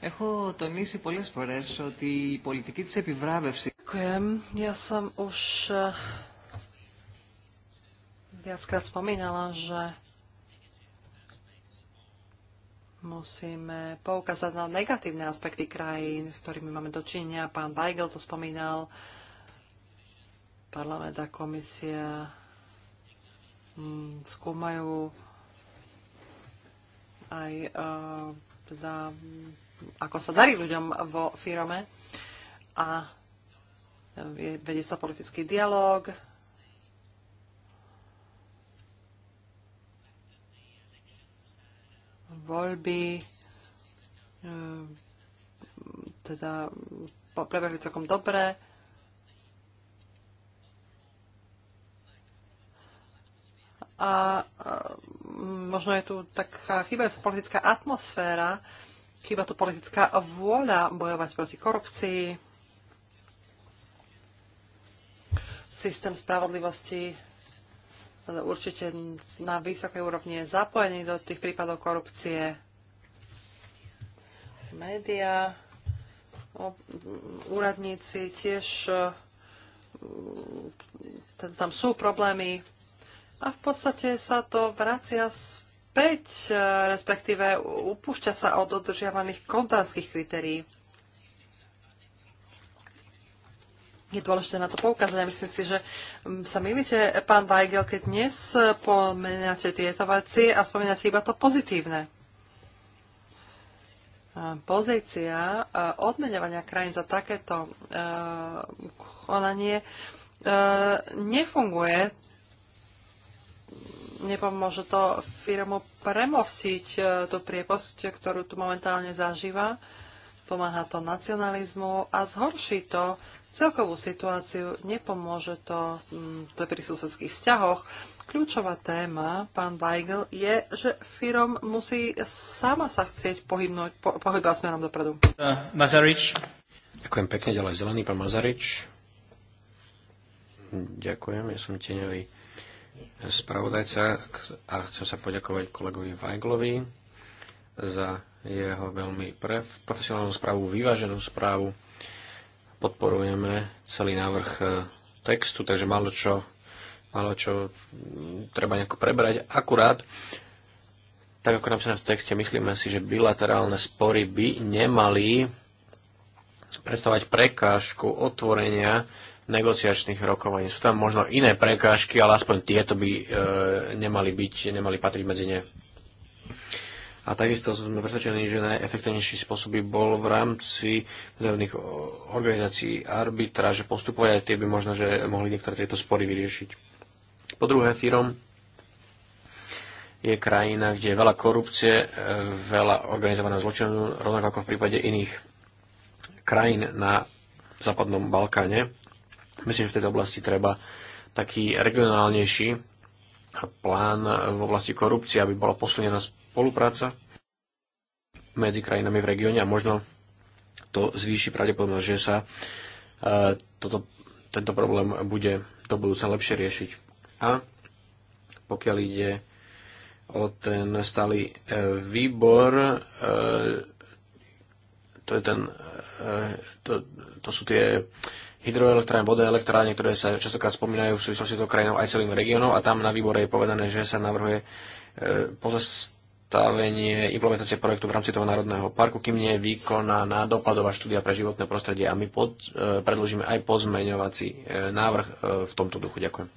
Έχω τονίσει πολλές φορές ότι η πολιτική της επιβράβευσης... Ďakujem. Ja som už viackrát spomínala, že musíme poukázať na negatívne aspekty krajín, s ktorými máme dočinia. Pán Weigel to spomínal, parlament a komisia mm, skúmajú aj eh, teda, ako sa darí ľuďom vo firme a eh, vedie sa politický dialog, voľby ehm, teda prebehli celkom dobre. A ehm, možno je tu taká chyba politická atmosféra, chyba tu politická vôľa bojovať proti korupcii. Systém spravodlivosti určite na vysokej úrovni je zapojený do tých prípadov korupcie. Média, úradníci tiež e, tam sú problémy a v podstate sa to vracia späť, e, respektíve upúšťa sa od dodržiavaných kontánskych kritérií. je dôležité na to poukázať. Ja myslím si, že mm, sa milíte, pán Weigel, keď dnes pomenáte tieto veci a spomínate iba to pozitívne. Pozícia odmenovania krajín za takéto e, konanie e, nefunguje. Nepomôže to firmu premostiť e, tú prieposť, ktorú tu momentálne zažíva. Pomáha to nacionalizmu a zhorší to celkovú situáciu, nepomôže to, mm, to pri susedských vzťahoch. Kľúčová téma, pán Weigel, je, že firom musí sama sa chcieť pohybnúť, po, pohybať smerom dopredu. Uh, Mazarič. Ďakujem pekne, ďalej zelený, pán Mazarič. Ďakujem, ja som tieňový spravodajca a chcem sa poďakovať kolegovi Weiglovi za jeho veľmi profesionálnu správu, vyváženú správu podporujeme celý návrh e, textu, takže malo čo, malo čo mm, treba nejako prebrať. Akurát, tak ako napísané v texte, myslíme si, že bilaterálne spory by nemali predstavovať prekážku otvorenia negociačných rokovaní. Sú tam možno iné prekážky, ale aspoň tieto by e, nemali byť, nemali patriť medzi ne. A takisto sme presvedčení, že najefektívnejší spôsob by bol v rámci medzinárodných organizácií arbitra, že postupovať aj tie by možno, že mohli niektoré tieto spory vyriešiť. Po druhé, Fírom je krajina, kde je veľa korupcie, e, veľa organizovaného zločinu, rovnako ako v prípade iných krajín na západnom Balkáne. Myslím, že v tejto oblasti treba taký regionálnejší plán v oblasti korupcie, aby bola posunená spolupráca medzi krajinami v regióne a možno to zvýši pravdepodobnosť, že sa e, toto, tento problém bude do budúca lepšie riešiť. A pokiaľ ide o ten stály e, výbor, e, to, je ten, to, to sú tie hydroelektrárne, vodné elektrárne, ktoré sa častokrát spomínajú v súvislosti s krajinou aj celým regiónom a tam na výbore je povedané, že sa navrhuje pozastaviť Stavenie implementácie projektu v rámci toho národného parku, kým nie je vykonaná dopadová štúdia pre životné prostredie a my pod, e, predložíme aj pozmeňovací e, návrh e, v tomto duchu. Ďakujem.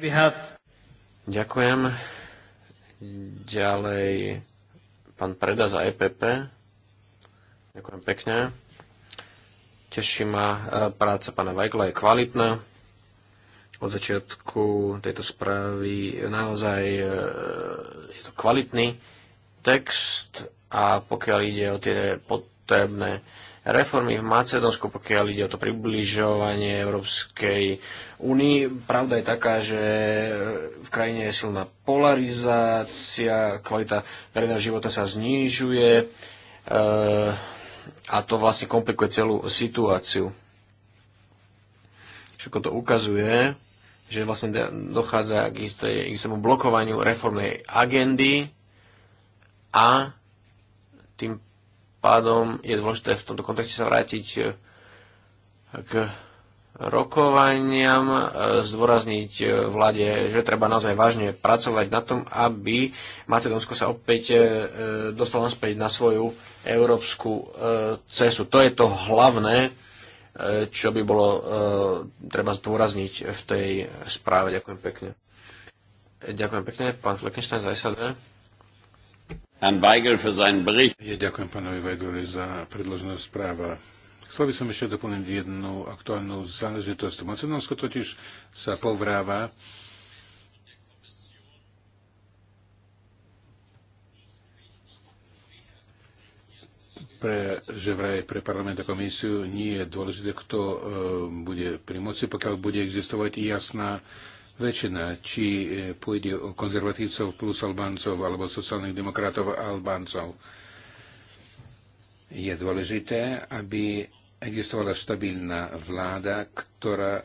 We have... Ďakujem. Ďalej pán Preda za EPP. Ďakujem pekne. Teší ma, e, práca pána Vajgla je kvalitná od začiatku tejto správy naozaj e, je to kvalitný text a pokiaľ ide o tie potrebné reformy v Macedónsku, pokiaľ ide o to približovanie Európskej únii. Pravda je taká, že v krajine je silná polarizácia, kvalita verejného života sa znižuje e, a to vlastne komplikuje celú situáciu. Všetko to ukazuje, že vlastne dochádza k istému blokovaniu reformnej agendy a tým pádom je dôležité v tomto kontexte sa vrátiť e, k rokovaniam, e, zdôrazniť e, vláde, že treba naozaj vážne pracovať na tom, aby Macedónsko sa opäť dostalo naspäť na svoju európsku cestu. To je to hlavné, čo by bolo treba zdôrazniť v tej správe. Ďakujem pekne. Ďakujem pekne, pán Fleckenstein, za SAD. Herrn Weigel für seinen Bericht. Ja ďakujem pánovi Weigelovi za predloženú správu. Chcel by som ešte doplniť jednu aktuálnu záležitosť. Macedónsko totiž sa povráva pre, že vraj pre parlament a komisiu nie je dôležité, kto e, bude pri moci, pokiaľ bude existovať jasná e, väčšina, či e, pôjde o konzervatívcov plus Albáncov alebo sociálnych demokratov a Albáncov. Je dôležité, aby existovala stabilná vláda, ktorá e,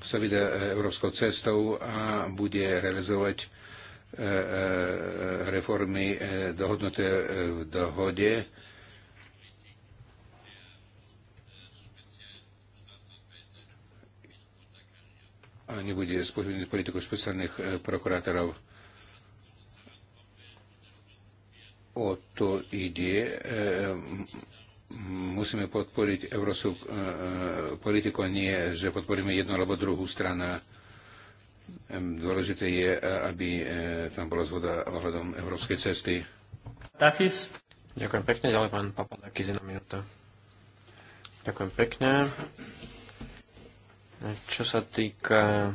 sa vyda e, európskou cestou a bude realizovať reformy dohodnuté v dohode nebude spochybniť politiku špeciálnych e, prokurátorov. O to ide. E, musíme podporiť európsku e, politiku, a nie, že podporíme jednu alebo druhú stranu. Dôležité je, aby tam bola zhoda ohľadom európskej cesty. Takis. Ďakujem pekne, ďalej pán Papadakis, jedna minúta. Ďakujem pekne. Čo sa týka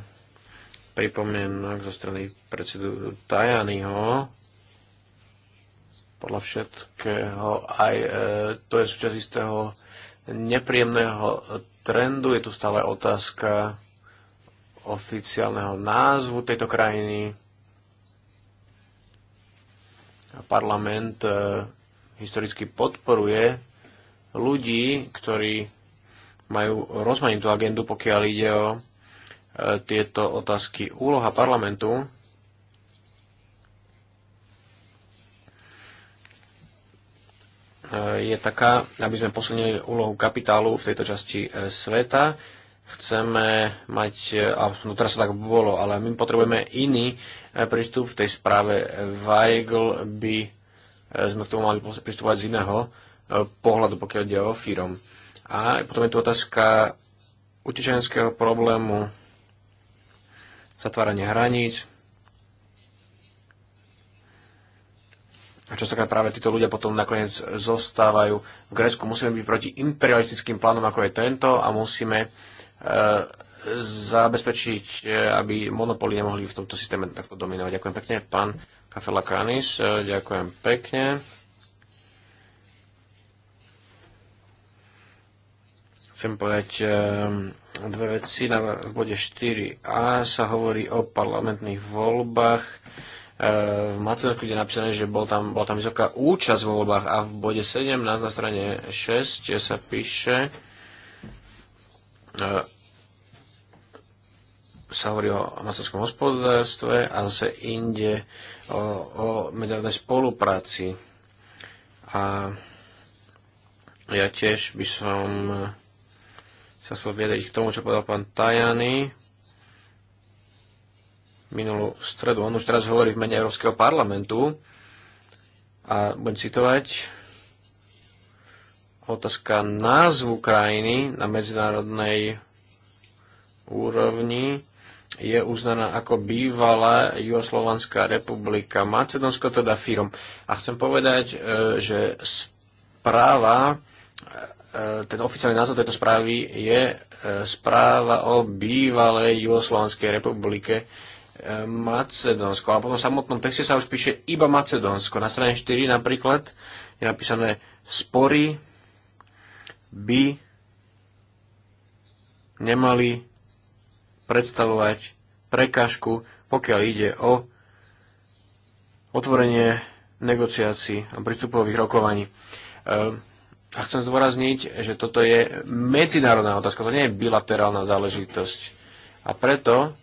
pripomienok zo strany predsedu Tajanyho, podľa všetkého aj e, to je súčasť istého nepríjemného trendu. Je tu stále otázka oficiálneho názvu tejto krajiny. A parlament e, historicky podporuje ľudí, ktorí majú rozmanitú agendu, pokiaľ ide o e, tieto otázky. Úloha parlamentu e, je taká, aby sme posunili úlohu kapitálu v tejto časti e, sveta. Chceme mať, a no teraz to tak bolo, ale my potrebujeme iný prístup v tej správe. Weigl by sme k tomu mali pristupovať z iného pohľadu, pokiaľ ide o firmu. A potom je tu otázka utečenského problému, zatváranie hraníc. A častokrát práve títo ľudia potom nakoniec zostávajú v Grécku. Musíme byť proti imperialistickým plánom, ako je tento, a musíme e, zabezpečiť, e, aby monopoly nemohli v tomto systéme takto dominovať. Ďakujem pekne, pán Kafela Kanis. E, ďakujem pekne. chcem povedať ehm, dve veci. Na bode 4a sa hovorí o parlamentných voľbách ehm, v Macedónsku, je napísané, že bol tam, bola tam vysoká účasť vo voľbách a v bode 17 na strane 6 sa píše ehm, sa hovorí o macedónskom hospodárstve a zase inde o, o medzinárodnej spolupráci. A ja tiež by som sa chcel viedeť k tomu, čo povedal pán Tajany minulú stredu. On už teraz hovorí v mene Európskeho parlamentu a budem citovať otázka názvu krajiny na medzinárodnej úrovni je uznaná ako bývalá Juhoslovanská republika Macedonsko teda firom. A chcem povedať, e, že správa E, ten oficiálny názov tejto správy je e, správa o bývalej Jugoslovanskej republike e, Macedónsko. A potom v samotnom texte sa už píše iba Macedónsko. Na strane 4 napríklad je napísané spory by nemali predstavovať prekážku, pokiaľ ide o otvorenie negociácií a prístupových rokovaní. A chcem zdôrazniť, že toto je medzinárodná otázka, to nie je bilaterálna záležitosť. A preto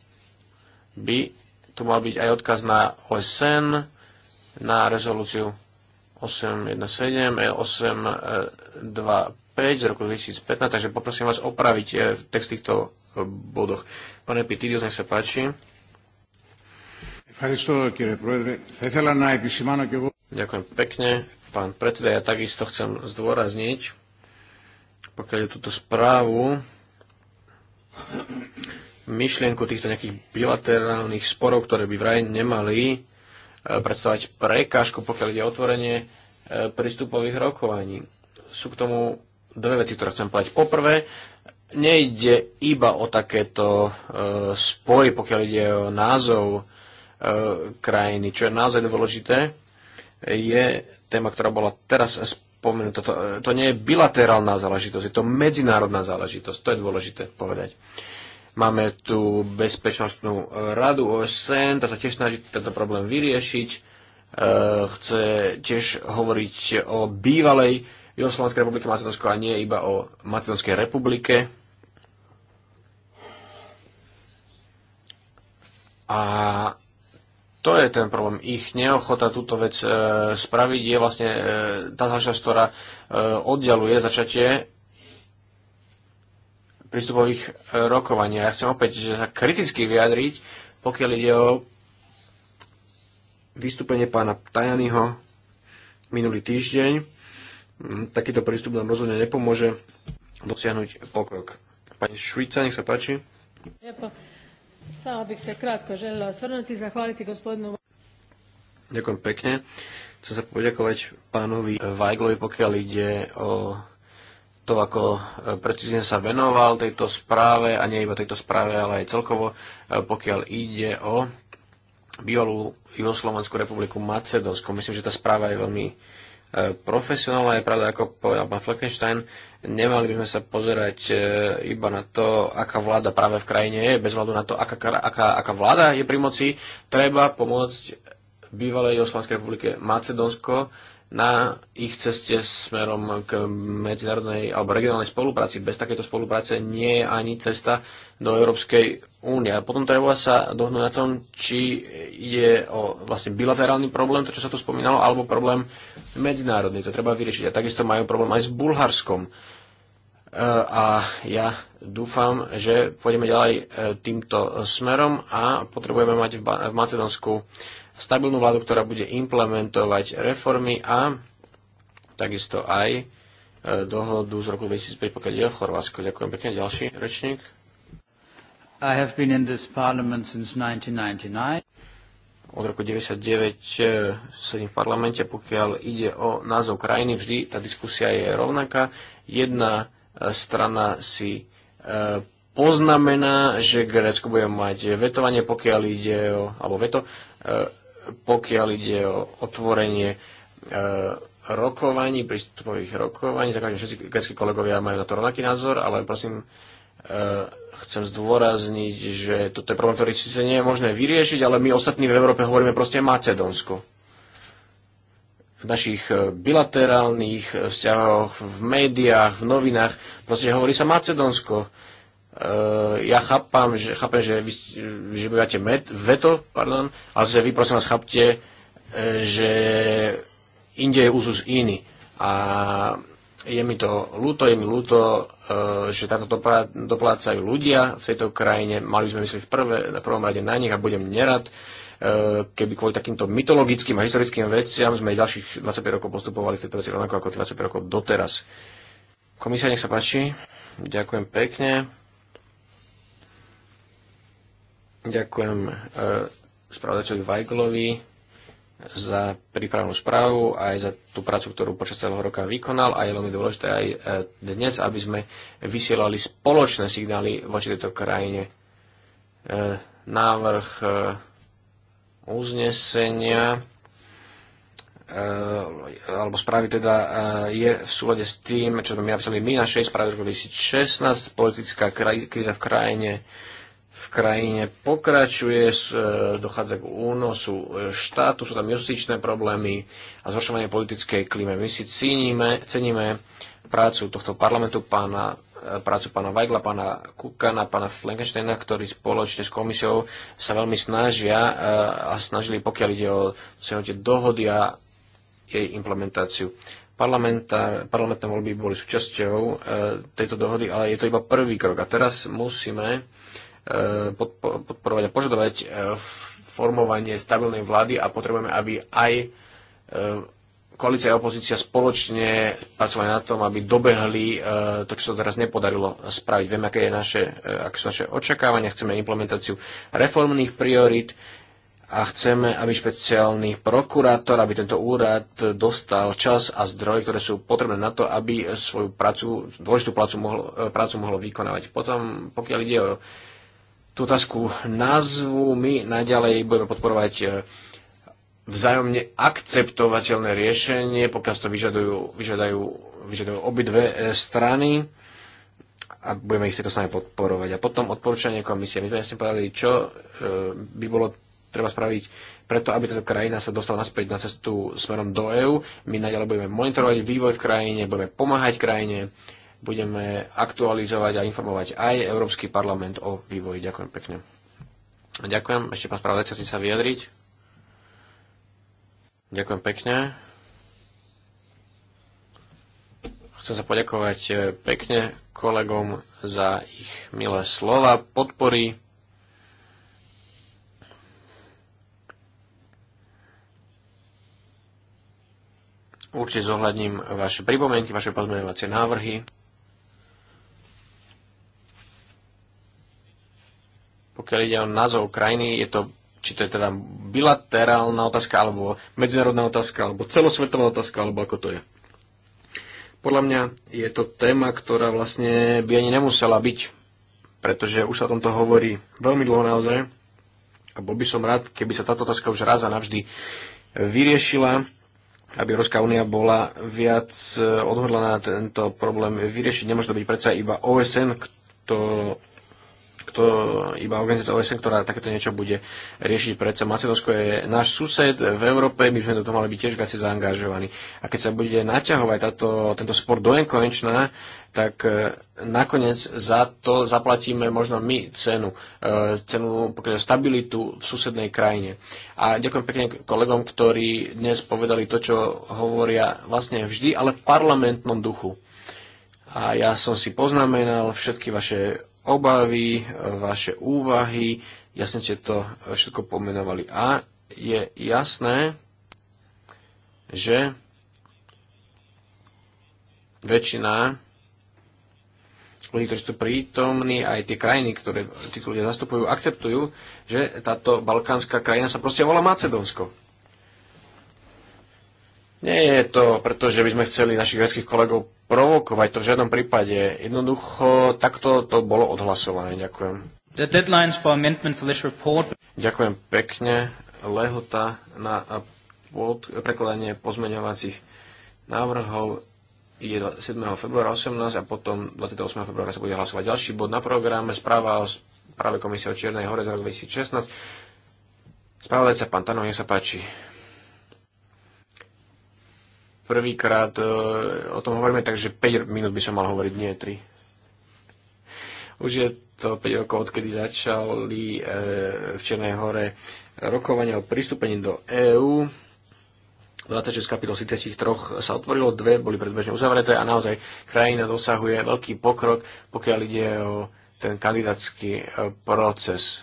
by tu mal byť aj odkaz na OSN, na rezolúciu 817, 825 z roku 2015, takže poprosím vás opraviť eh, text týchto eh, bodoch. Pane Pitidius, nech sa páči. Ďakujem, κύριε Πρόεδρε. Θα ήθελα να Ďakujem pekne. Pán predseda, ja takisto chcem zdôrazniť, pokiaľ je túto správu, myšlienku týchto nejakých bilaterálnych sporov, ktoré by vraj nemali e, predstavať prekážku, pokiaľ ide o otvorenie e, prístupových rokovaní. Sú k tomu dve veci, ktoré chcem povedať. Poprvé, nejde iba o takéto e, spory, pokiaľ ide o názov krajiny, čo je naozaj dôležité je téma, ktorá bola teraz spomenutá. To, to nie je bilaterálna záležitosť, je to medzinárodná záležitosť. To je dôležité povedať. Máme tu Bezpečnostnú radu OSN, tá sa tiež snaží tento problém vyriešiť. E, chce tiež hovoriť o bývalej Jugoslovanskej republike Macedónsko a nie iba o Macedónskej republike. A to je ten problém. Ich neochota túto vec e, spraviť je vlastne e, tá záležitosť, ktorá e, oddialuje začatie prístupových e, rokovaní. Ja chcem opäť že sa kriticky vyjadriť, pokiaľ ide o vystúpenie pána Tajanyho minulý týždeň. Mm, takýto prístup nám rozhodne nepomôže dosiahnuť pokrok. Pani Švica, nech sa páči. Ďakujem. Samo krátko gospodinu... Ďakujem pekne. Chcem sa poďakovať pánovi Vajglovi, pokiaľ ide o to, ako e, precízne sa venoval tejto správe, a nie iba tejto správe, ale aj celkovo, e, pokiaľ ide o bývalú Juhoslovanskú republiku Macedónsku. Myslím, že tá správa je veľmi profesionálne Je pravda, ako povedal pán Fleckenstein, nemali by sme sa pozerať e, iba na to, aká vláda práve v krajine je, bez hľadu na to, aká, aká, aká vláda je pri moci. Treba pomôcť bývalej Oslovenskej republike Macedónsko na ich ceste smerom k medzinárodnej alebo regionálnej spolupráci. Bez takéto spolupráce nie je ani cesta do Európskej únie. A potom treba sa dohnúť na tom, či je o vlastne bilaterálny problém, to čo sa tu spomínalo, alebo problém medzinárodný. To treba vyriešiť. A takisto majú problém aj s Bulharskom. E, a ja dúfam, že pôjdeme ďalej e, týmto smerom a potrebujeme mať v Macedónsku stabilnú vládu, ktorá bude implementovať reformy a takisto aj e, dohodu z roku 2005, pokiaľ je v Chorvátsko. Ďakujem pekne. Ďalší rečník. I have been in this parliament since 1999. Od roku 1999 e, sedím v parlamente, pokiaľ ide o názov krajiny, vždy tá diskusia je rovnaká. Jedna e, strana si poznamená, že Grécko bude mať vetovanie, pokiaľ ide o, alebo veto, pokiaľ ide o otvorenie e, rokovaní, prístupových rokovaní, tak všetci grecké kolegovia majú na to rovnaký názor, ale prosím, e, chcem zdôrazniť, že toto je problém, ktorý síce nie je možné vyriešiť, ale my ostatní v Európe hovoríme proste Macedónsko. V našich e, bilaterálnych vzťahoch, v médiách, v novinách, proste hovorí sa Macedónsko Eh, ja chápam, že, chápem, že vy že bývate med, veto, pardon, ale že vy prosím vás chápte, eh, že inde je úzus iný. A je mi to ľúto, je mi ľúto, eh, že takto doplácajú ľudia v tejto krajine. Mali by sme mysliť v, prvé, v prvom rade na nich a budem nerad, keby kvôli takýmto mytologickým a historickým veciam sme aj ďalších 25 rokov postupovali v tejto veci rovnako ako 25 rokov doteraz. Komisia, nech sa páči. Ďakujem pekne. Ďakujem e, spravodajcovi Vajglovi za prípravnú správu aj za tú prácu, ktorú počas celého roka vykonal a je veľmi dôležité aj e, dnes, aby sme vysielali spoločné signály voči tejto krajine. E, návrh e, uznesenia e, alebo správy teda e, je v súlade s tým, čo sme my napísali my na 6 správe roku 2016, politická kríza v krajine v krajine pokračuje, e, dochádza k únosu e, štátu, sú tam justičné problémy a zhoršovanie politickej klíme. My si ceníme, ceníme prácu tohto parlamentu, pána, e, prácu pána Weigla, pána Kukana, pána Flankensteina, ktorí spoločne s komisiou sa veľmi snažia a snažili, pokiaľ ide o cenote dohody a jej implementáciu parlamentné voľby boli súčasťou tejto dohody, ale je to iba prvý krok. A teraz musíme Eh, podporovať a požadovať eh, formovanie stabilnej vlády a potrebujeme, aby aj eh, koalícia a opozícia spoločne pracovali na tom, aby dobehli to, čo sa teraz nepodarilo spraviť. Vieme, aké, je naše, aké sú naše očakávania, chceme implementáciu reformných priorít, a chceme, aby špeciálny prokurátor, aby tento úrad dostal čas a zdroje, ktoré sú potrebné na to, aby svoju prácu, dôležitú prácu mohol, prácu mohol vykonávať. Potom, pokiaľ ide o tú otázku názvu, my naďalej budeme podporovať e, vzájomne akceptovateľné riešenie, pokiaľ to vyžadujú, vyžadajú, vyžadujú obidve e, strany a budeme ich to snahy podporovať. A potom odporúčanie komisie. My sme jasne povedali, čo e, by bolo treba spraviť preto, aby táto krajina sa dostala naspäť na cestu smerom do EÚ. My naďalej budeme monitorovať vývoj v krajine, budeme pomáhať krajine, budeme aktualizovať a informovať aj Európsky parlament o vývoji. Ďakujem pekne. Ďakujem. Ešte pán spravodajca, chcete sa vyjadriť? Ďakujem pekne. Chcem sa poďakovať e, pekne kolegom za ich milé slova, podpory. Určite zohľadním vaše pripomienky, vaše pozmeňovacie návrhy. Pokiaľ ide o názov krajiny, je to, či to je teda bilaterálna otázka, alebo medzinárodná otázka, alebo celosvetová otázka, alebo ako to je. Podľa mňa je to téma, ktorá vlastne by ani nemusela byť, pretože už sa o tomto hovorí veľmi dlho naozaj. A bol by som rád, keby sa táto otázka už raz a navždy vyriešila, aby Európska únia bola viac odhodlaná tento problém vyriešiť. Nemôže to byť predsa iba OSN, kto, kto, iba organizácia OSN, ktorá takéto niečo bude riešiť. Predsa Macedónsko je náš sused v Európe, my sme do toho mali byť tiež viac zaangažovaní. A keď sa bude naťahovať táto, tento spor do nekonečná, tak e, nakoniec za to zaplatíme možno my cenu. E, cenu pokiaľ stabilitu v susednej krajine. A ďakujem pekne kolegom, ktorí dnes povedali to, čo hovoria vlastne vždy, ale v parlamentnom duchu. A ja som si poznamenal všetky vaše obavy, e, vaše úvahy. Jasne ste to e, všetko pomenovali. A je jasné, že väčšina ľudí, ktorí sú prítomní, aj tie krajiny, ktoré títo ľudia zastupujú, akceptujú, že táto balkánska krajina sa proste volá Macedónsko. Nie je to, pretože by sme chceli našich verských kolegov provokovať, to v žiadnom prípade. Jednoducho takto to bolo odhlasované. Ďakujem. The deadlines for amendment for this report. Ďakujem pekne. Lehota na pod, prekladanie pozmeňovacích návrhov je 7. februára 18 a potom 28. februára sa bude hlasovať ďalší bod na programe. Správa o práve Komisie o Čiernej hore za rok 2016. Spravodajca pán Tanov, nech sa páči prvýkrát e, o tom hovoríme, takže 5 minút by som mal hovoriť, nie 3. Už je to 5 rokov, odkedy začali e, v Černej hore rokovania o pristúpení do EÚ. 26 kapitol 33 sa otvorilo, dve boli predbežne uzavreté a naozaj krajina dosahuje veľký pokrok, pokiaľ ide o ten kandidátsky e, proces.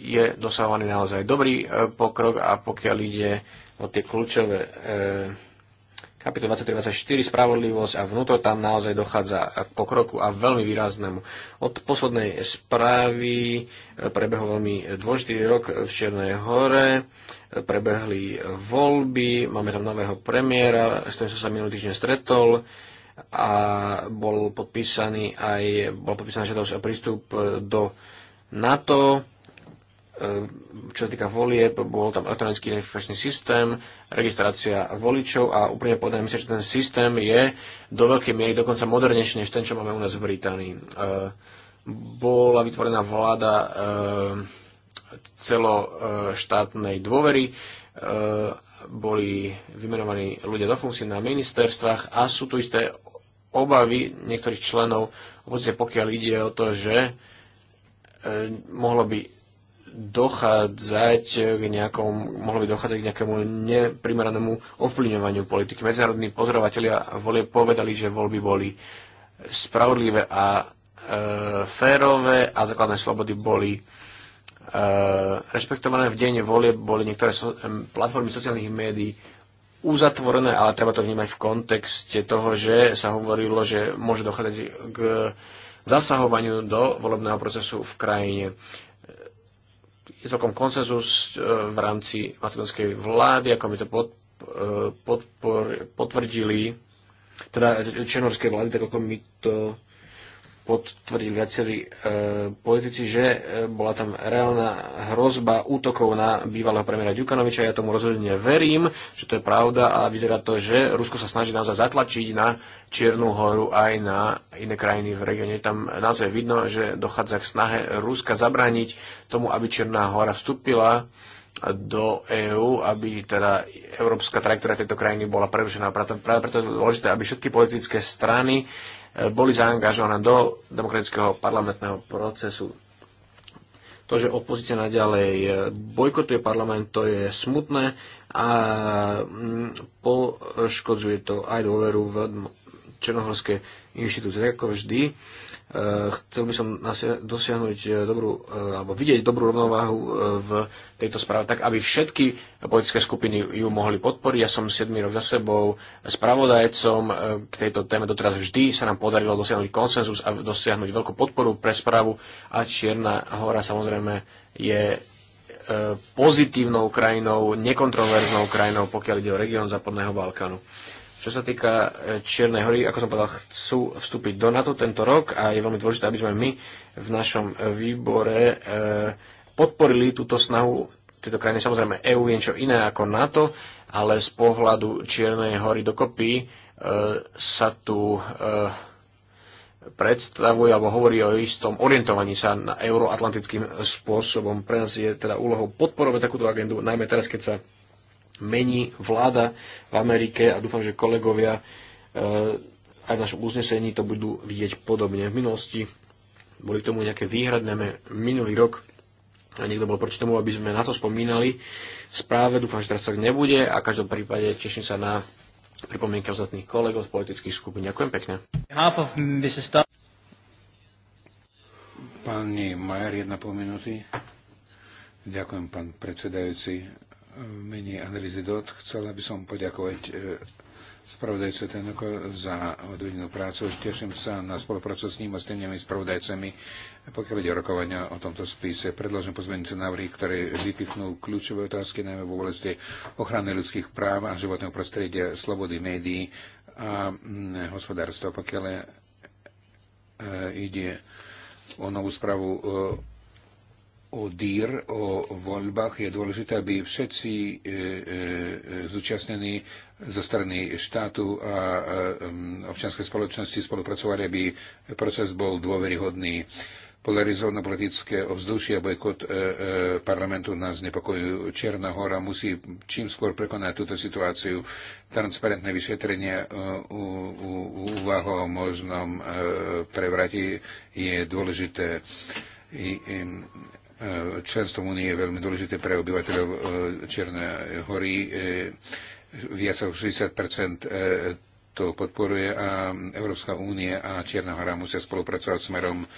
Je dosahovaný naozaj dobrý pokrok a pokiaľ ide o tie kľúčové kapitol 23-24, spravodlivosť a vnútro, tam naozaj dochádza k pokroku a veľmi výraznému. Od poslednej správy e, prebehol veľmi dôležitý rok v Černej hore, e, prebehli voľby, máme tam nového premiéra, s ktorým som sa minulý týždeň stretol a bol podpísaný aj, bol podpísaná žiadosť o prístup e, do NATO Ehm, čo sa týka volieb, bol tam elektronický identifikačný systém, registrácia voličov a úplne povedané myslím, že ten systém je do veľkej miery dokonca modernejší než ten, čo máme u nás v Británii. Ehm, bola vytvorená vláda ehm, celoštátnej dôvery, boli vymenovaní ľudia do funkcií na ministerstvách a sú tu isté obavy niektorých členov, pokiaľ ide o to, že mohlo by dochádzať k nejakom, mohlo by dochádzať k nejakému neprimeranému ovplyvňovaniu politiky. Medzinárodní pozorovatelia volie povedali, že voľby boli spravodlivé a e, férové a základné slobody boli e, rešpektované v deň volie boli niektoré so, platformy sociálnych médií uzatvorené, ale treba to vnímať v kontexte toho, že sa hovorilo, že môže dochádzať k zasahovaniu do volebného procesu v krajine je celkom konsenzus e, v rámci macedonskej vlády, ako mi to pod, e, podpor, potvrdili, teda černorskej vlády, tak ako mi to potvrdili viacerí e, politici, že e, bola tam reálna hrozba útokov na bývalého premiéra Ďukanoviča. Ja tomu rozhodne verím, že to je pravda a vyzerá to, že Rusko sa snaží naozaj zatlačiť na Čiernu horu aj na iné krajiny v regióne. Tam naozaj vidno, že dochádza k snahe Ruska zabrániť tomu, aby Čierna hora vstúpila do EÚ, aby teda európska trajektória tejto krajiny bola prerušená. Práve preto je dôležité, aby všetky politické strany E, boli zaangažované do demokratického parlamentného procesu. To, že opozícia naďalej e, bojkotuje parlament, to je smutné a mm, poškodzuje to aj dôveru v černohorské inštitúcie. Ako vždy, Eh, chcel by som dosiahnuť eh, dobrú, eh, alebo vidieť dobrú rovnováhu v tejto správe, tak aby všetky politické skupiny ju mohli podporiť. Ja som 7 rok za sebou spravodajcom k tejto téme. Doteraz vždy sa nám podarilo dosiahnuť konsenzus a dosiahnuť veľkú podporu pre správu a Čierna hora samozrejme je pozitívnou krajinou, nekontroverznou krajinou, pokiaľ ide o región Západného Balkánu. Čo sa týka e, Čiernej hory, ako som povedal, chcú vstúpiť do NATO tento rok a je veľmi dôležité, aby sme my v našom e, výbore e, podporili túto snahu tieto krajiny. Samozrejme, EU je niečo iné ako NATO, ale z pohľadu Čiernej hory dokopy sa tu predstavuje alebo hovorí o istom orientovaní sa na euroatlantickým spôsobom. Pre nás je teda úlohou podporovať takúto agendu, najmä teraz, keď sa mení vláda v Amerike a dúfam, že kolegovia e, aj v našom uznesení to budú vidieť podobne. V minulosti boli k tomu nejaké výhradné minulý rok a niekto bol proti tomu, aby sme na to spomínali v správe. Dúfam, že teraz tak nebude a v každom prípade teším sa na pripomienky ostatných kolegov z politických skupín. Ďakujem pekne. Pani Majer, jedna pol minúty. Ďakujem, pán predsedajúci mene analýzy DOT chcela by som poďakovať e, spravodajcu Tenoko za odvedenú prácu. Teším sa na spoluprácu s ním a s tými spravodajcami, pokiaľ ide rokovania o tomto spise. Predložím pozvenice návrhy, ktoré vypichnú kľúčové otázky najmä v oblasti ochrany ľudských práv a životného prostredia, slobody médií a mm, hospodárstva, pokiaľ e, ide o novú správu e, o DIR, o voľbách, je dôležité, aby všetci e, e, e zúčastnení zo strany štátu a e, občianskej spoločnosti spolupracovali, aby proces bol dôveryhodný. Polarizované politické ovzdušie a bojkot e, e, parlamentu nás nepokojujú. Černá hora musí čím skôr prekonať túto situáciu. Transparentné vyšetrenie e, úvaho o možnom e, prevrati je dôležité. i, i, E, Členstvo Unie je veľmi dôležité pre obyvateľov e, Čiernej hory. E, viac ako 60 to podporuje a Európska únia a Čierna hora musia spolupracovať smerom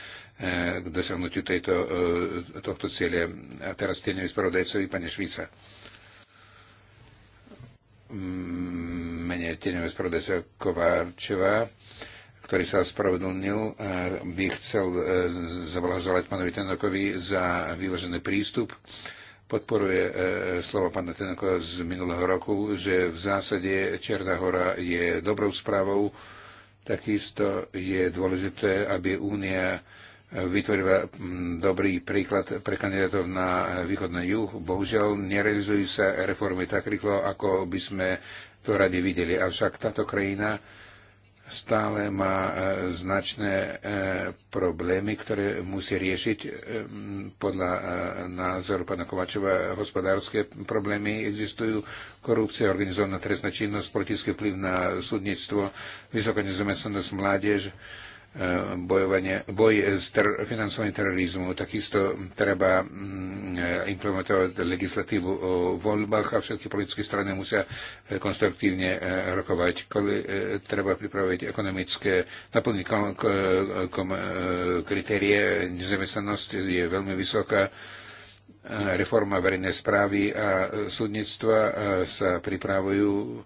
k dosiahnutiu tejto, tohto cieľa. A teraz tie spravodajcovi, pane Švíca. Mene tieňový spravodajca Kováčová ktorý sa spravedlnil, e, by chcel e, zavlažovať pánovi Tenokovi za vyložený prístup. Podporuje e, slovo pána Tenoka z minulého roku, že v zásade Černá hora je dobrou správou. Takisto je dôležité, aby Únia vytvorila dobrý príklad pre kandidátov na východný juh. Bohužiaľ, nerealizujú sa reformy tak rýchlo, ako by sme to radi videli. Avšak táto krajina stále má e, značné e, problémy, ktoré musí riešiť e, podľa názoru pana Kovačova. Hospodárske problémy existujú, korupcia, organizovaná trestná činnosť, politický vplyv na súdnictvo, vysoká nezamestnanosť mládež, bojovanie, boj s ter- financovaním terorizmu. Takisto treba mm, implementovať legislatívu o voľbách a všetky politické strany musia e, konstruktívne e, rokovať. Koli, e, treba pripraviť ekonomické, naplniť kom- kom- kritérie. Nezamestnanosť je veľmi vysoká reforma verejnej správy a súdnictva sa pripravujú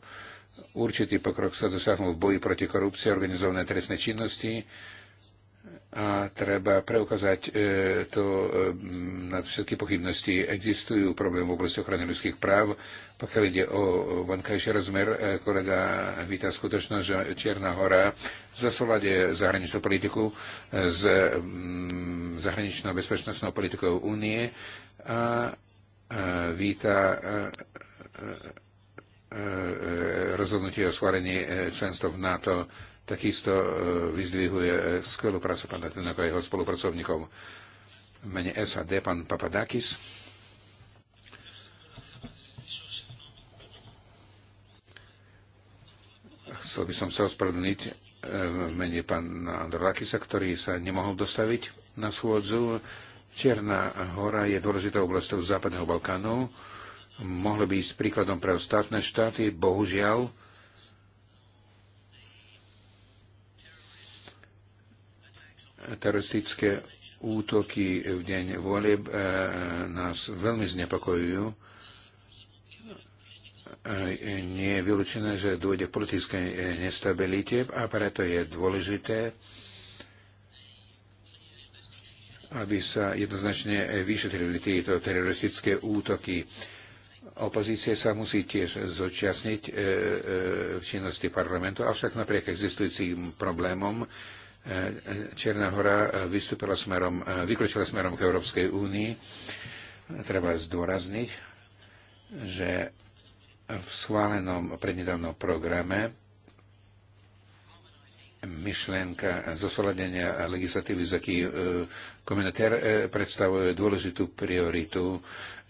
určitý pokrok sa dosiahol v boji proti korupcii a organizovanej trestnej činnosti a treba preukázať e, to e, na všetky pochybnosti. Existujú problémy v oblasti ochrany ľudských práv. Pokiaľ ide o vonkajší rozmer, e, kolega víta skutočnosť, že Čierna hora za súlade zahraničnú politiku s mm, zahraničnou bezpečnostnou politikou únie a víta E, e, rozhodnutie o schválení e, členstva v NATO takisto vyzdvihuje skvelú prácu pána Tenaka a jeho spolupracovníkov. Mene SAD, pán Papadakis. Chcel by som sa ospravedlniť v mene pána Androlakisa, ktorý sa nemohol dostaviť na schôdzu. Čierna hora je dôležitou oblastou Západného Balkánu mohlo by ísť príkladom pre ostatné štáty. Bohužiaľ, teroristické útoky v deň volieb eh, nás veľmi znepokojujú. Eh, nie je vylúčené, že dôjde k politickej eh, nestabilite a preto je dôležité, aby sa jednoznačne vyšetrili tieto teroristické útoky. Opozícia sa musí tiež zúčastniť e, e, v činnosti parlamentu, avšak napriek existujúcim problémom e, Černá hora vystúpila smerom, vykročila smerom k Európskej únii. Treba zdôrazniť, že v schválenom prednedávnom programe myšlienka zosledenia legislatívy z aký komunitér predstavuje dôležitú prioritu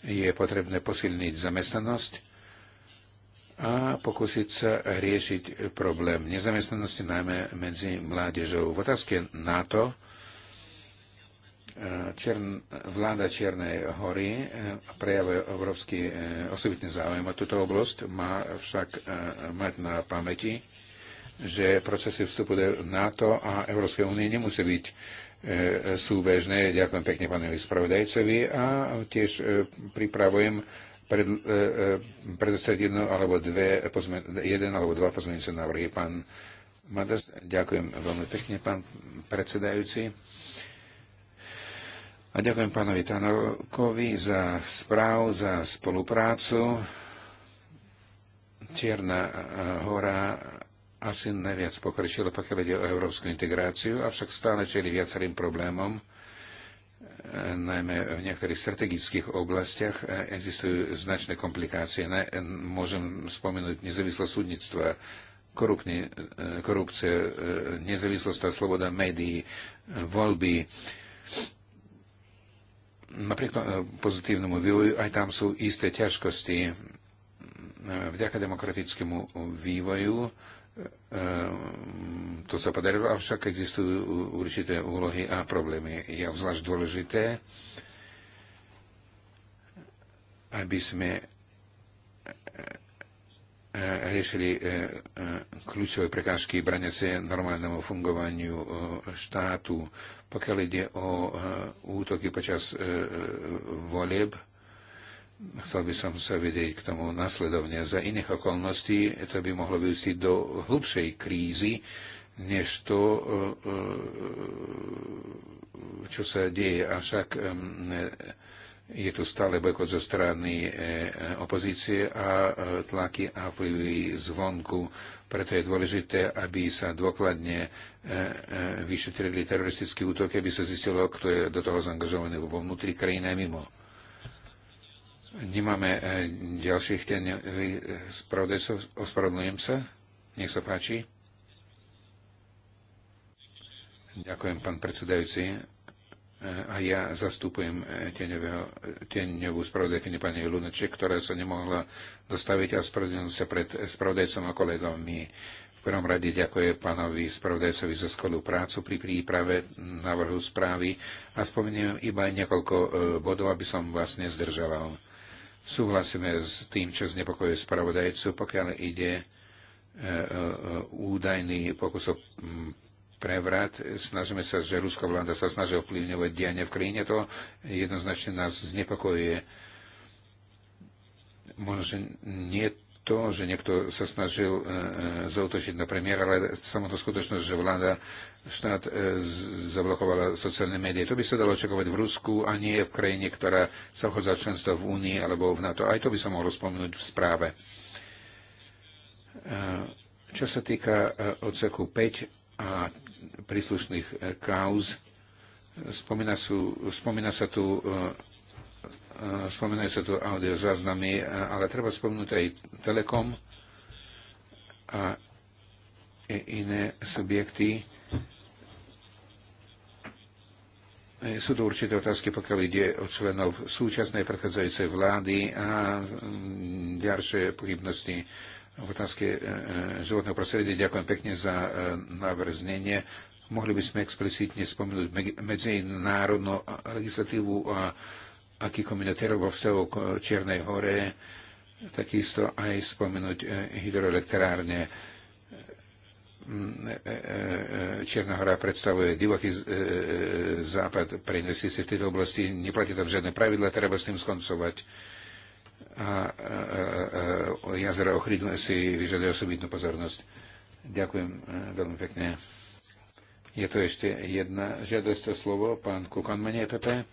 je potrebné posilniť zamestnanosť a pokúsiť sa riešiť problém nezamestnanosti, najmä medzi mládežou. V otázke NATO e, Čern, vláda Čiernej hory e, prejavuje obrovský e, osobitný záujem o túto oblasť. Má však mať na pamäti, že procesy vstupu do NATO a Európskej únie nemusí byť E, súbežné. Ďakujem pekne pánovi spravodajcovi a tiež e, pripravujem predostať e, jedno alebo dve, jeden alebo dva pozmeňujúce návrhy. Pán Madas, ďakujem veľmi pekne, pán predsedajúci. A ďakujem pánovi Tanokovi za správu, za spoluprácu. Čierna hora asi najviac pokročilo, pokiaľ ide o európsku integráciu, avšak stále čeli viacerým problémom, najmä v niektorých strategických oblastiach existujú značné komplikácie. Môžem spomenúť nezávislosť súdnictva, korupne, korupcie, nezávislosť a sloboda médií, voľby. Napriek eh, pozitívnemu vývoju aj tam sú isté ťažkosti. Vďaka demokratickému vývoju Ehm, to sa podarilo, avšak existujú určité úlohy a problémy. Je obzvlášť dôležité, aby sme e, e, riešili e, kľúčové prekážky braniace normálnemu fungovaniu štátu. Pokiaľ ide o útoky počas volieb, Chcel by som sa vedieť k tomu nasledovne. Za iných okolností to by mohlo vyústiť do hlbšej krízy, než to, e, e, čo sa deje. Avšak e, je tu stále bojkot zo strany opozície a tlaky a vplyvy zvonku. Preto je dôležité, aby sa dôkladne vyšetrili teroristické útoky, aby sa zistilo, kto je do toho zaangažovaný vo vnútri krajiny a mimo. Nemáme e, ďalších tenových spravodajcov. Ospravedlňujem sa. Nech sa páči. Ďakujem, pán predsedajúci. E, a ja zastupujem e, tieňovú spravodajkyni pani Lunaček, ktorá sa nemohla dostaviť a spravodajú sa pred spravodajcom a kolegami. V prvom rade ďakujem pánovi spravodajcovi za skvelú prácu pri príprave návrhu správy a spomeniem iba niekoľko bodov, aby som vás nezdržal. Súhlasíme s tým, čo znepokojuje spravodajcu, pokiaľ ide e, e, údajný pokus o prevrat. Snažíme sa, že ruská vláda sa snaží ovplyvňovať dianie v krajine. To jednoznačne nás znepokojuje. Možno, že nie to, že niekto sa snažil e, e zautočiť na premiéra, ale samotná skutočnosť, že vláda štát e, zablokovala sociálne médiá. To by sa dalo očakovať v Rusku a nie v krajine, ktorá sa vchádza členstvo v Únii alebo v NATO. Aj to by sa mohlo spomenúť v správe. E, čo sa týka e, odseku 5 a príslušných kauz, spomína, sú, spomína sa tu spomínajú sa tu audio záznamy, ale treba spomenúť aj Telekom a iné subjekty, E, sú to určité otázky, pokiaľ ide o členov súčasnej predchádzajúcej vlády a mm, ďalšie pochybnosti v otázke e, e, životného prostredia. Ďakujem pekne za návrh znenie. Mohli by sme explicitne spomenúť medzinárodnú legislatívu a aký kombinatérov vo vzťahu k Čiernej hore, takisto aj spomenúť hydroelektrárne Mm, e, e, e, Čierna hora predstavuje divoký západ pre investície v tejto oblasti, neplatí tam žiadne pravidla, treba s tým skoncovať. A, jazera Ochridu si vyžaduje osobitnú pozornosť. Ďakujem veľmi pekne. Je to ešte jedna žiadosť o slovo, pán Kukan, menej PP.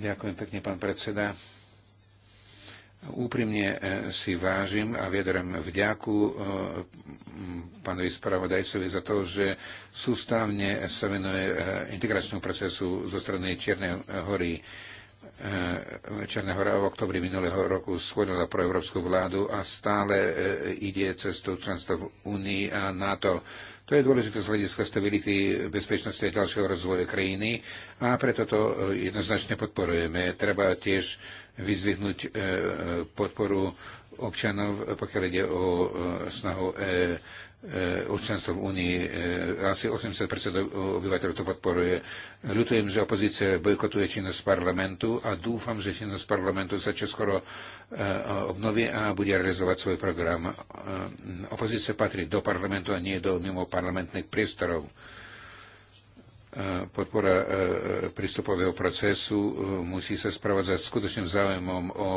Ďakujem pekne, pán predseda. Úprimne e, si vážim a viedrem vďaku e, pánovi spravodajcovi za to, že sústavne sa venuje e, integračnému procesu zo strany Čiernej hory. Černá hora v oktobri minulého roku schodila pro európsku vládu a stále ide cestou členstva v Únii a NATO. To je dôležité z hľadiska stability, bezpečnosti a ďalšieho rozvoja krajiny a preto to jednoznačne podporujeme. Treba tiež vyzvihnúť e, e, podporu občanov, e, pokiaľ ide o snahu občanstvo v Únii. Asi 80 obyvateľov to podporuje. Ľutujem, že opozícia bojkotuje činnosť parlamentu a dúfam, že činnosť parlamentu sa čoskoro obnoví a bude realizovať svoj program. Opozícia patrí do parlamentu a nie do mimo parlamentných priestorov podpora e, e, prístupového procesu e, musí sa spravodzať skutočným záujmom o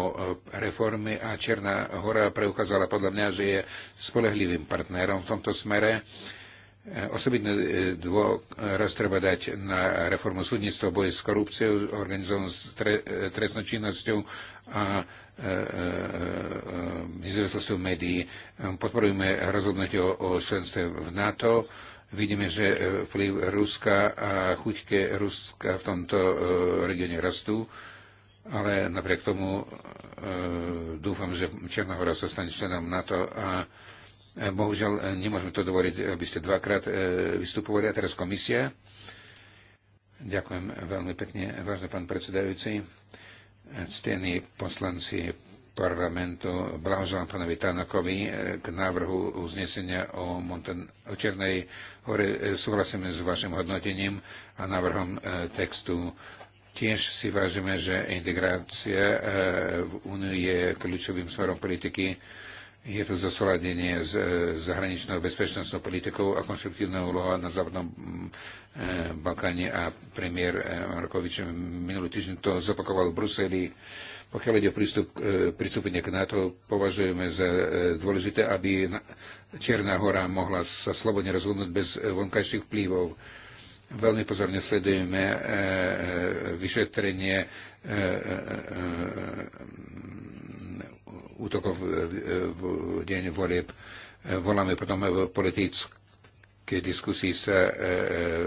reformy a Černá hora preukázala podľa mňa, že je spolehlivým partnerom v tomto smere. Osobitný dôraz treba dať na reformu súdnictva, boje s korupciou, organizovanou trestnou činnosťou a nezávislosťou médií. Podporujeme rozhodnutie o členstve v NATO Vidíme, že e, vplyv Ruska a chuťke Ruska v tomto e, regióne rastú, ale napriek tomu e, dúfam, že Černá hora sa stane členom NATO a bohužiaľ nemôžeme to dovoliť, aby ste dvakrát vystupovali a teraz komisia. Ďakujem veľmi pekne, vážne pán predsedajúci. Ctení poslanci, parlamentu. Blahoželám pánovi Tánakovi eh, k návrhu uznesenia o, Monten- o Černej hore. Eh, súhlasíme s vašim hodnotením a návrhom eh, textu. Tiež si vážime, že integrácia v Úniu je kľúčovým smerom politiky. Je to zosladenie s zahraničnou bezpečnostnou politikou a konštruktívna úloha na západnom Balkáne a premiér Markovič minulý týždeň to zopakoval v Bruseli pokiaľ ide o prístup, e, pristúpenie k NATO, považujeme za e, dôležité, aby Čierna hora mohla sa slobodne rozhodnúť bez e, vonkajších vplyvov. Veľmi pozorne sledujeme vyšetrenie útokov v deň volieb. Voláme potom v politické diskusii sa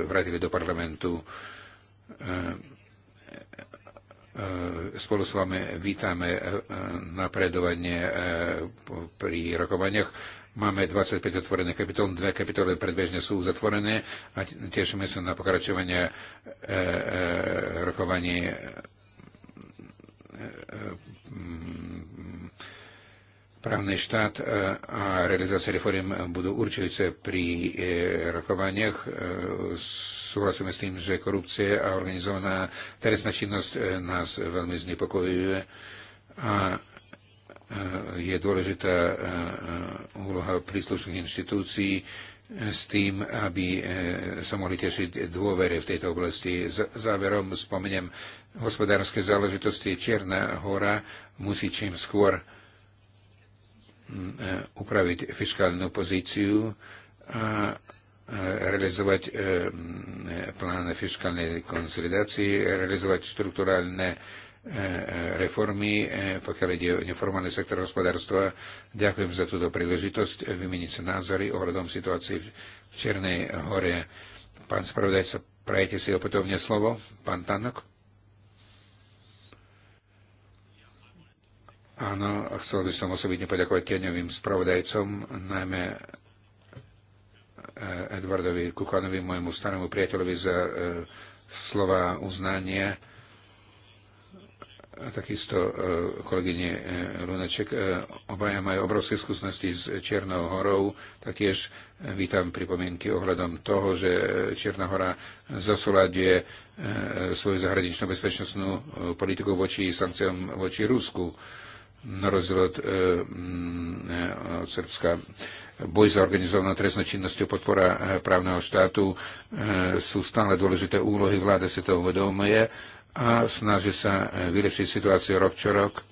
vrátili do parlamentu E, spolu s vami vítame e, napredovanie e, pri rokovaniach. Máme 25 otvorených kapitol, dve kapitoly predbežne sú zatvorené a tešíme sa na pokračovanie rokovaní Právny štát e, a realizácia reform budú určujúce pri e, rokovaniach. E, súhlasíme s tým, že korupcia a organizovaná trestná činnosť nás veľmi znepokojuje a je dôležitá úloha príslušných inštitúcií s tým, aby sa mohli tešiť dôvere v tejto oblasti. Záverom spomeniem hospodárske záležitosti. Čierna hora musí čím skôr E, upraviť fiskálnu pozíciu a e, realizovať e, plán fiskálnej konsolidácie, realizovať štruktúrálne reformy, pokiaľ ide o neformálny sektor hospodárstva. Ďakujem za túto príležitosť vymeniť sa názory hľadom situácii v Černej hore. Pán spravodajca, prajete si opätovne slovo. Pán Tanok. Áno, chcel by som osobitne poďakovať tieňovým spravodajcom, najmä e, Edvardovi Kukanovi, môjmu starému priateľovi, za e, slova uznania a takisto e, kolegyne Lunaček. Obaja majú obrovské skúsenosti s Čiernou horou. Taktiež vítam pripomienky ohľadom toho, že Čierna hora zasúľaduje svoju zahraničnú bezpečnostnú politiku voči sankciám voči Rusku na rozdiel e, mm, e, od Srbska boj za organizovanou trestnou činnosťou, podpora e, právneho štátu sú stále dôležité úlohy, vláda si to uvedomuje a snaží sa vylepšiť situáciu rok čo rok.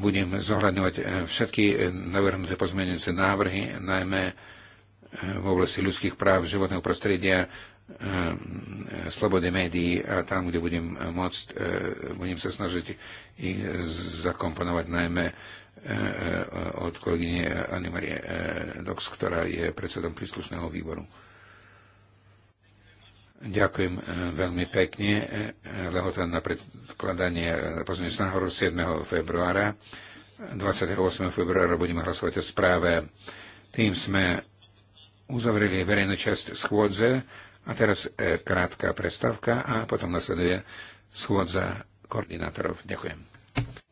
Budem zohľadňovať všetky navrhnuté pozmeňujúce návrhy, najmä v oblasti ľudských práv, životného prostredia, Eh, slobody médií a tam, kde budem môcť, eh, budem sa snažiť ich zakomponovať najmä eh, od kolegyne Anny Marie Dox, ktorá je predsedom príslušného výboru. Ďakujem veľmi pekne. Lehota na predkladanie pozornosť nahoru 7. februára. 28. februára budeme hlasovať o správe. Tým sme uzavreli verejnú časť schôdze. A teraz e, krátka prestávka a potom nasleduje schôdza koordinátorov. Ďakujem.